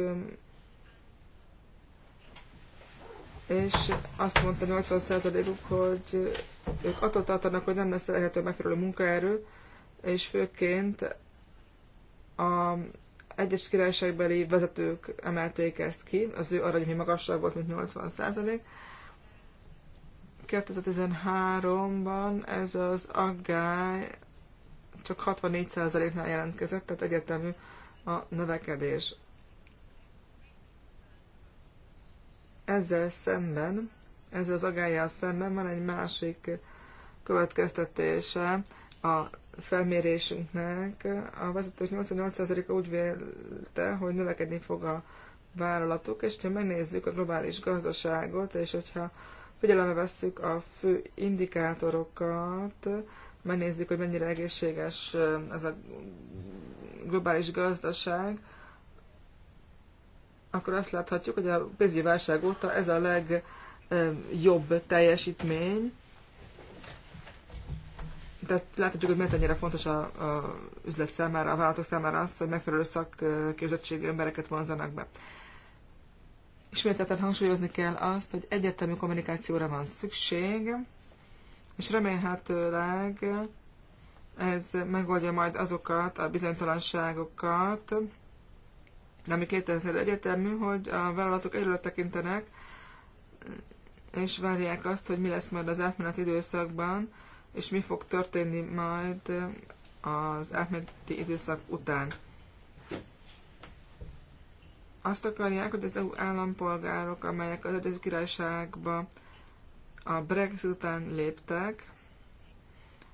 Speaker 2: és azt mondta 80%-uk, hogy ők attól tartanak, hogy nem lesz elérhető megfelelő munkaerő, és főként a egyes királyságbeli vezetők emelték ezt ki, az ő arany magasabb volt, mint 80 százalék. 2013-ban ez az aggály csak 64%-nál jelentkezett, tehát egyetemű a növekedés. Ezzel szemben, ezzel az agályjal szemben van egy másik következtetése a felmérésünknek a vezetők 88%-a úgy vélte, hogy növekedni fog a vállalatuk, és ha megnézzük a globális gazdaságot, és hogyha figyelembe vesszük a fő indikátorokat, megnézzük, hogy mennyire egészséges ez a globális gazdaság, akkor azt láthatjuk, hogy a pénzügyi válság óta ez a legjobb teljesítmény, tehát láthatjuk, hogy miért ennyire fontos a, a üzlet számára, a vállalatok számára az, hogy megfelelő szakképzettségű embereket vonzanak be. Ismételten hangsúlyozni kell azt, hogy egyértelmű kommunikációra van szükség, és remélhetőleg ez megoldja majd azokat a bizonytalanságokat, amik léteznek. Egyetemű, hogy a vállalatok előre tekintenek, és várják azt, hogy mi lesz majd az átmeneti időszakban, és mi fog történni majd eh, az átmeneti időszak után. Azt akarják, hogy az EU állampolgárok, amelyek az Egyesült Királyságba a Brexit után léptek,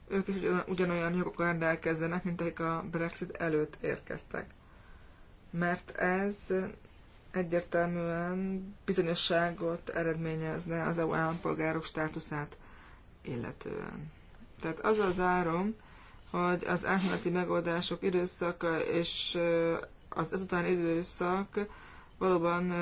Speaker 2: ők is ugyanolyan jogokkal rendelkezzenek, mint akik a Brexit előtt érkeztek. Mert ez egyértelműen bizonyosságot eredményezne az EU állampolgárok státuszát illetően. Tehát az az zárom, hogy az átmeneti megoldások időszaka és az ezután időszak valóban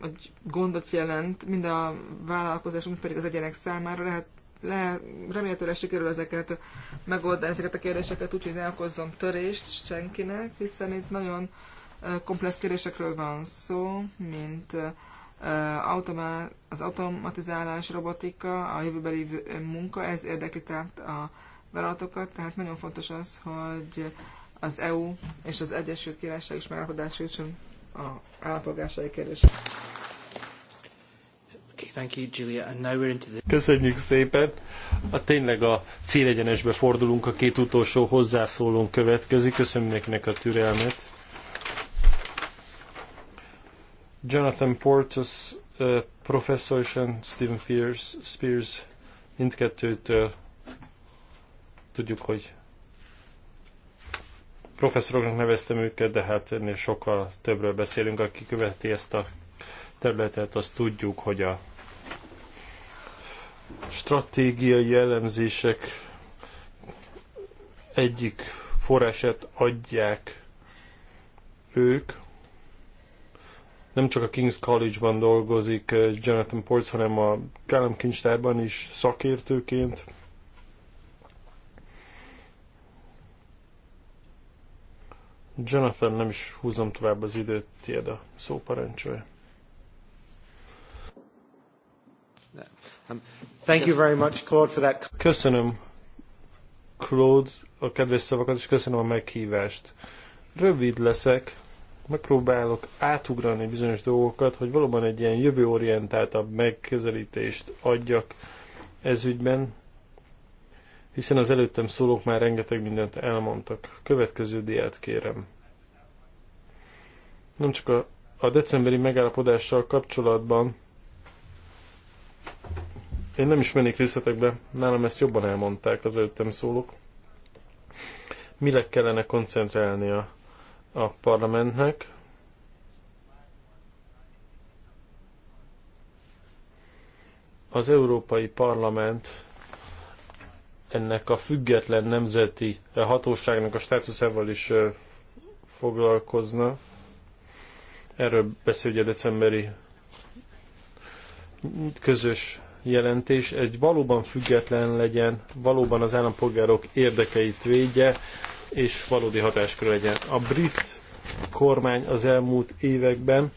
Speaker 2: egy gondot jelent mind a vállalkozás, mind pedig az egyenek számára. Lehet, le, remélhetőleg sikerül ezeket megoldani, ezeket a kérdéseket úgy, hogy ne okozzon törést senkinek, hiszen itt nagyon komplex kérdésekről van szó, mint az automatizálás, robotika, a jövőbeli munka, ez érdekli tehát a vállalatokat, tehát nagyon fontos az, hogy az EU és az Egyesült Királyság is megállapodásra jutson a állapolgársai kérdésre.
Speaker 1: Köszönjük szépen! A tényleg a célegyenesbe fordulunk, a két utolsó hozzászólón következik. Köszönöm nekinek a türelmet. Jonathan Portus professzor és Stephen Spears, Spears mindkettőtől tudjuk, hogy professzoroknak neveztem őket, de hát ennél sokkal többről beszélünk, aki követi ezt a területet, azt tudjuk, hogy a stratégiai jellemzések egyik forrását adják ők, nem csak a King's College-ban dolgozik eh, Jonathan Ports, hanem a Kincstárban is szakértőként. Jonathan, nem is húzom tovább az időt, tiéd a szóparancsolja. Thank you very much, Claude, for that. Köszönöm, Claude, a kedves szavakat, és köszönöm a meghívást. Rövid leszek, megpróbálok átugrani bizonyos dolgokat, hogy valóban egy ilyen jövőorientáltabb megközelítést adjak ez ügyben, hiszen az előttem szólók már rengeteg mindent elmondtak. Következő diát kérem. Nem csak a, a decemberi megállapodással kapcsolatban, én nem is mennék részletekbe, nálam ezt jobban elmondták az előttem szólók. Mire kellene koncentrálnia a parlamentnek. Az Európai Parlament ennek a független nemzeti hatóságnak a státuszával is foglalkozna. Erről beszél ugye decemberi közös jelentés, egy valóban független legyen, valóban az állampolgárok érdekeit védje, és valódi hatáskör legyen. A brit kormány az elmúlt években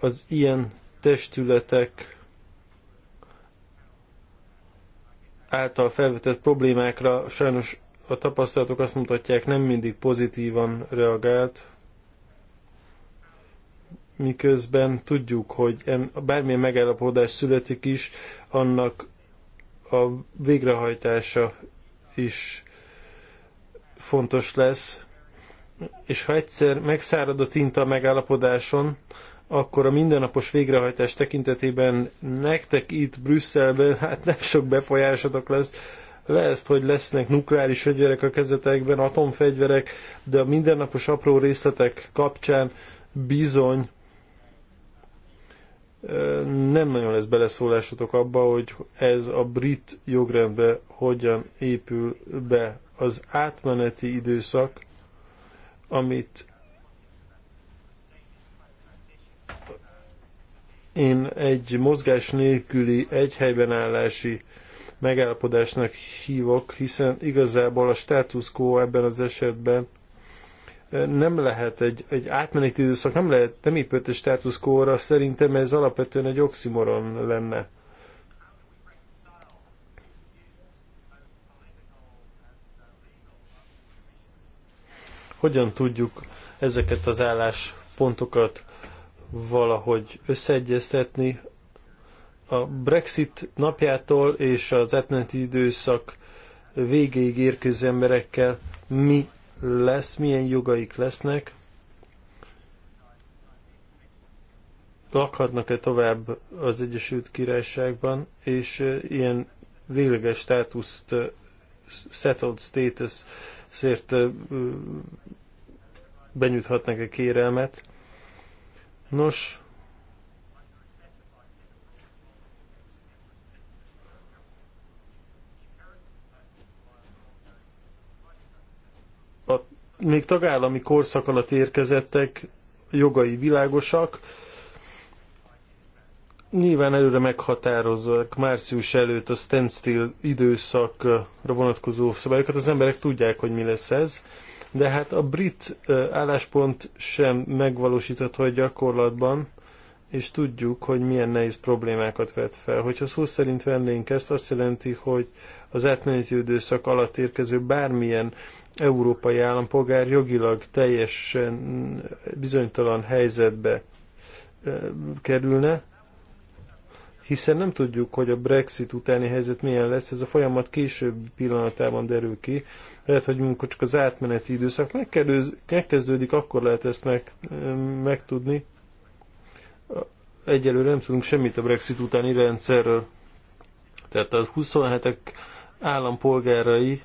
Speaker 1: az ilyen testületek által felvetett problémákra sajnos a tapasztalatok azt mutatják, nem mindig pozitívan reagált, miközben tudjuk, hogy en, bármilyen megállapodás születik is, annak a végrehajtása is fontos lesz, és ha egyszer megszárad a tinta a megállapodáson, akkor a mindennapos végrehajtás tekintetében nektek itt Brüsszelben hát nem sok befolyásodok lesz, lesz, hogy lesznek nukleáris fegyverek a kezetekben, atomfegyverek, de a mindennapos apró részletek kapcsán bizony nem nagyon lesz beleszólásotok abba, hogy ez a brit jogrendbe hogyan épül be az átmeneti időszak, amit én egy mozgás nélküli egy helyben állási megállapodásnak hívok, hiszen igazából a status quo ebben az esetben eh, nem lehet egy, egy átmeneti időszak, nem lehet nem épült a status quo-ra, szerintem ez alapvetően egy oximoron lenne. hogyan tudjuk ezeket az álláspontokat valahogy összeegyeztetni. A Brexit napjától és az etmeneti időszak végéig érkező emberekkel mi lesz, milyen jogaik lesznek, lakhatnak-e tovább az Egyesült Királyságban, és ilyen végleges státuszt, settled status ezért benyújthatnak egy kérelmet. Nos, még tagállami korszak alatt érkezettek jogai világosak, nyilván előre meghatározzák március előtt a standstill időszakra vonatkozó szabályokat, az emberek tudják, hogy mi lesz ez, de hát a brit álláspont sem megvalósítható hogy gyakorlatban, és tudjuk, hogy milyen nehéz problémákat vet fel. Hogyha szó szerint vennénk ezt, azt jelenti, hogy az átmeneti időszak alatt érkező bármilyen európai állampolgár jogilag teljesen bizonytalan helyzetbe kerülne, hiszen nem tudjuk, hogy a Brexit utáni helyzet milyen lesz, ez a folyamat későbbi pillanatában derül ki. Lehet, hogy amikor csak az átmeneti időszak megkezdődik, akkor lehet ezt meg, megtudni. Egyelőre nem tudunk semmit a Brexit utáni rendszerről. Tehát a 27-ek állampolgárai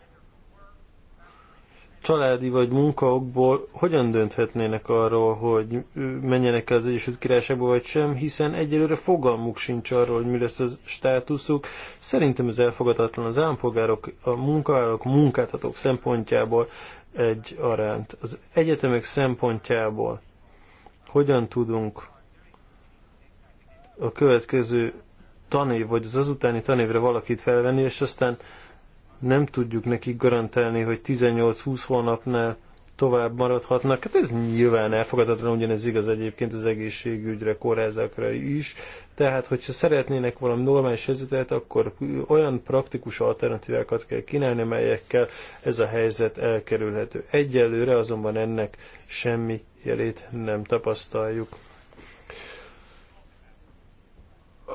Speaker 1: családi vagy munkaokból hogyan dönthetnének arról, hogy menjenek el az Egyesült Királyságba vagy sem, hiszen egyelőre fogalmuk sincs arról, hogy mi lesz a státuszuk. Szerintem ez elfogadatlan az állampolgárok, a munkavállalók, a munkáltatók szempontjából egy aránt. Az egyetemek szempontjából hogyan tudunk a következő tanév, vagy az azutáni tanévre valakit felvenni, és aztán nem tudjuk nekik garantálni, hogy 18-20 hónapnál tovább maradhatnak. Hát ez nyilván elfogadhatatlan, ugyanez igaz egyébként az egészségügyre, kórházakra is. Tehát, hogyha szeretnének valami normális helyzetet, akkor olyan praktikus alternatívákat kell kínálni, melyekkel ez a helyzet elkerülhető. Egyelőre azonban ennek semmi jelét nem tapasztaljuk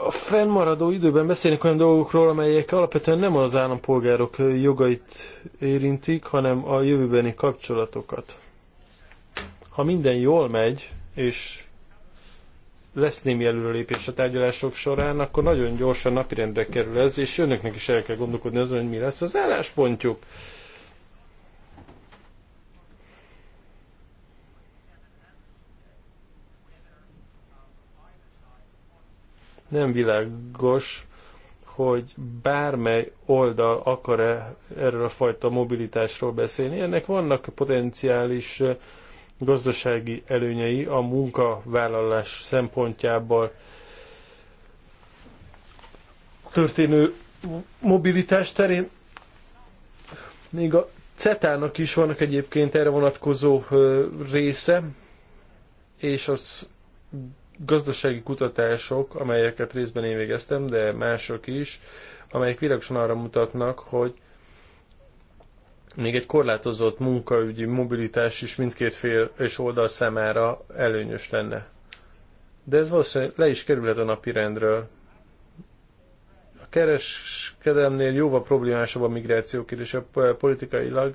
Speaker 1: a fennmaradó időben beszélnek olyan dolgokról, amelyek alapvetően nem az állampolgárok jogait érintik, hanem a jövőbeni kapcsolatokat. Ha minden jól megy, és lesz némi előrelépés a tárgyalások során, akkor nagyon gyorsan napirendre kerül ez, és önöknek is el kell gondolkodni azon, hogy mi lesz az álláspontjuk. nem világos, hogy bármely oldal akar-e erről a fajta mobilitásról beszélni. Ennek vannak potenciális gazdasági előnyei a munkavállalás szempontjából történő mobilitás terén. Még a cetá nak is vannak egyébként erre vonatkozó része, és az gazdasági kutatások, amelyeket részben én végeztem, de mások is, amelyek világosan arra mutatnak, hogy még egy korlátozott munkaügyi mobilitás is mindkét fél és oldal számára előnyös lenne. De ez valószínűleg le is kerülhet a napi rendről. A kereskedelemnél jóval problémásabb a migráció kérdése politikailag,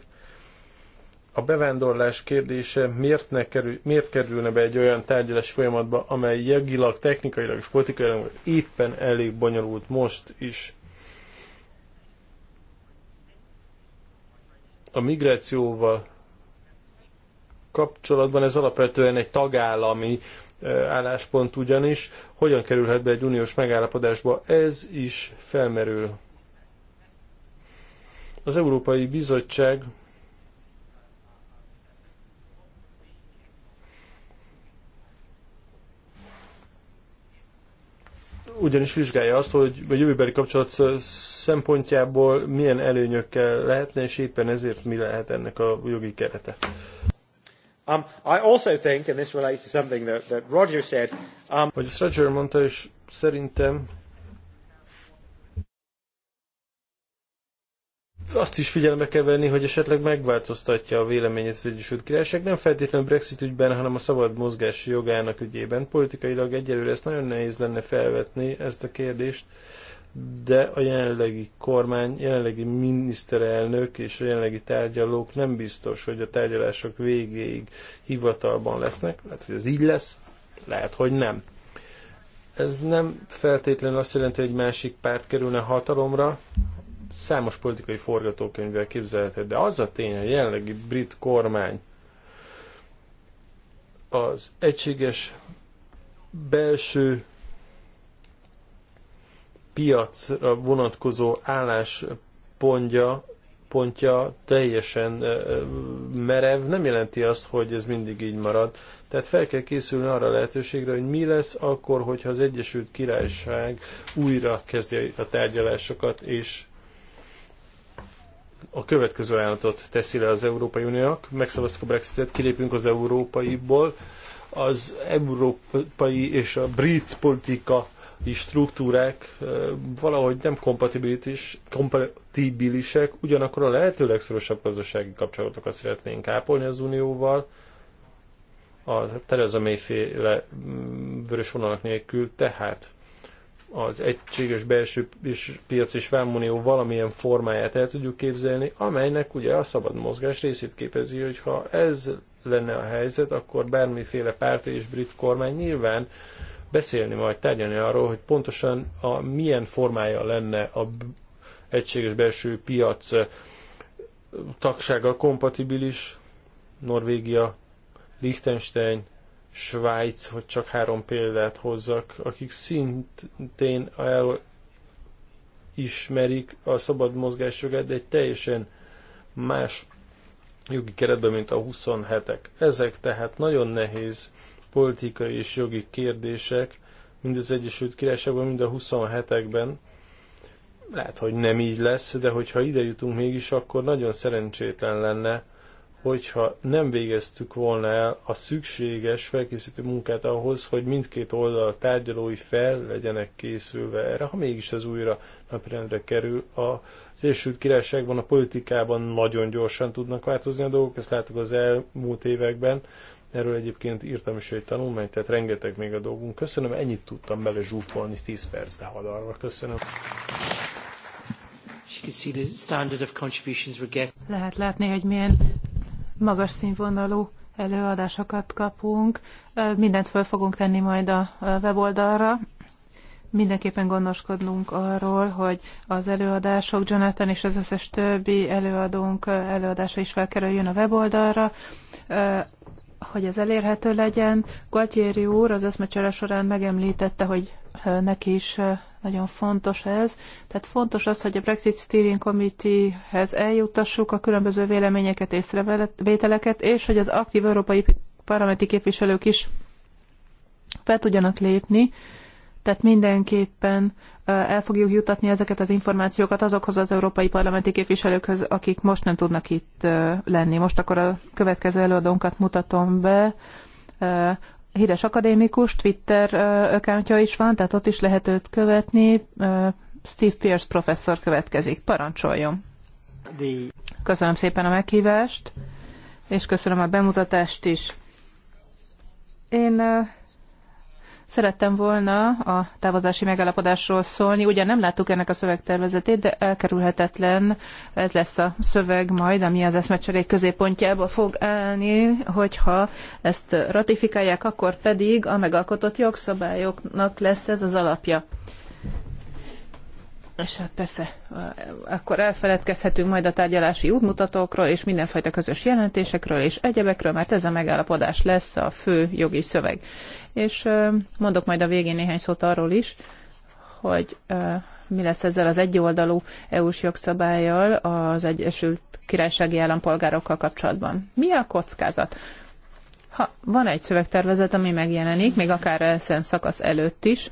Speaker 1: a bevándorlás kérdése miért, ne kerül, miért kerülne be egy olyan tárgyalás folyamatba, amely jogilag, technikailag és politikailag éppen elég bonyolult most is. A migrációval kapcsolatban ez alapvetően egy tagállami álláspont ugyanis, hogyan kerülhet be egy uniós megállapodásba, ez is felmerül. Az Európai Bizottság ugyanis vizsgálja azt, hogy a jövőbeli kapcsolat szempontjából milyen előnyökkel lehetne, és éppen ezért mi lehet ennek a jogi kerete. Um, I also think, and this relates to something that, that Roger said, um... Hogy ezt Roger mondta, és szerintem azt is figyelembe kell venni, hogy esetleg megváltoztatja a véleményét az Egyesült Királyság, nem feltétlenül Brexit ügyben, hanem a szabad mozgási jogának ügyében. Politikailag egyelőre ezt nagyon nehéz lenne felvetni, ezt a kérdést, de a jelenlegi kormány, jelenlegi miniszterelnök és a jelenlegi tárgyalók nem biztos, hogy a tárgyalások végéig hivatalban lesznek. Lehet, hogy ez így lesz, lehet, hogy nem. Ez nem feltétlenül azt jelenti, hogy egy másik párt kerülne hatalomra, számos politikai forgatókönyvvel képzelhető, de az a tény, hogy a jelenlegi brit kormány az egységes belső piacra vonatkozó álláspontja pontja teljesen merev, nem jelenti azt, hogy ez mindig így marad. Tehát fel kell készülni arra a lehetőségre, hogy mi lesz akkor, hogyha az Egyesült Királyság újra kezdi a tárgyalásokat, és a következő ajánlatot teszi le az Európai Uniónak, megszavaztuk a Brexitet, kilépünk az európaiból, az európai és a brit politika struktúrák valahogy nem kompatibilis, kompatibilisek, ugyanakkor a lehető legszorosabb gazdasági kapcsolatokat szeretnénk ápolni az Unióval, a Tereza Mayféle mm, vörös vonalak nélkül, tehát az egységes belső piac és vámunió valamilyen formáját el tudjuk képzelni, amelynek ugye a szabad mozgás részét képezi, hogy ha ez lenne a helyzet, akkor bármiféle párt és brit kormány nyilván beszélni majd, tárgyalni arról, hogy pontosan a milyen formája lenne a egységes belső piac tagsággal kompatibilis Norvégia, Liechtenstein, Svájc, hogy csak három példát hozzak, akik szintén el ismerik a szabad mozgás jogát, de egy teljesen más jogi keretben, mint a 27-ek. Ezek tehát nagyon nehéz politikai és jogi kérdések, mind az Egyesült Királyságban, mind a 27-ekben. Lehet, hogy nem így lesz, de hogyha ide jutunk mégis, akkor nagyon szerencsétlen lenne, hogyha nem végeztük volna el a szükséges felkészítő munkát ahhoz, hogy mindkét oldal tárgyalói fel legyenek készülve erre, ha mégis ez újra napirendre kerül. Az Egyesült Királyságban a politikában nagyon gyorsan tudnak változni a dolgok, ezt láttuk az elmúlt években, Erről egyébként írtam is egy tanulmányt, tehát rengeteg még a dolgunk. Köszönöm, ennyit tudtam bele zsúfolni 10 percbe hadarva. Köszönöm.
Speaker 3: Lehet látni, hogy milyen magas színvonalú előadásokat kapunk. Mindent föl fogunk tenni majd a weboldalra. Mindenképpen gondoskodnunk arról, hogy az előadások, Jonathan és az összes többi előadónk előadása is felkerüljön a weboldalra hogy ez elérhető legyen. Gualtieri úr az eszmecsere során megemlítette, hogy neki is nagyon fontos ez. Tehát fontos az, hogy a Brexit Steering Committee-hez eljuttassuk a különböző véleményeket, észrevételeket, és hogy az aktív európai parlamenti képviselők is be tudjanak lépni, tehát mindenképpen el fogjuk jutatni ezeket az információkat azokhoz az európai parlamenti képviselőkhöz, akik most nem tudnak itt lenni. Most akkor a következő előadónkat mutatom be, híres akadémikus, Twitter accountja is van, tehát ott is lehet őt követni. Steve Pierce professzor következik. Parancsoljon! Köszönöm szépen a meghívást, és köszönöm a bemutatást is. Én Szerettem volna a távozási megállapodásról szólni. Ugye nem láttuk ennek a szövegtervezetét, de elkerülhetetlen ez lesz a szöveg majd, ami az eszmecserék középpontjába fog állni, hogyha ezt ratifikálják, akkor pedig a megalkotott jogszabályoknak lesz ez az alapja és hát persze akkor elfeledkezhetünk majd a tárgyalási útmutatókról és mindenfajta közös jelentésekről és egyebekről, mert ez a megállapodás lesz a fő jogi szöveg. És mondok majd a végén néhány szót arról is, hogy mi lesz ezzel az egyoldalú EU-s jogszabályjal az Egyesült Királysági Állampolgárokkal kapcsolatban. Mi a kockázat? Ha van egy szövegtervezet, ami megjelenik, még akár elszen szakasz előtt is,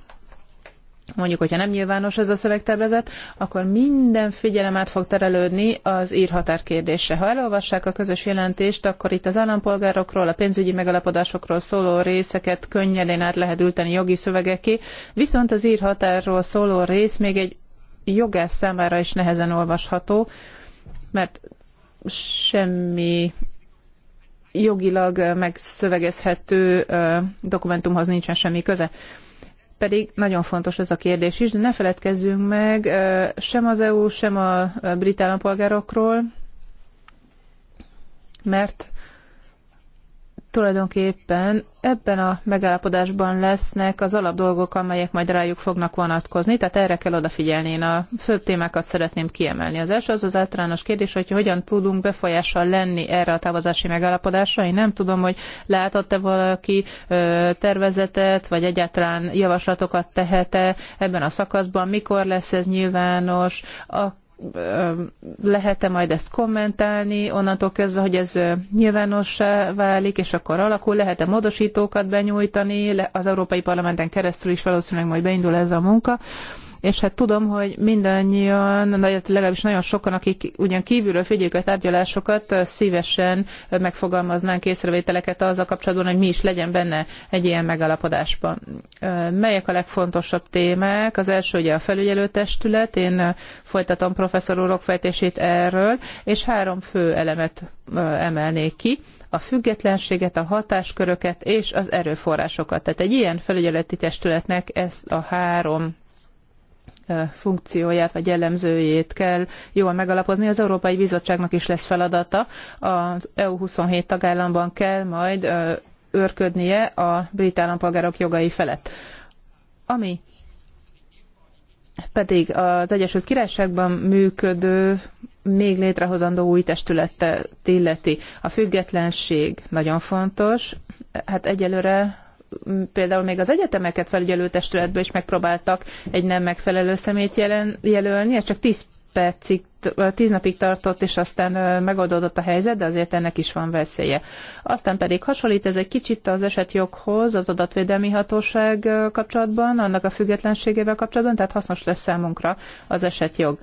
Speaker 3: mondjuk, hogyha nem nyilvános ez a szövegtervezet, akkor minden figyelem át fog terelődni az írhatár kérdésre. Ha elolvassák a közös jelentést, akkor itt az állampolgárokról, a pénzügyi megalapodásokról szóló részeket könnyedén át lehet ülteni jogi szövegeké, viszont az írhatárról szóló rész még egy jogász számára is nehezen olvasható, mert semmi jogilag megszövegezhető dokumentumhoz nincsen semmi köze pedig nagyon fontos ez a kérdés is, de ne feledkezzünk meg sem az EU, sem a brit állampolgárokról, mert tulajdonképpen ebben a megállapodásban lesznek az alapdolgok, amelyek majd rájuk fognak vonatkozni, tehát erre kell odafigyelni. Én a főbb témákat szeretném kiemelni. Az első az az általános kérdés, hogy hogyan tudunk befolyással lenni erre a távozási megállapodásra. Én nem tudom, hogy látott-e valaki tervezetet, vagy egyáltalán javaslatokat tehet-e ebben a szakaszban, mikor lesz ez nyilvános, akkor lehet-e majd ezt kommentálni onnantól kezdve, hogy ez nyilvánossá válik, és akkor alakul, lehet-e módosítókat benyújtani, az Európai Parlamenten keresztül is valószínűleg majd beindul ez a munka, és hát tudom, hogy mindannyian, legalábbis nagyon sokan, akik ugyan kívülről figyeljük a tárgyalásokat, szívesen megfogalmaznánk észrevételeket azzal kapcsolatban, hogy mi is legyen benne egy ilyen megalapodásban. Melyek a legfontosabb témák? Az első ugye a felügyelőtestület, én folytatom professzor úrok fejtését erről, és három fő elemet emelnék ki a függetlenséget, a hatásköröket és az erőforrásokat. Tehát egy ilyen felügyeleti testületnek ez a három funkcióját vagy jellemzőjét kell jól megalapozni. Az Európai Bizottságnak is lesz feladata. Az EU27 tagállamban kell majd őrködnie a brit állampolgárok jogai felett. Ami pedig az Egyesült Királyságban működő, még létrehozandó új testületet illeti. A függetlenség nagyon fontos. Hát egyelőre például még az egyetemeket felügyelő testületbe is megpróbáltak egy nem megfelelő szemét jelen, jelölni, ez csak 10 percig, 10 napig tartott, és aztán megoldódott a helyzet, de azért ennek is van veszélye. Aztán pedig hasonlít ez egy kicsit az esetjoghoz, az adatvédelmi hatóság kapcsolatban, annak a függetlenségével kapcsolatban, tehát hasznos lesz számunkra az esetjog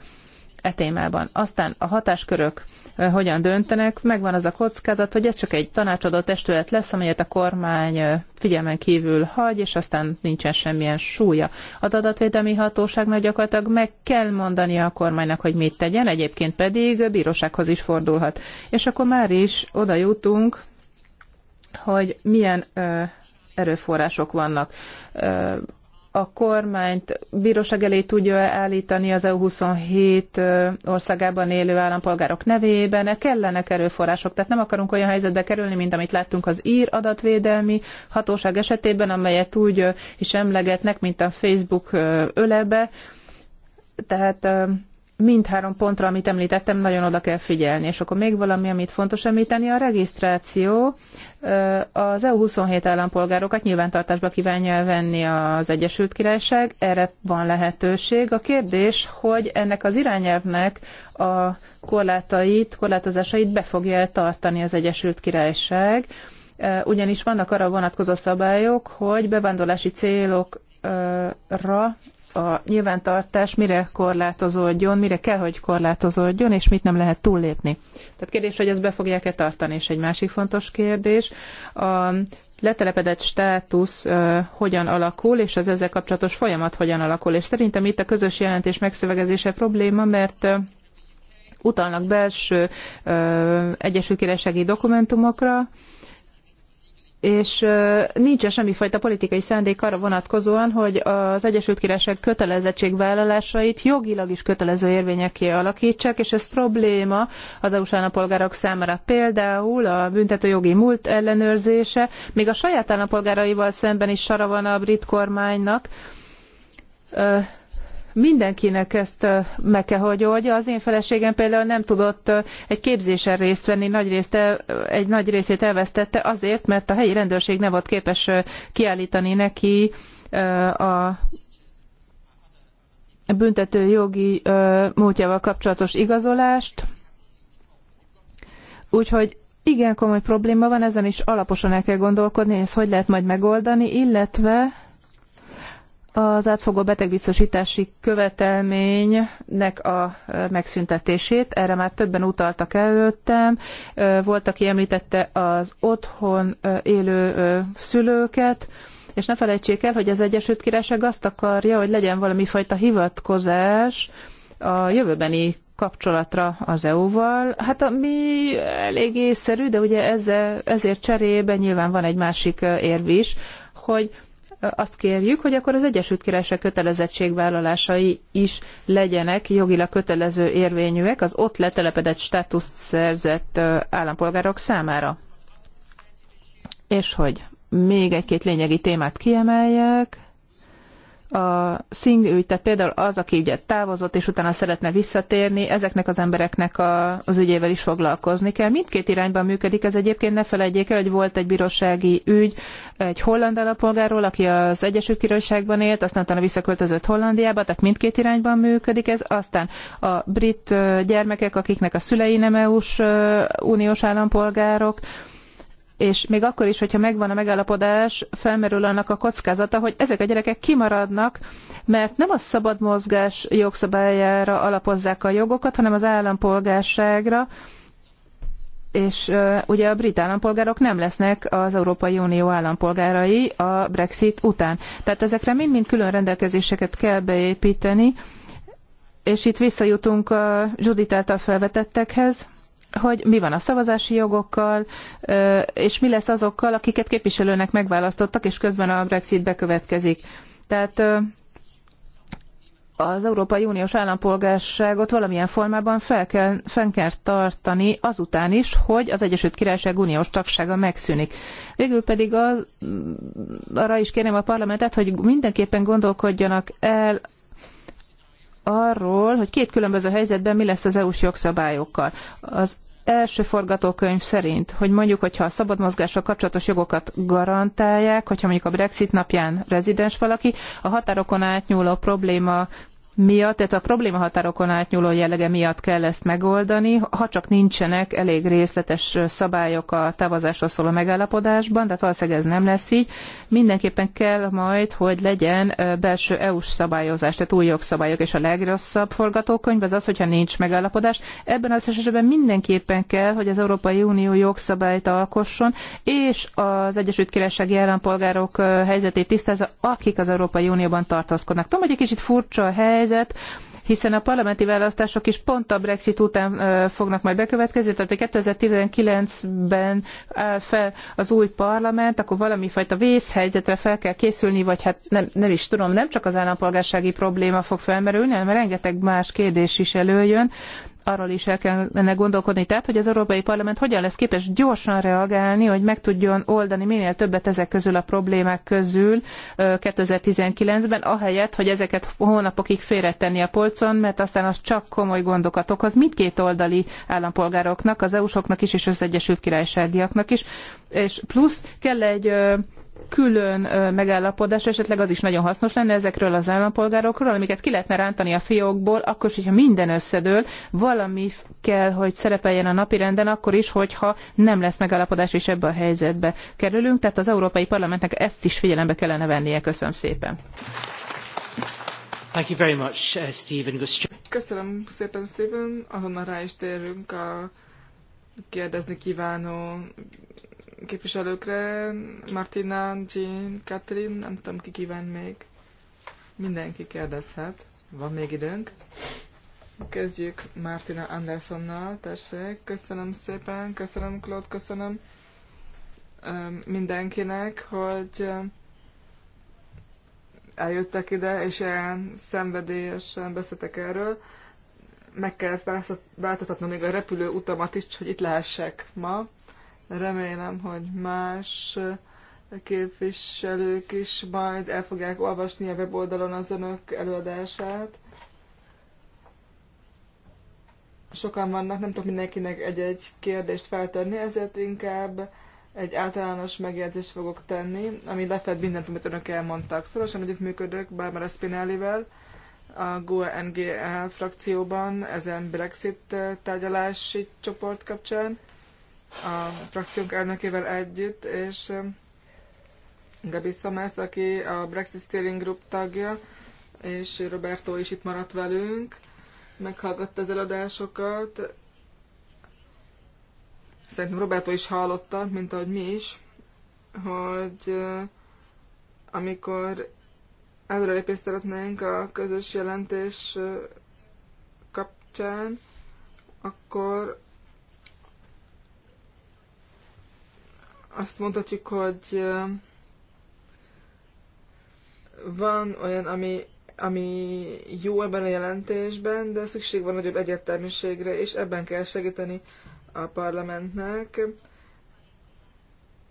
Speaker 3: e témában. Aztán a hatáskörök hogyan döntenek, megvan az a kockázat, hogy ez csak egy tanácsadó testület lesz, amelyet a kormány figyelmen kívül hagy, és aztán nincsen semmilyen súlya. Az adatvédelmi hatóságnak gyakorlatilag meg kell mondania a kormánynak, hogy mit tegyen, egyébként pedig bírósághoz is fordulhat. És akkor már is oda jutunk, hogy milyen erőforrások vannak a kormányt bíróság elé tudja állítani az EU27 országában élő állampolgárok nevében, e, kellenek erőforrások, tehát nem akarunk olyan helyzetbe kerülni, mint amit láttunk az ír adatvédelmi hatóság esetében, amelyet úgy is emlegetnek, mint a Facebook ölebe, tehát mindhárom pontra, amit említettem, nagyon oda kell figyelni. És akkor még valami, amit fontos említeni, a regisztráció. Az EU27 állampolgárokat nyilvántartásba kívánja venni az Egyesült Királyság, erre van lehetőség. A kérdés, hogy ennek az irányelvnek a korlátait, korlátozásait be fogja tartani az Egyesült Királyság, ugyanis vannak arra vonatkozó szabályok, hogy bevándorlási célokra a nyilvántartás mire korlátozódjon, mire kell, hogy korlátozódjon, és mit nem lehet túllépni. Tehát kérdés, hogy ezt be fogják-e tartani, és egy másik fontos kérdés. A letelepedett státusz uh, hogyan alakul, és az ezzel kapcsolatos folyamat hogyan alakul. És szerintem itt a közös jelentés megszövegezése probléma, mert uh, utalnak belső uh, egyesülkéresegi dokumentumokra, és nincs semmifajta politikai szándék arra vonatkozóan, hogy az Egyesült Királyság kötelezettségvállalásait jogilag is kötelező érvényeké alakítsák, és ez probléma az EU-s állampolgárok számára. Például a büntetőjogi múlt ellenőrzése, még a saját állampolgáraival szemben is sara van a brit kormánynak, mindenkinek ezt meg kell, hogy oldja. Az én feleségem például nem tudott egy képzésen részt venni, nagy részt, egy nagy részét elvesztette azért, mert a helyi rendőrség nem volt képes kiállítani neki a büntető jogi múltjával kapcsolatos igazolást. Úgyhogy igen komoly probléma van, ezen is alaposan el kell gondolkodni, ezt hogy lehet majd megoldani, illetve az átfogó betegbiztosítási követelménynek a megszüntetését. Erre már többen utaltak előttem. Volt, aki említette az otthon élő szülőket, és ne felejtsék el, hogy az Egyesült Királyság azt akarja, hogy legyen valami fajta hivatkozás a jövőbeni kapcsolatra az EU-val. Hát ami elég észszerű, de ugye ezzel, ezért cserébe nyilván van egy másik érv is, hogy azt kérjük, hogy akkor az Egyesült Királyság kötelezettségvállalásai is legyenek jogilag kötelező érvényűek az ott letelepedett státuszt szerzett állampolgárok számára. És hogy még egy-két lényegi témát kiemeljek a Singh ügy, tehát például az, aki ugye távozott, és utána szeretne visszatérni, ezeknek az embereknek a, az ügyével is foglalkozni kell. Mindkét irányban működik ez egyébként, ne felejtjék el, hogy volt egy bírósági ügy egy holland alapolgáról, aki az Egyesült Királyságban élt, aztán utána visszaköltözött Hollandiába, tehát mindkét irányban működik ez. Aztán a brit gyermekek, akiknek a szülei nem EU-s uniós állampolgárok, és még akkor is, hogyha megvan a megállapodás, felmerül annak a kockázata, hogy ezek a gyerekek kimaradnak, mert nem a szabad mozgás jogszabályára alapozzák a jogokat, hanem az állampolgárságra, és uh, ugye a brit állampolgárok nem lesznek az Európai Unió állampolgárai a Brexit után. Tehát ezekre mind-mind külön rendelkezéseket kell beépíteni, és itt visszajutunk a Judith által felvetettekhez, hogy mi van a szavazási jogokkal, és mi lesz azokkal, akiket képviselőnek megválasztottak, és közben a Brexit bekövetkezik. Tehát az Európai Uniós állampolgárságot valamilyen formában fel kell, fenn kell tartani azután is, hogy az Egyesült Királyság uniós tagsága megszűnik. Végül pedig az, arra is kérném a parlamentet, hogy mindenképpen gondolkodjanak el arról, hogy két különböző helyzetben mi lesz az EU-s jogszabályokkal. Az első forgatókönyv szerint, hogy mondjuk, hogyha a szabad mozgással kapcsolatos jogokat garantálják, hogyha mondjuk a Brexit napján rezidens valaki, a határokon átnyúló probléma miatt, tehát a probléma határokon átnyúló jellege miatt kell ezt megoldani, ha csak nincsenek elég részletes szabályok a távozásról szóló megállapodásban, tehát valószínűleg ez nem lesz így. Mindenképpen kell majd, hogy legyen belső EU-s szabályozás, tehát új jogszabályok, és a legrosszabb forgatókönyv az az, hogyha nincs megállapodás. Ebben az esetben mindenképpen kell, hogy az Európai Unió jogszabályt alkosson, és az Egyesült Királysági állampolgárok helyzetét tisztázza, akik az Európai Unióban tartózkodnak. Tudom, hogy egy kicsit furcsa a hely, helyzet, hiszen a parlamenti választások is pont a Brexit után fognak majd bekövetkezni, tehát 2019-ben áll fel az új parlament, akkor valami fajta vészhelyzetre fel kell készülni, vagy hát nem, nem is tudom, nem csak az állampolgársági probléma fog felmerülni, hanem rengeteg más kérdés is előjön, arról is el kellene gondolkodni, tehát, hogy az Európai Parlament hogyan lesz képes gyorsan reagálni, hogy meg tudjon oldani minél többet ezek közül a problémák közül 2019-ben, ahelyett, hogy ezeket hónapokig félretenni a polcon, mert aztán az csak komoly gondokat okoz mindkét oldali állampolgároknak, az EU-soknak is és az Egyesült Királyságiaknak is, és plusz kell egy külön megállapodás, esetleg az is nagyon hasznos lenne ezekről az állampolgárokról, amiket ki lehetne rántani a fiókból, akkor is, hogyha minden összedől, valami kell, hogy szerepeljen a napirenden, akkor is, hogyha nem lesz megállapodás és ebbe a helyzetbe kerülünk. Tehát az Európai Parlamentnek ezt is figyelembe kellene vennie. Köszönöm szépen. Thank you very much, uh, Stephen.
Speaker 2: Köszönöm szépen, Stephen, ahonnan rá is térünk a kérdezni kívánó képviselőkre, Martina, Jean, Katrin, nem tudom ki kíván még. Mindenki kérdezhet. Van még időnk. Kezdjük Martina Andersonnal, tessék. Köszönöm szépen, köszönöm Claude, köszönöm mindenkinek, hogy eljöttek ide, és ilyen szenvedélyesen beszéltek erről. Meg kell változtatnom még a repülő utamat is, hogy itt lehessek ma. Remélem, hogy más képviselők is majd el fogják olvasni a weboldalon az önök előadását. Sokan vannak, nem tudok mindenkinek egy-egy kérdést feltenni, ezért inkább egy általános megjegyzést fogok tenni, ami lefed mindent, amit önök elmondtak. Szorosan együttműködök Barbara Spinellivel, a GUNGL frakcióban ezen Brexit tárgyalási csoport kapcsán a frakciónk elnökével együtt, és um, Gabi Szomász, aki a Brexit Steering Group tagja, és Roberto is itt maradt velünk, meghallgatta az eladásokat. Szerintem Roberto is hallotta, mint ahogy mi is, hogy uh, amikor előrelépést szeretnénk a közös jelentés uh, kapcsán, akkor azt mondhatjuk, hogy van olyan, ami, ami jó ebben a jelentésben, de szükség van nagyobb egyértelműségre, és ebben kell segíteni a parlamentnek,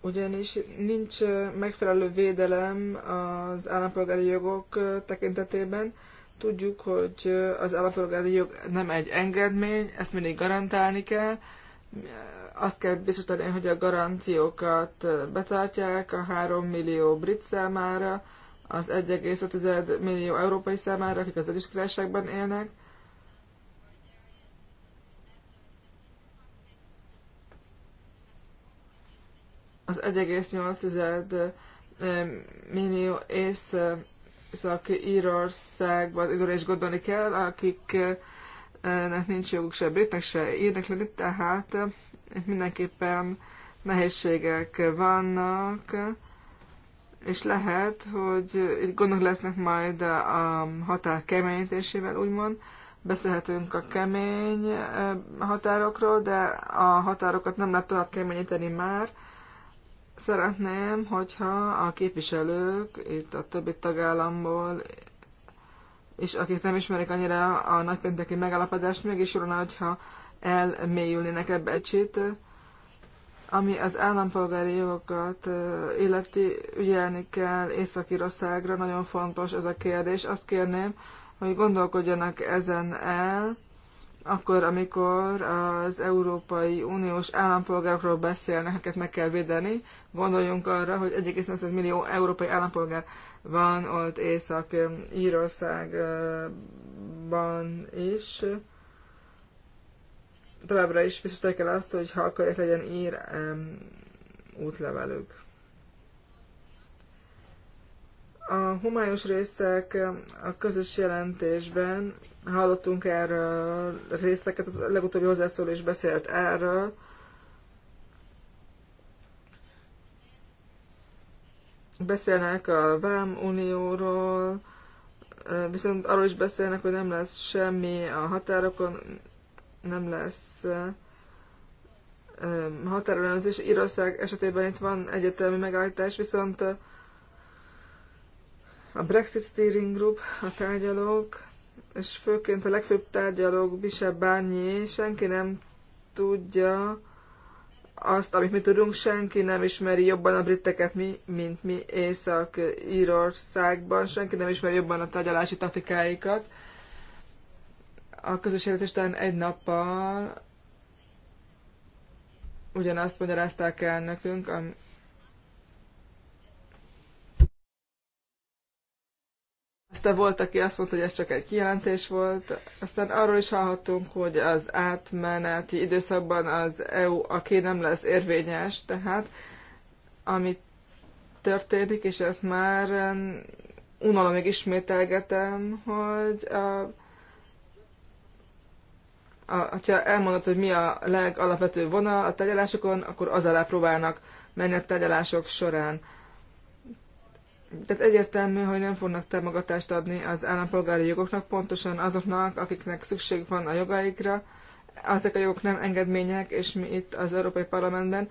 Speaker 2: ugyanis nincs megfelelő védelem az állampolgári jogok tekintetében. Tudjuk, hogy az állampolgári jog nem egy engedmény, ezt mindig garantálni kell, azt kell biztosítani, hogy a garanciókat betartják a 3 millió brit számára, az 1,5 millió európai számára, akik az egyes Királyságban élnek. Az 1,8 millió északi írországban időre is gondolni kell, akiknek nincs joguk se britnek, se írnek lenni, tehát itt mindenképpen nehézségek vannak, és lehet, hogy itt gondok lesznek majd a határ keményítésével, úgymond. Beszélhetünk a kemény eh, határokról, de a határokat nem lehet tovább keményíteni már. Szeretném, hogyha a képviselők itt a többi tagállamból, és akik nem ismerik annyira a nagypénteki megállapodást, mégis jól hogyha elmélyülnének ebbe egy kicsit, ami az állampolgári jogokat illeti ügyelni kell észak -Iroszágra. nagyon fontos ez a kérdés. Azt kérném, hogy gondolkodjanak ezen el, akkor, amikor az Európai Uniós állampolgárokról beszélnek, akiket meg kell védeni, gondoljunk arra, hogy 1,5 millió európai állampolgár van ott Észak-Írországban is továbbra is biztosítják el azt, hogy ha akarják, legyen ír um, útlevelük. A humájus részek a közös jelentésben hallottunk erről részleket, a legutóbbi hozzászóló is beszélt erről. Beszélnek a Vám Unióról, viszont arról is beszélnek, hogy nem lesz semmi a határokon nem lesz határellenőrzés. Írország esetében itt van egyetemi megállítás, viszont a Brexit Steering Group, a tárgyalók, és főként a legfőbb tárgyalók, bise Bányi, senki nem tudja azt, amit mi tudunk, senki nem ismeri jobban a briteket, mi, mint mi Észak-Írországban, senki nem ismeri jobban a tárgyalási taktikáikat, a közös élet után egy nappal ugyanazt magyarázták el nekünk, am- Aztán volt, aki azt mondta, hogy ez csak egy kijelentés volt. Aztán arról is hallhattunk, hogy az átmeneti időszakban az EU, aki nem lesz érvényes, tehát amit történik, és ezt már unalomig ismételgetem, hogy a a, ha elmondod, hogy mi a legalapvetőbb vonal a tegyelásokon, akkor az alá próbálnak menni a tegyelások során. Tehát egyértelmű, hogy nem fognak támogatást adni az állampolgári jogoknak, pontosan azoknak, akiknek szükség van a jogaikra. Ezek a jogok nem engedmények, és mi itt az Európai Parlamentben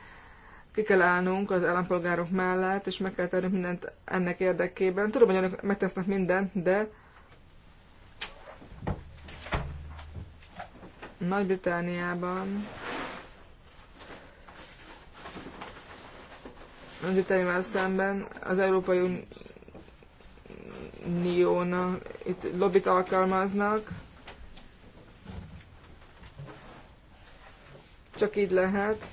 Speaker 2: ki kell állnunk az állampolgárok mellett, és meg kell tennünk mindent ennek érdekében. Tudom, hogy önök megtesznek mindent, de Nagy-Britániában Nagy-Britániával szemben az Európai Uniónak itt lobbit alkalmaznak. Csak így lehet,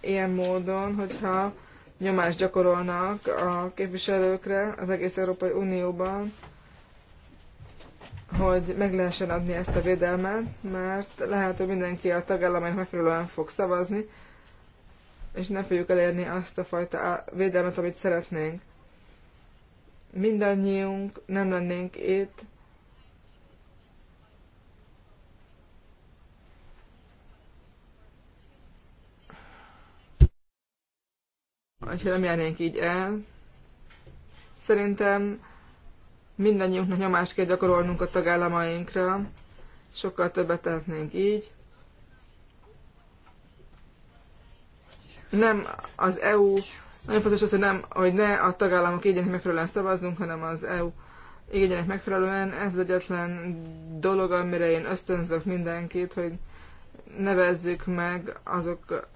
Speaker 2: ilyen módon, hogyha nyomást gyakorolnak a képviselőkre az egész Európai Unióban, hogy meg lehessen adni ezt a védelmet, mert lehet, hogy mindenki a tagállamért megfelelően fog szavazni, és nem fogjuk elérni azt a fajta védelmet, amit szeretnénk. Mindannyiunk nem lennénk itt, hogyha nem járnénk így el. Szerintem mindannyiunknak nyomást kell gyakorolnunk a tagállamainkra, sokkal többet tehetnénk így. Nem az EU, nagyon fontos az, hogy, nem, hogy ne a tagállamok igények megfelelően szavazzunk, hanem az EU igények megfelelően. Ez az egyetlen dolog, amire én ösztönzök mindenkit, hogy nevezzük meg azokat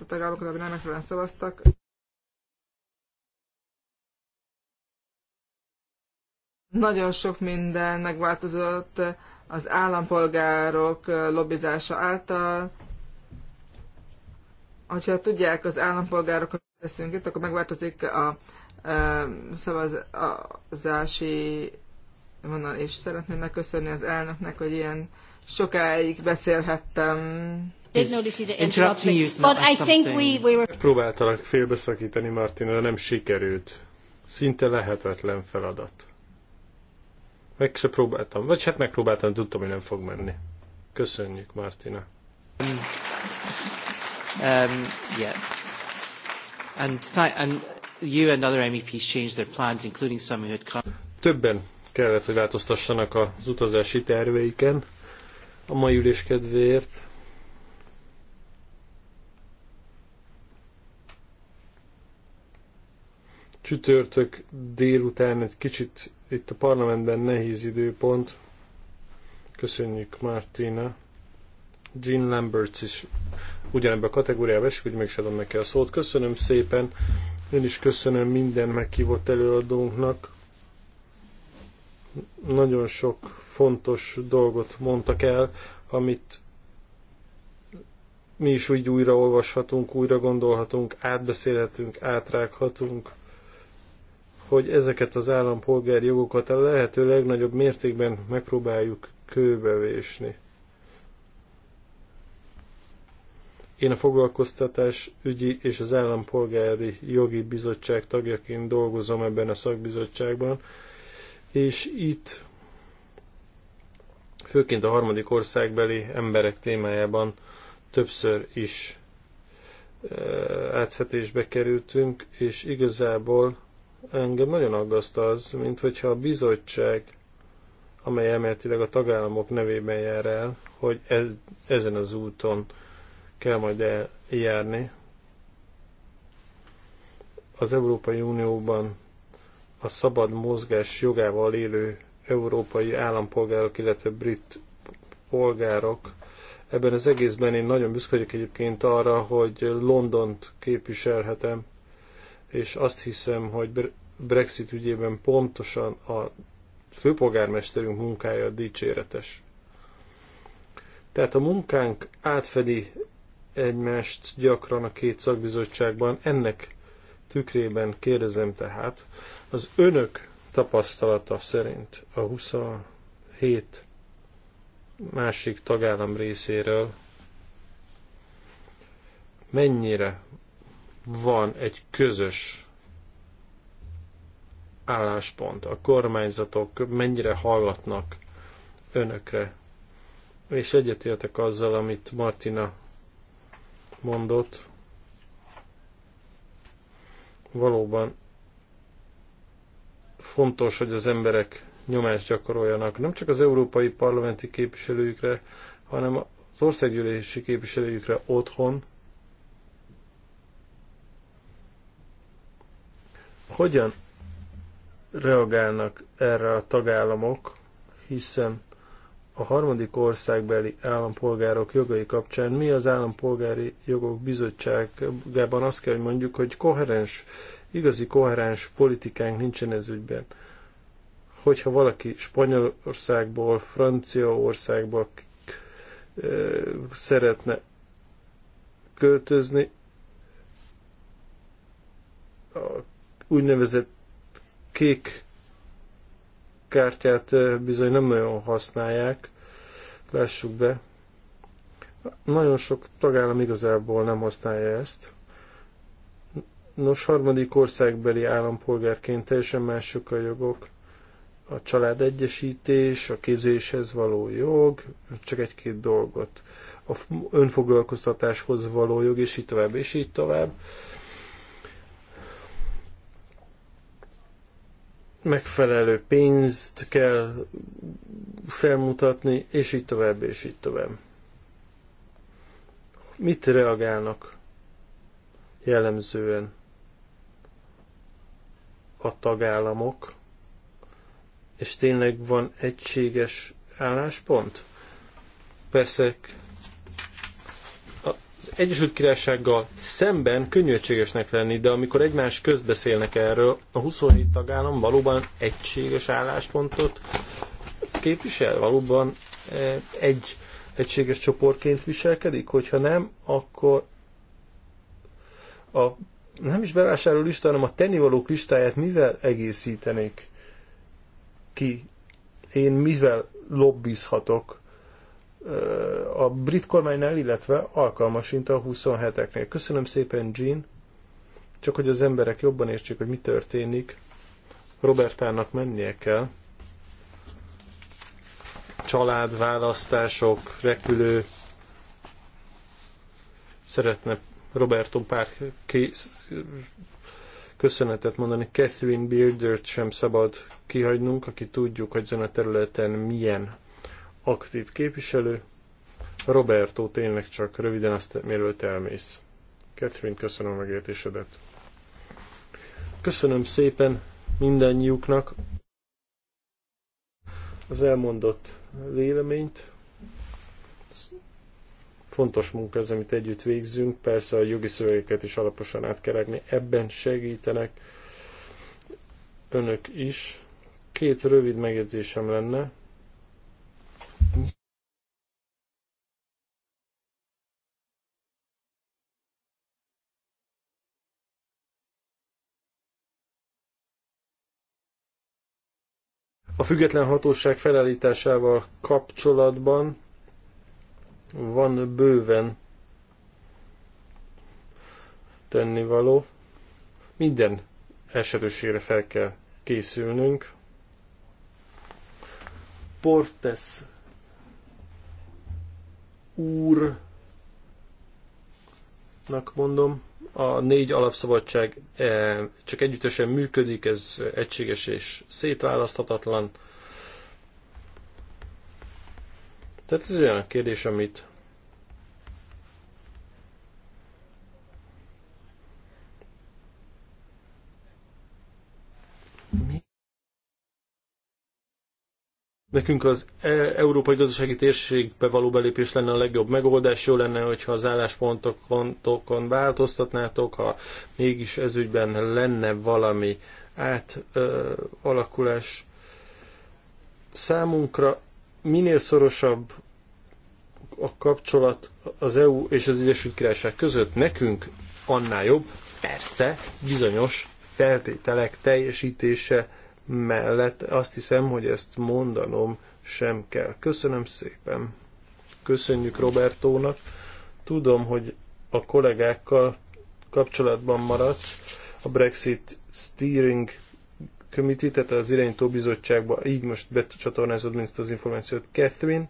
Speaker 2: a tagállamokat, amire nem megfelelően szavaztak. Nagyon sok minden megváltozott az állampolgárok lobbizása által. Hogyha tudják az állampolgárok, hogy teszünk itt, akkor megváltozik a szavazási vonal, és szeretném megköszönni az elnöknek, hogy ilyen sokáig beszélhettem.
Speaker 1: Próbáltalak félbeszakítani Martina, de nem sikerült. Szinte lehetetlen feladat. Meg se próbáltam. Vagy hát megpróbáltam, tudtam, hogy nem fog menni. Köszönjük, Martina. Um, um, yeah. And, and you and other MEPs changed their plans, including some who had come. Többen kellett, hogy változtassanak az utazási terveiken a mai ülés kedvéért. Csütörtök délután egy kicsit itt a parlamentben nehéz időpont. Köszönjük Martina. Jean Lamberts is ugyanebben a kategóriába esik, hogy mégsem adom neki a szót. Köszönöm szépen. Én is köszönöm minden meghívott előadónknak. Nagyon sok fontos dolgot mondtak el, amit mi is úgy újra olvashatunk, újra gondolhatunk, átbeszélhetünk, átrághatunk hogy ezeket az állampolgári jogokat a lehető legnagyobb mértékben megpróbáljuk kőbevésni. Én a foglalkoztatás ügyi és az állampolgári jogi bizottság tagjaként dolgozom ebben a szakbizottságban, és itt főként a harmadik országbeli emberek témájában többször is eh, átfetésbe kerültünk, és igazából Engem nagyon aggaszt az, mint hogyha a bizottság, amely elméletileg a tagállamok nevében jár el, hogy ez, ezen az úton kell majd eljárni. Az Európai Unióban a szabad mozgás jogával élő európai állampolgárok, illetve brit polgárok. Ebben az egészben én nagyon büszke vagyok egyébként arra, hogy Londont képviselhetem, és azt hiszem, hogy Brexit ügyében pontosan a főpolgármesterünk munkája dicséretes. Tehát a munkánk átfedi egymást gyakran a két szakbizottságban. Ennek tükrében kérdezem tehát, az önök tapasztalata szerint a 27 másik tagállam részéről mennyire van egy közös álláspont. A kormányzatok mennyire hallgatnak önökre. És egyetértek azzal, amit Martina mondott. Valóban fontos, hogy az emberek nyomást gyakoroljanak nem csak az európai parlamenti képviselőjükre, hanem az országgyűlési képviselőjükre otthon, Hogyan reagálnak erre a tagállamok, hiszen a harmadik országbeli állampolgárok jogai kapcsán mi az Állampolgári Jogok Bizottságában azt kell, hogy mondjuk, hogy koherens, igazi koherens politikánk nincsen ez ügyben. Hogyha valaki Spanyolországból, Franciaországból szeretne költözni, úgynevezett kék kártyát eh, bizony nem nagyon használják, lássuk be. Nagyon sok tagállam igazából nem használja ezt. Nos, harmadik országbeli állampolgárként teljesen mások a jogok. A család egyesítés, a képzéshez való jog, csak egy-két dolgot. A önfoglalkoztatáshoz való jog, és így tovább, és így tovább. megfelelő pénzt kell felmutatni, és így tovább, és így tovább. Mit reagálnak jellemzően a tagállamok, és tényleg van egységes álláspont? Persze Egyesült Királysággal szemben könnyűségesnek lenni, de amikor egymás beszélnek erről, a 27 tagállam valóban egységes álláspontot képvisel, valóban eh, egy egységes csoportként viselkedik, hogyha nem, akkor a nem is bevásárló lista, hanem a tennivalók listáját mivel egészítenék ki? Én mivel lobbizhatok? a brit kormánynál, illetve alkalmasint a 27-eknél. Köszönöm szépen, Jean. Csak hogy az emberek jobban értsék, hogy mi történik, Robertának mennie kell. Család, választások, repülő. Szeretne Roberto pár kész, köszönetet mondani. Catherine Beardert sem szabad kihagynunk, aki tudjuk, hogy ezen a területen milyen aktív képviselő. Roberto, tényleg csak röviden azt, mielőtt elmész. Catherine, köszönöm a megértésedet. Köszönöm szépen mindannyiuknak az elmondott véleményt. Fontos munka ez, amit együtt végzünk. Persze a jogi szövegeket is alaposan át kell regni. Ebben segítenek önök is. Két rövid megjegyzésem lenne. A független hatóság felállításával kapcsolatban van bőven tennivaló. Minden esetősére fel kell készülnünk. Portes úrnak mondom, a négy alapszabadság e, csak együttesen működik, ez egységes és szétválaszthatatlan. Tehát ez olyan kérdés, amit Nekünk az e- európai gazdasági térségbe való belépés lenne a legjobb megoldás. Jó lenne, hogyha az álláspontokon változtatnátok, ha mégis ezügyben lenne valami átalakulás. Számunkra minél szorosabb a kapcsolat az EU és az Egyesült Királyság között, nekünk annál jobb, persze, bizonyos feltételek teljesítése mellett azt hiszem, hogy ezt mondanom sem kell. Köszönöm szépen. Köszönjük Robertónak. Tudom, hogy a kollégákkal kapcsolatban maradsz a Brexit Steering Committee, tehát az irányító bizottságba, így most becsatornázod mint az információt. Catherine,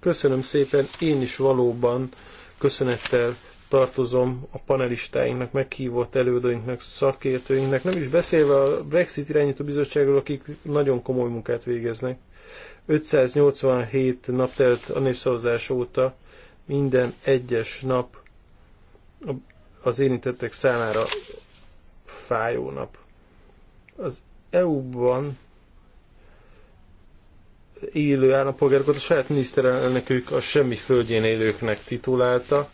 Speaker 1: köszönöm szépen, én is valóban köszönettel tartozom a panelistáinknak, meghívott elődőinknek, szakértőinknek, nem is beszélve a Brexit irányító bizottságról, akik nagyon komoly munkát végeznek. 587 nap telt a népszavazás óta, minden egyes nap az érintettek számára fájó nap. Az EU-ban élő állampolgárokat a saját miniszterelnökük a semmi földjén élőknek titulálta,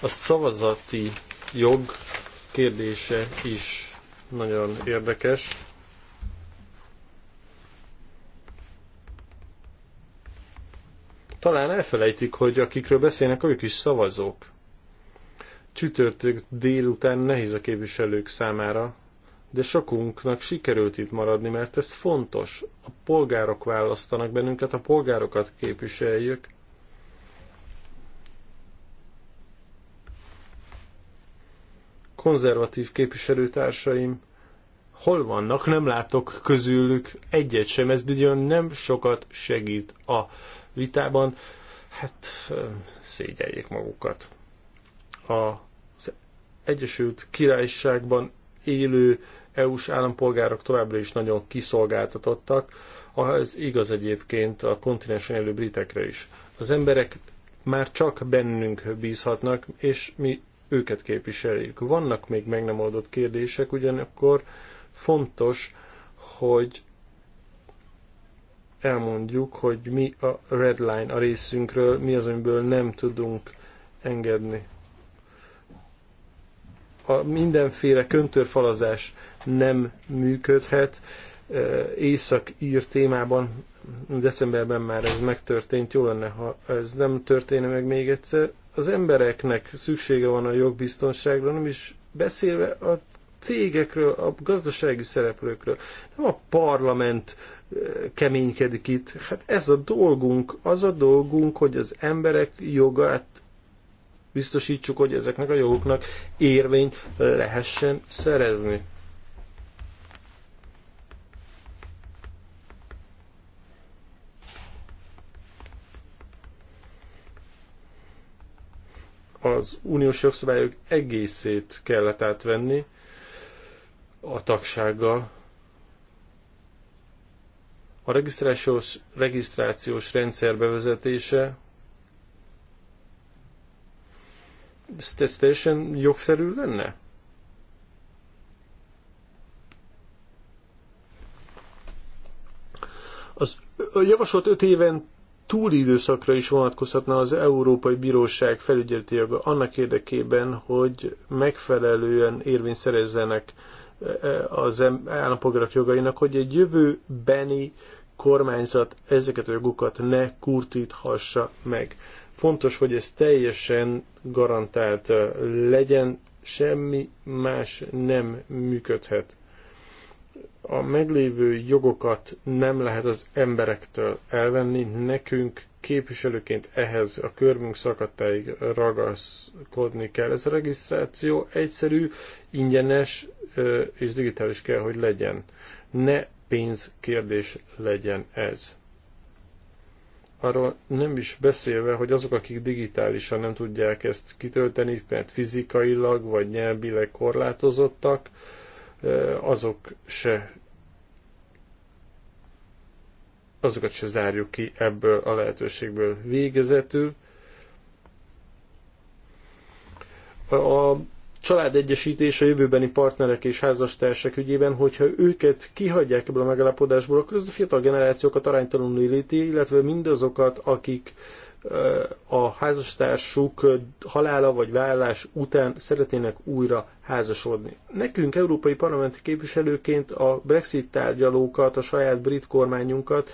Speaker 1: a szavazati jog kérdése is nagyon érdekes. Talán elfelejtik, hogy akikről beszélnek, ők is szavazók. Csütörtök délután nehéz a képviselők számára, de sokunknak sikerült itt maradni, mert ez fontos. A polgárok választanak bennünket, a polgárokat képviseljük, konzervatív képviselőtársaim hol vannak, nem látok közülük egyet sem, ez bizony nem sokat segít a vitában. Hát szégyeljék magukat. Az Egyesült Királyságban élő EU-s állampolgárok továbbra is nagyon kiszolgáltatottak, ez igaz egyébként a kontinensen élő britekre is. Az emberek már csak bennünk bízhatnak, és mi őket képviseljük. Vannak még meg nem oldott kérdések, ugyanakkor fontos, hogy elmondjuk, hogy mi a red line a részünkről, mi az, amiből nem tudunk engedni. A mindenféle köntörfalazás nem működhet, észak-ír témában. Decemberben már ez megtörtént, jó lenne, ha ez nem történne meg még egyszer. Az embereknek szüksége van a jogbiztonságra, nem is beszélve a cégekről, a gazdasági szereplőkről. Nem a parlament keménykedik itt. Hát ez a dolgunk, az a dolgunk, hogy az emberek jogát biztosítsuk, hogy ezeknek a jogoknak érvényt lehessen szerezni. az uniós jogszabályok egészét kellett átvenni a tagsággal. A regisztrációs, regisztrációs rendszer bevezetése ez teljesen jogszerű lenne? Az javasolt öt éven túli időszakra is vonatkozhatna az Európai Bíróság felügyeleti joga annak érdekében, hogy megfelelően érvény szerezzenek e, e, az állampolgárok jogainak, hogy egy jövőbeni kormányzat ezeket a jogokat ne kurtíthassa meg. Fontos, hogy ez teljesen garantált e, legyen, semmi más nem működhet a meglévő jogokat nem lehet az emberektől elvenni, nekünk képviselőként ehhez a körmünk szakadtáig ragaszkodni kell. Ez a regisztráció egyszerű, ingyenes és digitális kell, hogy legyen. Ne pénzkérdés legyen ez. Arról nem is beszélve, hogy azok, akik digitálisan nem tudják ezt kitölteni, mert fizikailag vagy nyelvileg korlátozottak, azok se azokat se zárjuk ki ebből a lehetőségből végezetül. A család egyesítése a jövőbeni partnerek és házastársak ügyében, hogyha őket kihagyják ebből a megállapodásból, akkor az a fiatal generációkat aránytalanul illeti, illetve mindazokat, akik a házastársuk halála vagy vállás után szeretnének újra házasodni. Nekünk, európai parlamenti képviselőként a Brexit tárgyalókat, a saját brit kormányunkat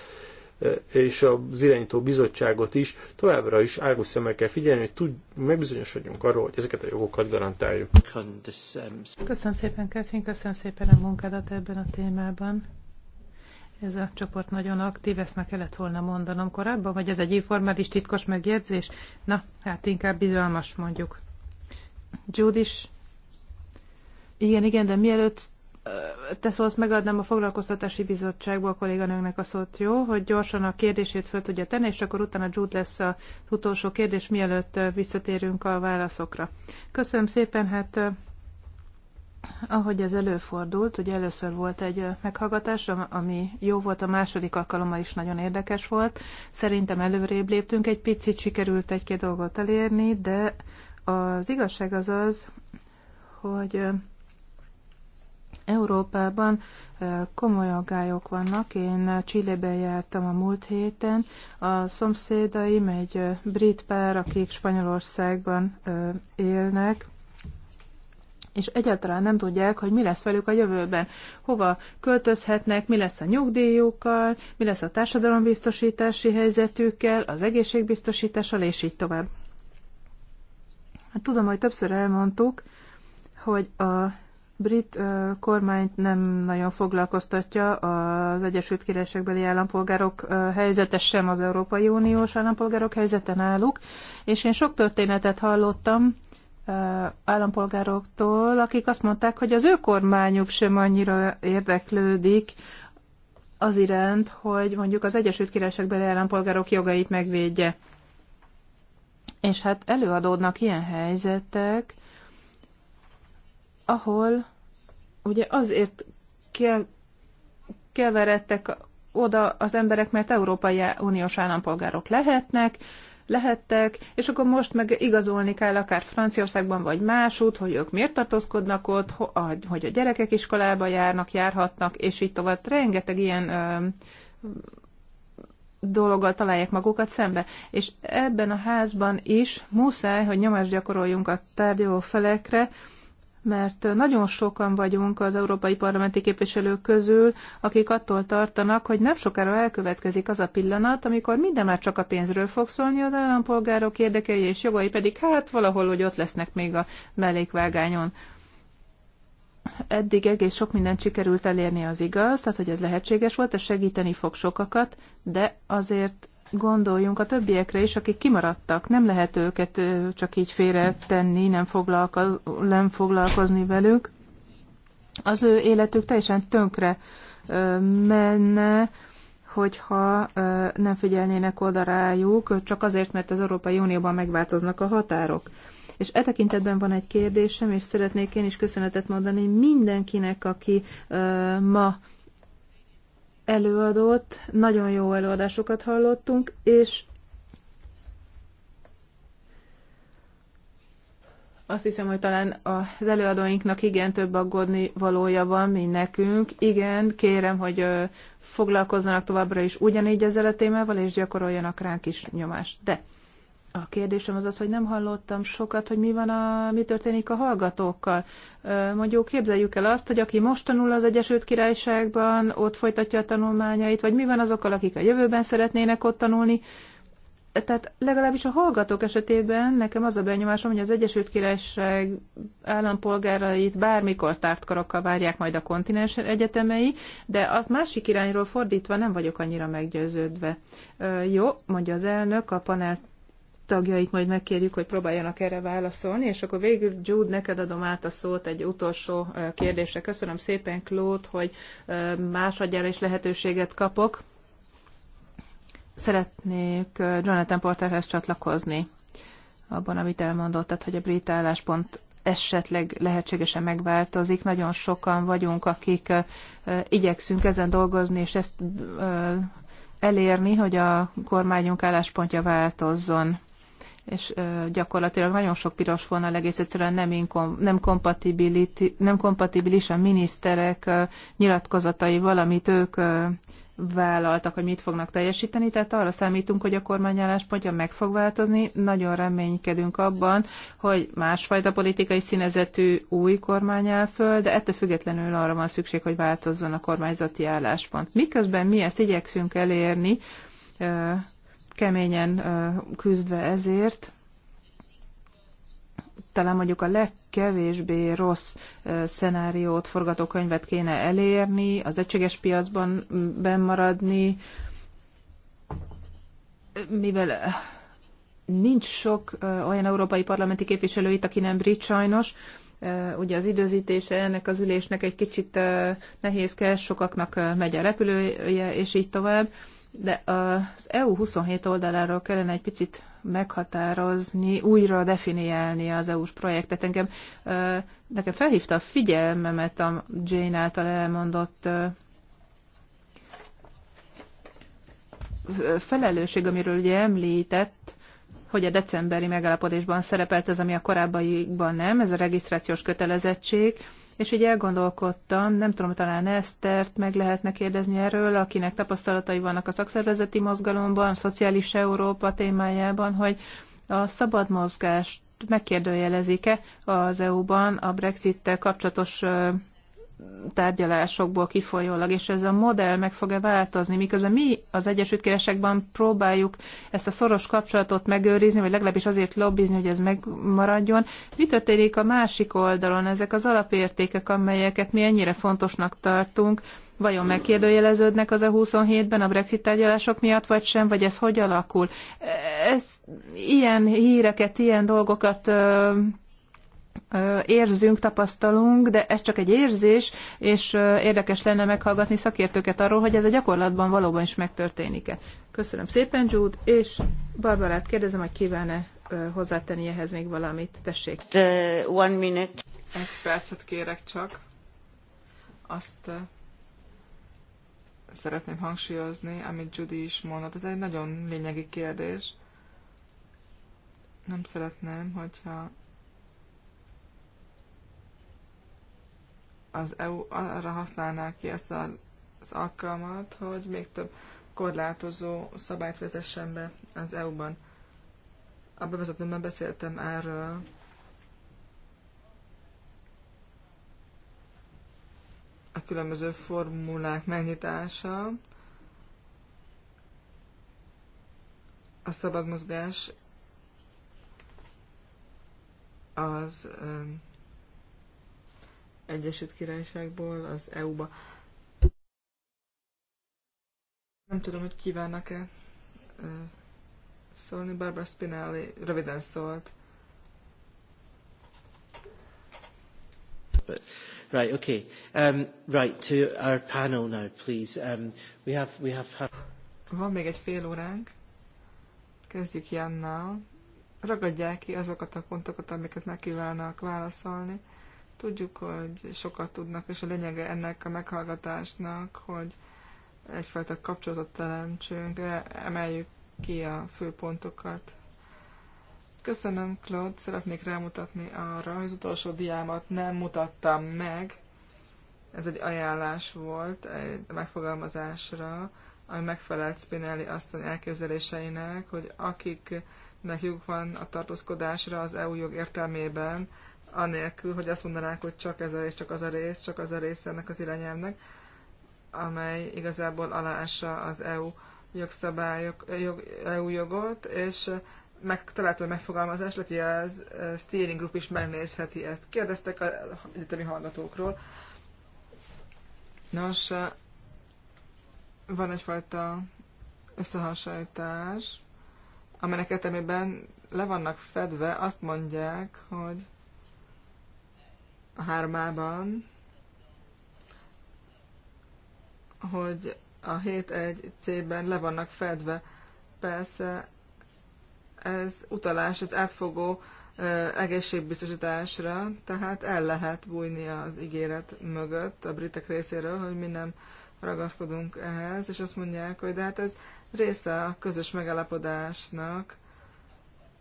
Speaker 1: e, és az irányító bizottságot is továbbra is árgus szemmel kell figyelni, hogy tud, megbizonyosodjunk arról, hogy ezeket a jogokat garantáljuk.
Speaker 3: Köszönöm szépen, Kefin, köszönöm szépen a munkádat ebben a témában. Ez a csoport nagyon aktív, ezt meg kellett volna mondanom korábban, vagy ez egy informális titkos megjegyzés? Na, hát inkább bizalmas mondjuk. is. Igen, igen, de mielőtt te szólsz, megadnám a foglalkoztatási bizottságból a kolléganőnknek a szót, jó, hogy gyorsan a kérdését föl tudja tenni, és akkor utána Jude lesz az utolsó kérdés, mielőtt visszatérünk a válaszokra. Köszönöm szépen, hát ahogy ez előfordult, ugye először volt egy meghallgatás, ami jó volt, a második alkalommal is nagyon érdekes volt. Szerintem előrébb léptünk, egy picit sikerült egy-két dolgot elérni, de az igazság az az, hogy Európában komoly aggályok vannak. Én Csillében jártam a múlt héten. A szomszédaim egy brit pár, akik Spanyolországban élnek, és egyáltalán nem tudják, hogy mi lesz velük a jövőben, hova költözhetnek, mi lesz a nyugdíjukkal, mi lesz a társadalombiztosítási helyzetükkel, az egészségbiztosítással, és így tovább. Hát tudom, hogy többször elmondtuk, hogy a brit kormányt nem nagyon foglalkoztatja az Egyesült Királyságbeli állampolgárok helyzete, sem az Európai Uniós állampolgárok helyzete náluk, és én sok történetet hallottam, állampolgároktól, akik azt mondták, hogy az ő kormányuk sem annyira érdeklődik az iránt, hogy mondjuk az Egyesült Királyság beli állampolgárok jogait megvédje. És hát előadódnak ilyen helyzetek, ahol ugye azért ke- keveredtek oda az emberek, mert Európai Uniós állampolgárok lehetnek, lehettek, és akkor most meg igazolni kell akár Franciaországban vagy máshogy, hogy ők miért tartózkodnak ott, hogy a gyerekek iskolába járnak, járhatnak, és így tovább. Rengeteg ilyen dologgal találják magukat szembe. És ebben a házban is muszáj, hogy nyomást gyakoroljunk a tárgyaló felekre, mert nagyon sokan vagyunk az európai parlamenti képviselők közül, akik attól tartanak, hogy nem sokára elkövetkezik az a pillanat, amikor minden már csak a pénzről fog szólni, az állampolgárok érdekei és jogai pedig hát valahol, hogy ott lesznek még a mellékvágányon. Eddig egész sok mindent sikerült elérni, az igaz, tehát hogy ez lehetséges volt, ez segíteni fog sokakat, de azért gondoljunk a többiekre is, akik kimaradtak. Nem lehet őket csak így félre tenni, nem, foglalko- nem foglalkozni velük. Az ő életük teljesen tönkre menne, hogyha nem figyelnének oda rájuk, csak azért, mert az Európai Unióban megváltoznak a határok. És e tekintetben van egy kérdésem, és szeretnék én is köszönetet mondani mindenkinek, aki ma előadót, nagyon jó előadásokat hallottunk, és azt hiszem, hogy talán az előadóinknak igen több aggódni valója van, mint nekünk. Igen, kérem, hogy foglalkozzanak továbbra is ugyanígy ezzel a témával, és gyakoroljanak ránk is nyomást. De a kérdésem az az, hogy nem hallottam sokat, hogy mi van a, mi történik a hallgatókkal. Mondjuk képzeljük el azt, hogy aki most tanul az Egyesült Királyságban, ott folytatja a tanulmányait, vagy mi van azokkal, akik a jövőben szeretnének ott tanulni. Tehát legalábbis a hallgatók esetében nekem az a benyomásom, hogy az Egyesült Királyság állampolgárait bármikor karokkal várják majd a kontinens egyetemei, de a másik irányról fordítva nem vagyok annyira meggyőződve. Jó, mondja az elnök, a panel tagjait majd megkérjük, hogy próbáljanak erre válaszolni, és akkor végül Jude, neked adom át a szót egy utolsó kérdésre. Köszönöm szépen, Klót, hogy másodjára is lehetőséget kapok. Szeretnék Jonathan Porterhez csatlakozni abban, amit elmondott, tehát hogy a brit álláspont esetleg lehetségesen megváltozik. Nagyon sokan vagyunk, akik igyekszünk ezen dolgozni, és ezt elérni, hogy a kormányunk álláspontja változzon és gyakorlatilag nagyon sok piros vonal egész egyszerűen nem, inkom, nem, nem kompatibilis a miniszterek nyilatkozatai, valamit ők vállaltak, hogy mit fognak teljesíteni, tehát arra számítunk, hogy a kormány álláspontja meg fog változni. Nagyon reménykedünk abban, hogy másfajta politikai színezetű új kormány áll föl, de ettől függetlenül arra van szükség, hogy változzon a kormányzati álláspont. Miközben mi ezt igyekszünk elérni, keményen küzdve ezért, talán mondjuk a legkevésbé rossz szenáriót, forgatókönyvet kéne elérni, az egységes piacban bennmaradni, mivel nincs sok olyan európai parlamenti képviselő itt, aki nem brit sajnos, ugye az időzítése ennek az ülésnek egy kicsit nehézkes, sokaknak megy a repülője, és így tovább de az EU 27 oldaláról kellene egy picit meghatározni, újra definiálni az EU-s projektet. Engem, nekem felhívta a figyelmemet a Jane által elmondott felelősség, amiről ugye említett, hogy a decemberi megállapodásban szerepelt ez, ami a korábbiakban nem, ez a regisztrációs kötelezettség, és így elgondolkodtam, nem tudom, talán Esztert meg lehetne kérdezni erről, akinek tapasztalatai vannak a szakszervezeti mozgalomban, a szociális Európa témájában, hogy a szabad mozgást megkérdőjelezik-e az EU-ban a Brexit-tel kapcsolatos tárgyalásokból kifolyólag, és ez a modell meg fog-e változni, miközben mi az Egyesült Királyságban próbáljuk ezt a szoros kapcsolatot megőrizni, vagy legalábbis azért lobbizni, hogy ez megmaradjon. Mi történik a másik oldalon? Ezek az alapértékek, amelyeket mi ennyire fontosnak tartunk, vajon megkérdőjeleződnek az a 27-ben a Brexit tárgyalások miatt, vagy sem, vagy ez hogy alakul? Ez, ilyen híreket, ilyen dolgokat érzünk, tapasztalunk, de ez csak egy érzés, és érdekes lenne meghallgatni szakértőket arról, hogy ez a gyakorlatban valóban is megtörténik-e. Köszönöm szépen, Jude, és Barbarát kérdezem, hogy kívánne hozzátenni ehhez még valamit. Tessék. The one minute.
Speaker 2: Egy percet kérek csak. Azt szeretném hangsúlyozni, amit Judy is mondott. Ez egy nagyon lényegi kérdés. Nem szeretném, hogyha az EU arra használná ki ezt az alkalmat, hogy még több korlátozó szabályt vezessen be az EU-ban. A bevezetőmben beszéltem erről. A különböző formulák megnyitása, a szabad mozgás az Egyesült Királyságból az EU-ba. Nem tudom, hogy kívánnak-e szólni. Barbara Spinelli röviden szólt.
Speaker 3: But, right, okay. Um, right, to our panel now, please. Um, we have, we have... Had...
Speaker 2: Van még egy fél óránk. Kezdjük Jannal. Ragadják ki azokat a pontokat, amiket megkívánnak válaszolni Tudjuk, hogy sokat tudnak, és a lényege ennek a meghallgatásnak, hogy egyfajta kapcsolatot teremtsünk, emeljük ki a főpontokat. Köszönöm, Claude, szeretnék rámutatni arra, hogy az utolsó diámat nem mutattam meg. Ez egy ajánlás volt egy megfogalmazásra, ami megfelelt Spinelli asszony elképzeléseinek, hogy akiknek jog van a tartózkodásra az EU jog értelmében, anélkül, hogy azt mondanák, hogy csak ez a rész, csak az a rész, csak az a rész ennek az irányelvnek, amely igazából aláássa az EU jogszabályok, eh, jog, EU jogot, és eh, meg a megfogalmazást, hogy az eh, steering group is megnézheti ezt. Kérdeztek az egyetemi hallgatókról. Nos, van egyfajta összehasonlítás, amelynek értelmében le vannak fedve, azt mondják, hogy a hármában, hogy a 7.1c-ben le vannak fedve. Persze ez utalás az átfogó egészségbiztosításra, tehát el lehet bújni az ígéret mögött a britek részéről, hogy mi nem ragaszkodunk ehhez, és azt mondják, hogy de hát ez része a közös megállapodásnak,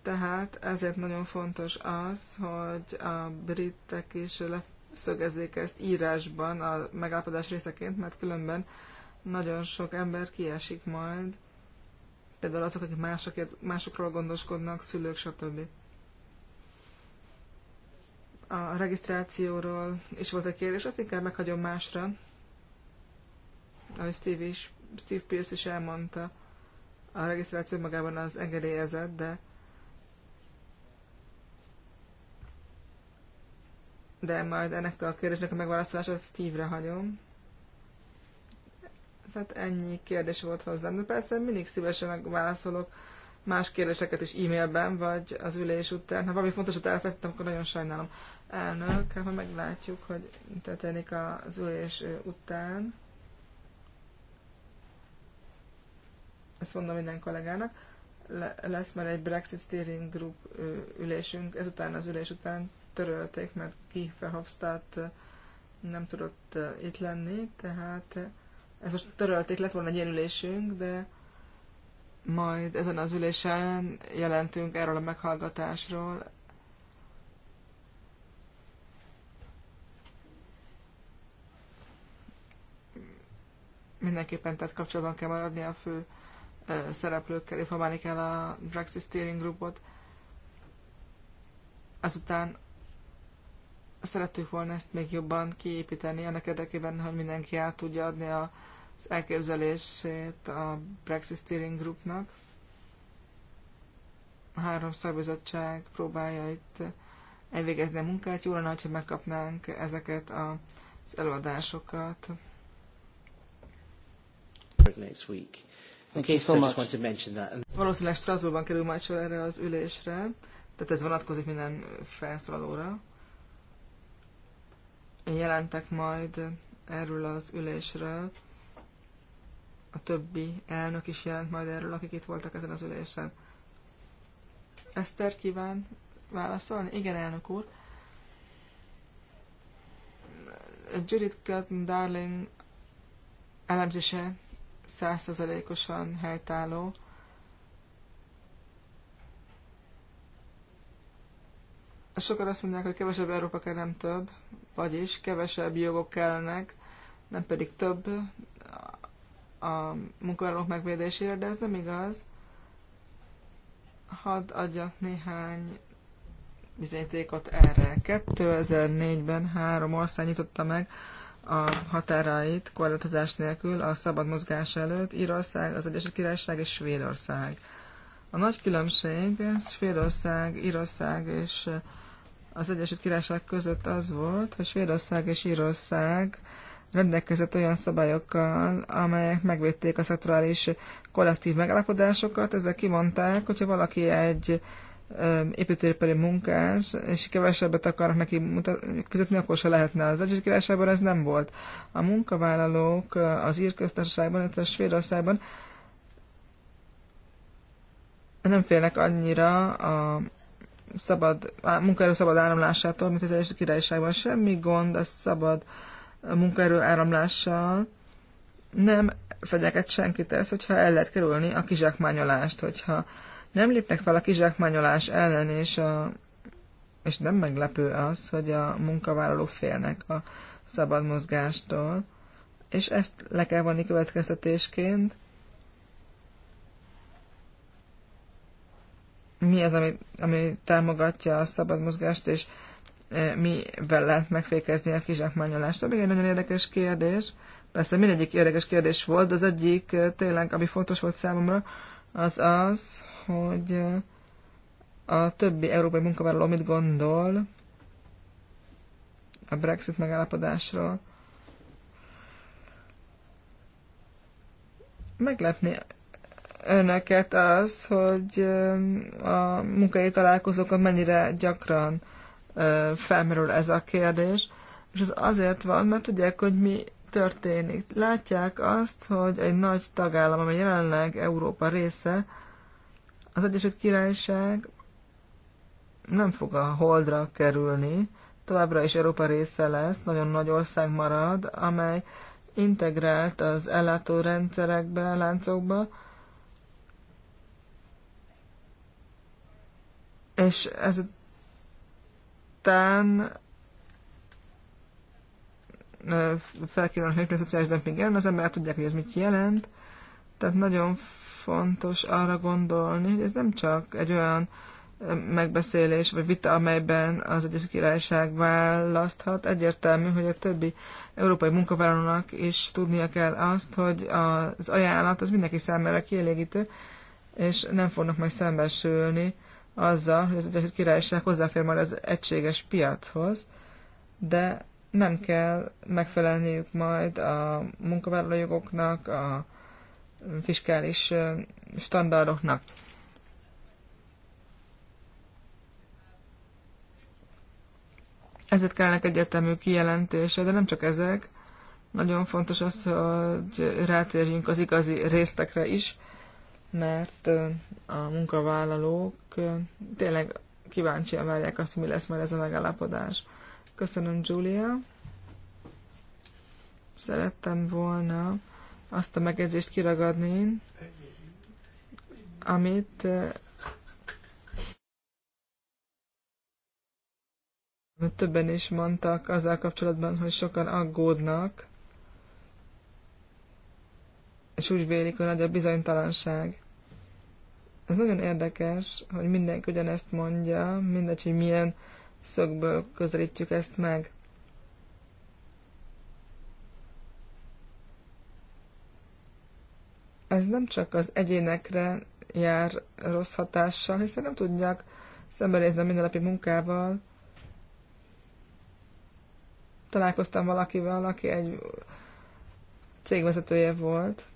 Speaker 2: tehát ezért nagyon fontos az, hogy a britek is leszögezzék ezt írásban a megállapodás részeként, mert különben nagyon sok ember kiesik majd, például azok, akik másokért, másokról gondoskodnak, szülők, stb. A regisztrációról is volt egy kérdés, azt inkább meghagyom másra, ahogy Steve, is, Steve Pierce is elmondta, a regisztráció magában az engedélyezett, de de majd ennek a kérdésnek a megválaszolását Steve-re hagyom. Tehát ennyi kérdés volt hozzám, de persze mindig szívesen megválaszolok más kérdéseket is e-mailben, vagy az ülés után. Ha valami fontosat elfelejtettem, akkor nagyon sajnálom. Elnök, hát ha meglátjuk, hogy történik az ülés után. Ezt mondom minden kollégának. Le- lesz már egy Brexit Steering Group ülésünk, ezután az ülés után törölték, mert Guy eh, nem tudott eh, itt lenni, tehát eh, ezt most törölték, lett volna egy ülésünk, de majd ezen az ülésen jelentünk erről a meghallgatásról. Mindenképpen tehát kapcsolatban kell maradni a fő szereplőkkel, informálni kell a Brexit Steering Groupot. Azután szerettük volna ezt még jobban kiépíteni, annak érdekében, hogy mindenki át tudja adni az elképzelését a Brexit Steering Groupnak. A három szakbizottság próbálja itt elvégezni a munkát. jól nagy, hogy megkapnánk ezeket az előadásokat. Next week. Okay, so much. Valószínűleg Strasbourgban kerül majd sor erre az ülésre, tehát ez vonatkozik minden felszólalóra jelentek majd erről az ülésről. A többi elnök is jelent majd erről, akik itt voltak ezen az ülésen. Eszter kíván válaszolni? Igen, elnök úr. Judith Cotton Darling elemzése százszerzelékosan helytálló. sokan azt mondják, hogy kevesebb Európa kell, nem több, vagyis kevesebb jogok kellnek, nem pedig több a munkavállalók megvédésére, de ez nem igaz. Hadd adjak néhány bizonyítékot erre. 2004-ben három ország nyitotta meg a határait korlátozás nélkül a szabad mozgás előtt, Írország, az Egyesült Királyság és Svédország. A nagy különbség Svédország, Írország és az Egyesült Királyság között az volt, hogy Svédország és Írország rendelkezett olyan szabályokkal, amelyek megvédték a szektorális kollektív megállapodásokat. Ezzel kimondták, hogyha valaki egy építőipari munkás, és kevesebbet akarnak neki mutat, fizetni, akkor se lehetne. Az Egyesült Királyságban ez nem volt. A munkavállalók az ír köztársaságban, illetve Svédországban nem félnek annyira a szabad, munkaerő szabad áramlásától, mint az Egyesült Királyságban. Semmi gond a szabad munkaerő áramlással. Nem fenyeget senkit ez, hogyha el lehet kerülni a kizsákmányolást, hogyha nem lépnek fel a kizsákmányolás ellen, és, a, és nem meglepő az, hogy a munkavállalók félnek a szabad mozgástól, és ezt le kell vonni következtetésként, mi az, ami, ami támogatja a szabad mozgást, és e, mivel lehet megfékezni a kizsákmányolást. Még egy nagyon érdekes kérdés, persze mindegyik érdekes kérdés volt, de az egyik e, tényleg, ami fontos volt számomra, az az, hogy e, a többi európai munkavállaló mit gondol a Brexit megállapodásról. Meglepni önöket az, hogy a munkai találkozókon mennyire gyakran felmerül ez a kérdés, és ez azért van, mert tudják, hogy mi történik. Látják azt, hogy egy nagy tagállam, amely jelenleg Európa része, az Egyesült Királyság nem fog a holdra kerülni, továbbra is Európa része lesz, nagyon nagy ország marad, amely integrált az ellátórendszerekbe, láncokba, és ezután fel kéne a szociális dömping ellen, az ember tudják, hogy ez mit jelent, tehát nagyon fontos arra gondolni, hogy ez nem csak egy olyan megbeszélés vagy vita, amelyben az egyes Királyság választhat. Egyértelmű, hogy a többi európai munkavállalónak is tudnia kell azt, hogy az ajánlat az mindenki számára kielégítő, és nem fognak majd szembesülni azzal, hogy az Egyesült Királyság hozzáfér majd az egységes piachoz, de nem kell megfelelniük majd a munkavállalójogoknak, a fiskális standardoknak. Ezért kellene egyértelmű kijelentése, de nem csak ezek. Nagyon fontos az, hogy rátérjünk az igazi részekre is, mert a munkavállalók tényleg kíváncsian várják azt, mi lesz majd ez a megállapodás. Köszönöm, Julia. Szerettem volna azt a megjegyzést kiragadni, amit többen is mondtak azzal kapcsolatban, hogy sokan aggódnak, és úgy vélik, hogy nagy a bizonytalanság. Ez nagyon érdekes, hogy mindenki ugyanezt mondja, mindegy, hogy milyen szögből közelítjük ezt meg. Ez nem csak az egyénekre jár rossz hatással, hiszen nem tudják szembenézni a mindennapi munkával. Találkoztam valakivel, aki egy cégvezetője volt,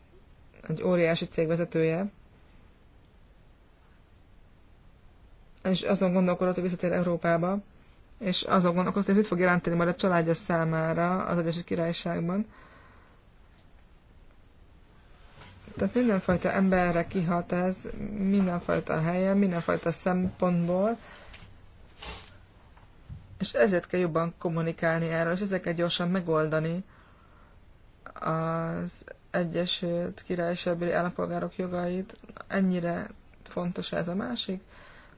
Speaker 2: egy óriási cégvezetője, és azon gondolkodott, hogy visszatér Európába, és azon gondolkodott, hogy ez mit fog jelenteni majd a családja számára az Egyesült Királyságban. Tehát mindenfajta emberre kihat ez, mindenfajta helyen, mindenfajta szempontból, és ezért kell jobban kommunikálni erről, és ezeket gyorsan megoldani az Egyesült Királyságbeli állampolgárok jogait. Ennyire fontos ez a másik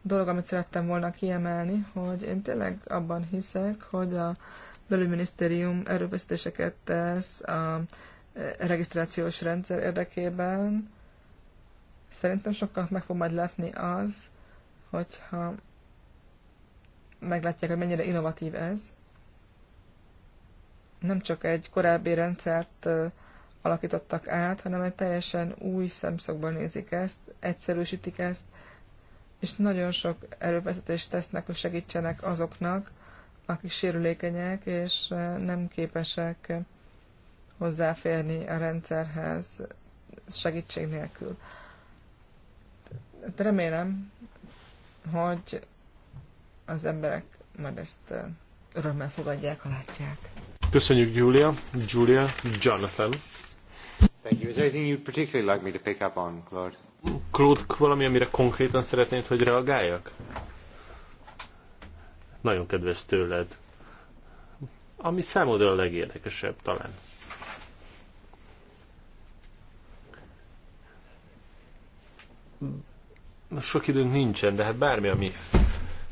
Speaker 2: dolog, amit szerettem volna kiemelni, hogy én tényleg abban hiszek, hogy a belügyminisztérium erőfeszítéseket tesz a e, regisztrációs rendszer érdekében. Szerintem sokkal meg fog majd látni az, hogyha meglátják, hogy mennyire innovatív ez. Nem csak egy korábbi rendszert e, alakítottak át, hanem egy teljesen új szemszögből nézik ezt, egyszerűsítik ezt, és nagyon sok erőfeszítést tesznek, hogy segítsenek azoknak, akik sérülékenyek, és nem képesek hozzáférni a rendszerhez segítség nélkül. De hát remélem, hogy az emberek majd ezt örömmel fogadják, ha látják.
Speaker 1: Köszönjük, Julia. Julia, Jonathan. Thank you. Is there anything you'd particularly like me to pick up on, Claude? Claude, valami, amire konkrétan szeretnéd, hogy reagáljak? Nagyon kedves tőled. Ami számodra a legérdekesebb talán. Sok időnk nincsen, de hát bármi, ami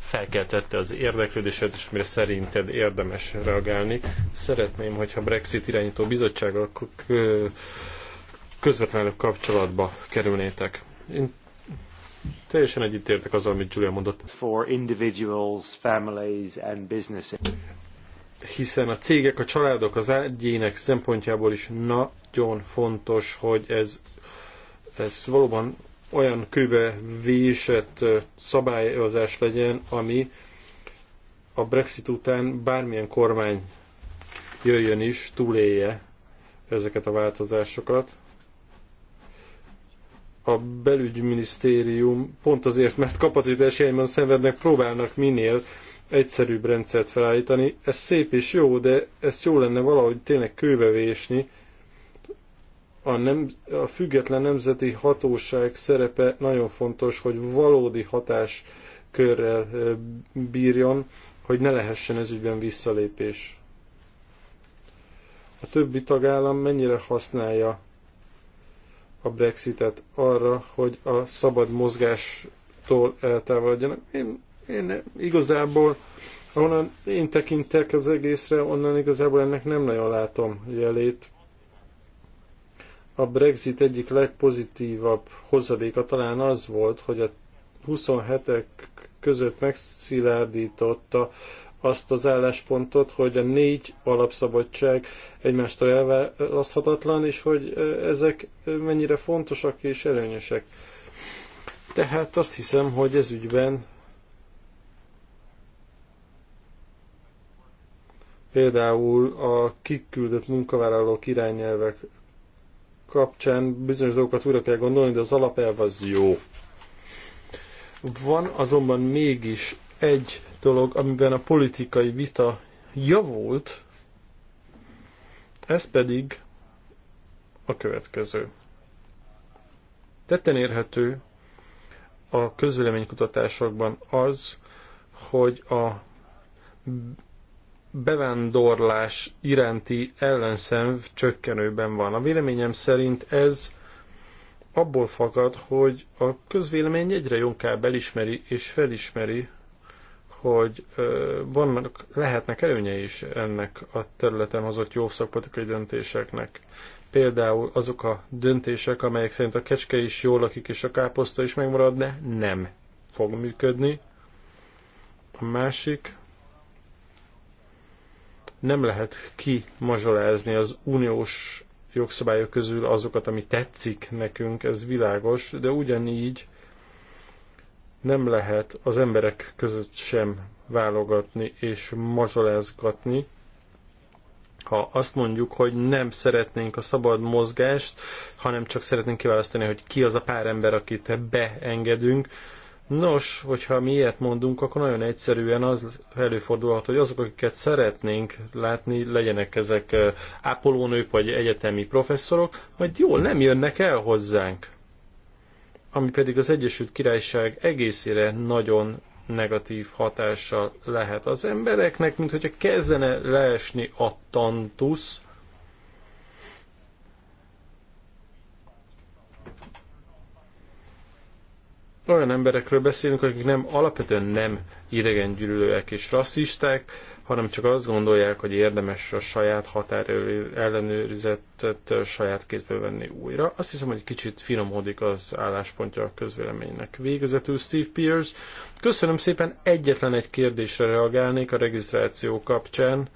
Speaker 1: felkeltette az érdeklődésed, és mire szerinted érdemes reagálni. Szeretném, hogyha Brexit irányító bizottságok közvetlenül kapcsolatba kerülnétek. Én teljesen egyetértek azzal, amit Julia mondott. For individuals, families and businesses. Hiszen a cégek, a családok, az egyének szempontjából is nagyon fontos, hogy ez, ez valóban olyan kőbe vésett szabályozás legyen, ami a Brexit után bármilyen kormány jöjjön is, túlélje ezeket a változásokat a belügyminisztérium pont azért, mert kapacitás hiányban szenvednek, próbálnak minél egyszerűbb rendszert felállítani. Ez szép és jó, de ezt jó lenne valahogy tényleg kőbevésni. A, nem, a független nemzeti hatóság szerepe nagyon fontos, hogy valódi hatáskörrel bírjon, hogy ne lehessen ez ügyben visszalépés. A többi tagállam mennyire használja a Brexitet arra, hogy a szabad mozgástól eltávolodjanak. Én, én igazából, ahonnan én tekintek az egészre, onnan igazából ennek nem nagyon látom jelét. A Brexit egyik legpozitívabb hozadéka talán az volt, hogy a 27-ek között megszilárdította azt az álláspontot, hogy a négy alapszabadság egymástól elválaszthatatlan, és hogy ezek mennyire fontosak és előnyösek. Tehát azt hiszem, hogy ez ügyben például a kiküldött munkavállalók irányelvek kapcsán bizonyos dolgokat újra kell gondolni, de az alapelv az jó. Van azonban mégis egy dolog, amiben a politikai vita javult, ez pedig a következő. Tetten érhető a közvéleménykutatásokban az, hogy a bevándorlás iránti ellenszenv csökkenőben van. A véleményem szerint ez abból fakad, hogy a közvélemény egyre inkább elismeri és felismeri, hogy vannak, lehetnek előnyei is ennek a területen hozott jó szakpolitikai döntéseknek. Például azok a döntések, amelyek szerint a kecske is jól lakik és a káposzta is megmarad, de nem fog működni. A másik, nem lehet kimazsolázni az uniós jogszabályok közül azokat, ami tetszik nekünk, ez világos, de ugyanígy nem lehet az emberek között sem válogatni és mazsolázgatni, ha azt mondjuk, hogy nem szeretnénk a szabad mozgást, hanem csak szeretnénk kiválasztani, hogy ki az a pár ember, akit beengedünk. Nos, hogyha mi ilyet mondunk, akkor nagyon egyszerűen az előfordulhat, hogy azok, akiket szeretnénk látni, legyenek ezek eh, ápolónők vagy egyetemi professzorok, majd jól nem jönnek el hozzánk ami pedig az Egyesült Királyság egészére nagyon negatív hatással lehet az embereknek, mint hogyha kezdene leesni a tantusz, olyan emberekről beszélünk, akik nem alapvetően nem idegengyűlőek és rasszisták, hanem csak azt gondolják, hogy érdemes a saját határ ellenőrizetet saját kézbe venni újra. Azt hiszem, hogy kicsit finomodik az álláspontja a közvéleménynek. Végezetül Steve Pierce. Köszönöm szépen, egyetlen egy kérdésre reagálnék a regisztráció kapcsán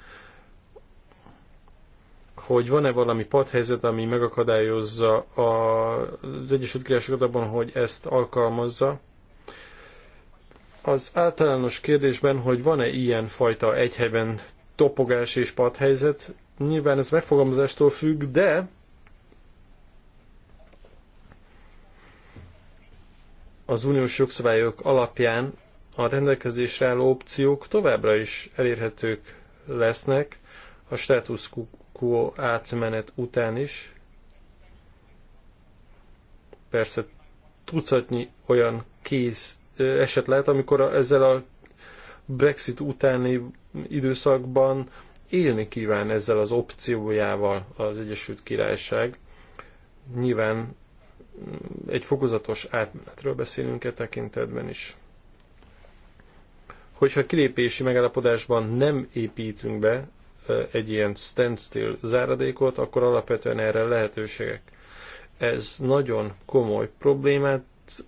Speaker 1: hogy van-e valami padhelyzet, ami megakadályozza az Egyesült Királyságot abban, hogy ezt alkalmazza. Az általános kérdésben, hogy van-e ilyen fajta egyhelyben topogás és padhelyzet, nyilván ez megfogalmazástól függ, de az uniós jogszabályok alapján a rendelkezésre álló opciók továbbra is elérhetők lesznek a status quo átmenet után is. Persze tucatnyi olyan kéz eset lehet, amikor a, ezzel a Brexit utáni időszakban élni kíván ezzel az opciójával az Egyesült Királyság. Nyilván mm, egy fokozatos átmenetről beszélünk e tekintetben is. Hogyha kilépési megállapodásban nem építünk be egy ilyen standstill záradékot, akkor alapvetően erre lehetőségek. Ez nagyon komoly problémát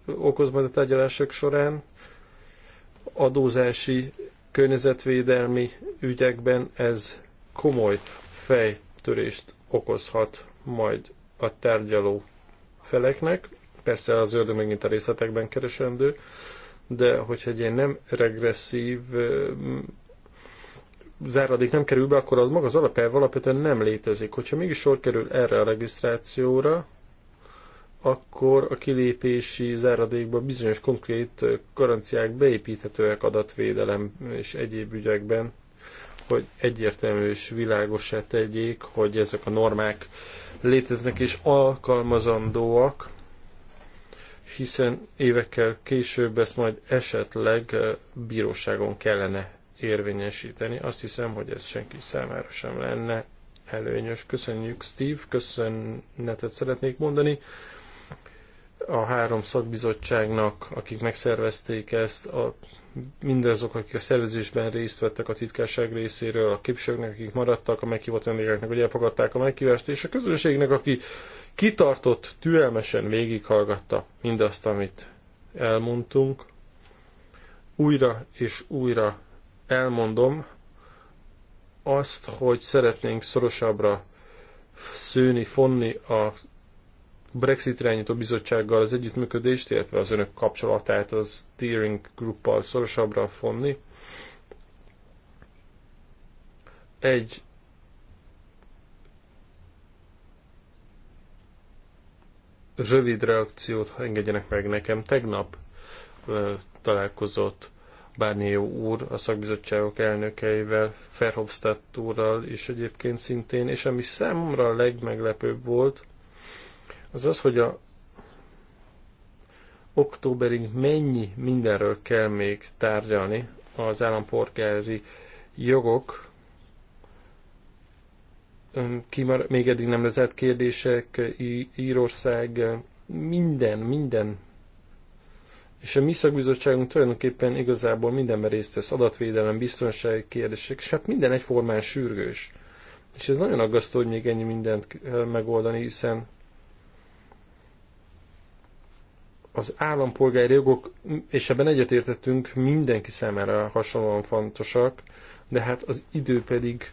Speaker 1: okoz majd a tárgyalások során. Adózási, környezetvédelmi ügyekben ez komoly fejtörést okozhat majd a tárgyaló feleknek. Persze az ördög megint a részletekben keresendő, de hogyha egy ilyen nem regresszív záradék nem kerül be, akkor az maga az alapelv alapvetően nem létezik. Hogyha mégis sor kerül erre a regisztrációra, akkor a kilépési záradékba bizonyos konkrét garanciák beépíthetőek adatvédelem és egyéb ügyekben, hogy egyértelmű és világosá tegyék, hogy ezek a normák léteznek és alkalmazandóak, hiszen évekkel később ezt majd esetleg bíróságon kellene érvényesíteni. Azt hiszem, hogy ez senki számára sem lenne előnyös. Köszönjük, Steve, köszönetet szeretnék mondani a három szakbizottságnak, akik megszervezték ezt, a, mindazok, akik a szervezésben részt vettek a titkárság részéről, a képviselőknek, akik maradtak, a meghívott vendégeknek, hogy elfogadták a meghívást, és a közönségnek, aki kitartott, türelmesen végighallgatta mindazt, amit elmondtunk, újra és újra elmondom azt, hogy szeretnénk szorosabbra szőni, fonni a Brexit irányító bizottsággal az együttműködést, illetve az önök kapcsolatát az steering gruppal szorosabbra fonni. Egy rövid reakciót engedjenek meg nekem. Tegnap ö, találkozott Bárnyó úr, a szakbizottságok elnökeivel, Ferhofstadt úrral is egyébként szintén, és ami számomra a legmeglepőbb volt, az az, hogy a októberig mennyi mindenről kell még tárgyalni az állampolgári jogok, kimar, még eddig nem lezett kérdések, Írország, minden, minden és a mi szakbizottságunk tulajdonképpen igazából mindenben részt vesz, adatvédelem, biztonsági kérdések, és hát minden egyformán sürgős. És ez nagyon aggasztó, hogy még ennyi mindent kell megoldani, hiszen az állampolgári jogok, és ebben egyetértettünk, mindenki számára hasonlóan fontosak, de hát az idő pedig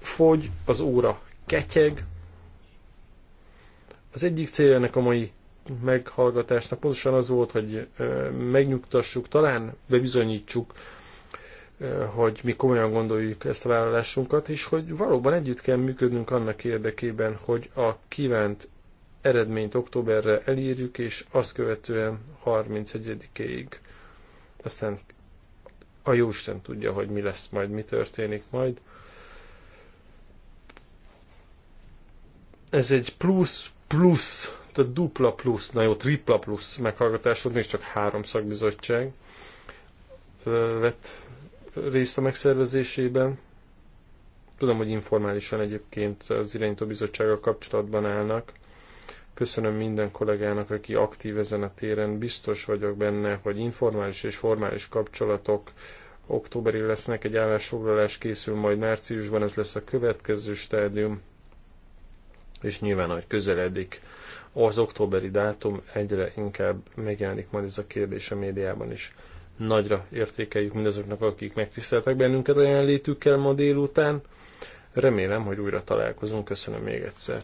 Speaker 1: fogy, az óra ketyeg. Az egyik célja ennek a mai meghallgatásnak pontosan az volt, hogy megnyugtassuk, talán bebizonyítsuk, hogy mi komolyan gondoljuk ezt a vállalásunkat, és hogy valóban együtt kell működnünk annak érdekében, hogy a kívánt eredményt októberre elírjuk, és azt követően 31-ig. Aztán a Jóisten tudja, hogy mi lesz majd, mi történik majd. Ez egy plusz, plusz a dupla plusz, na jó, tripla plusz meghallgatásod, még csak három szakbizottság vett részt a megszervezésében. Tudom, hogy informálisan egyébként az irányító bizottsággal kapcsolatban állnak. Köszönöm minden kollégának, aki aktív ezen a téren. Biztos vagyok benne, hogy informális és formális kapcsolatok októberi lesznek, egy állásfoglalás készül majd márciusban, ez lesz a következő stádium, és nyilván, hogy közeledik az októberi dátum egyre inkább megjelenik majd ez a kérdés a médiában is. Nagyra értékeljük mindazoknak, akik megtiszteltek bennünket a jelenlétükkel ma délután. Remélem, hogy újra találkozunk. Köszönöm még egyszer.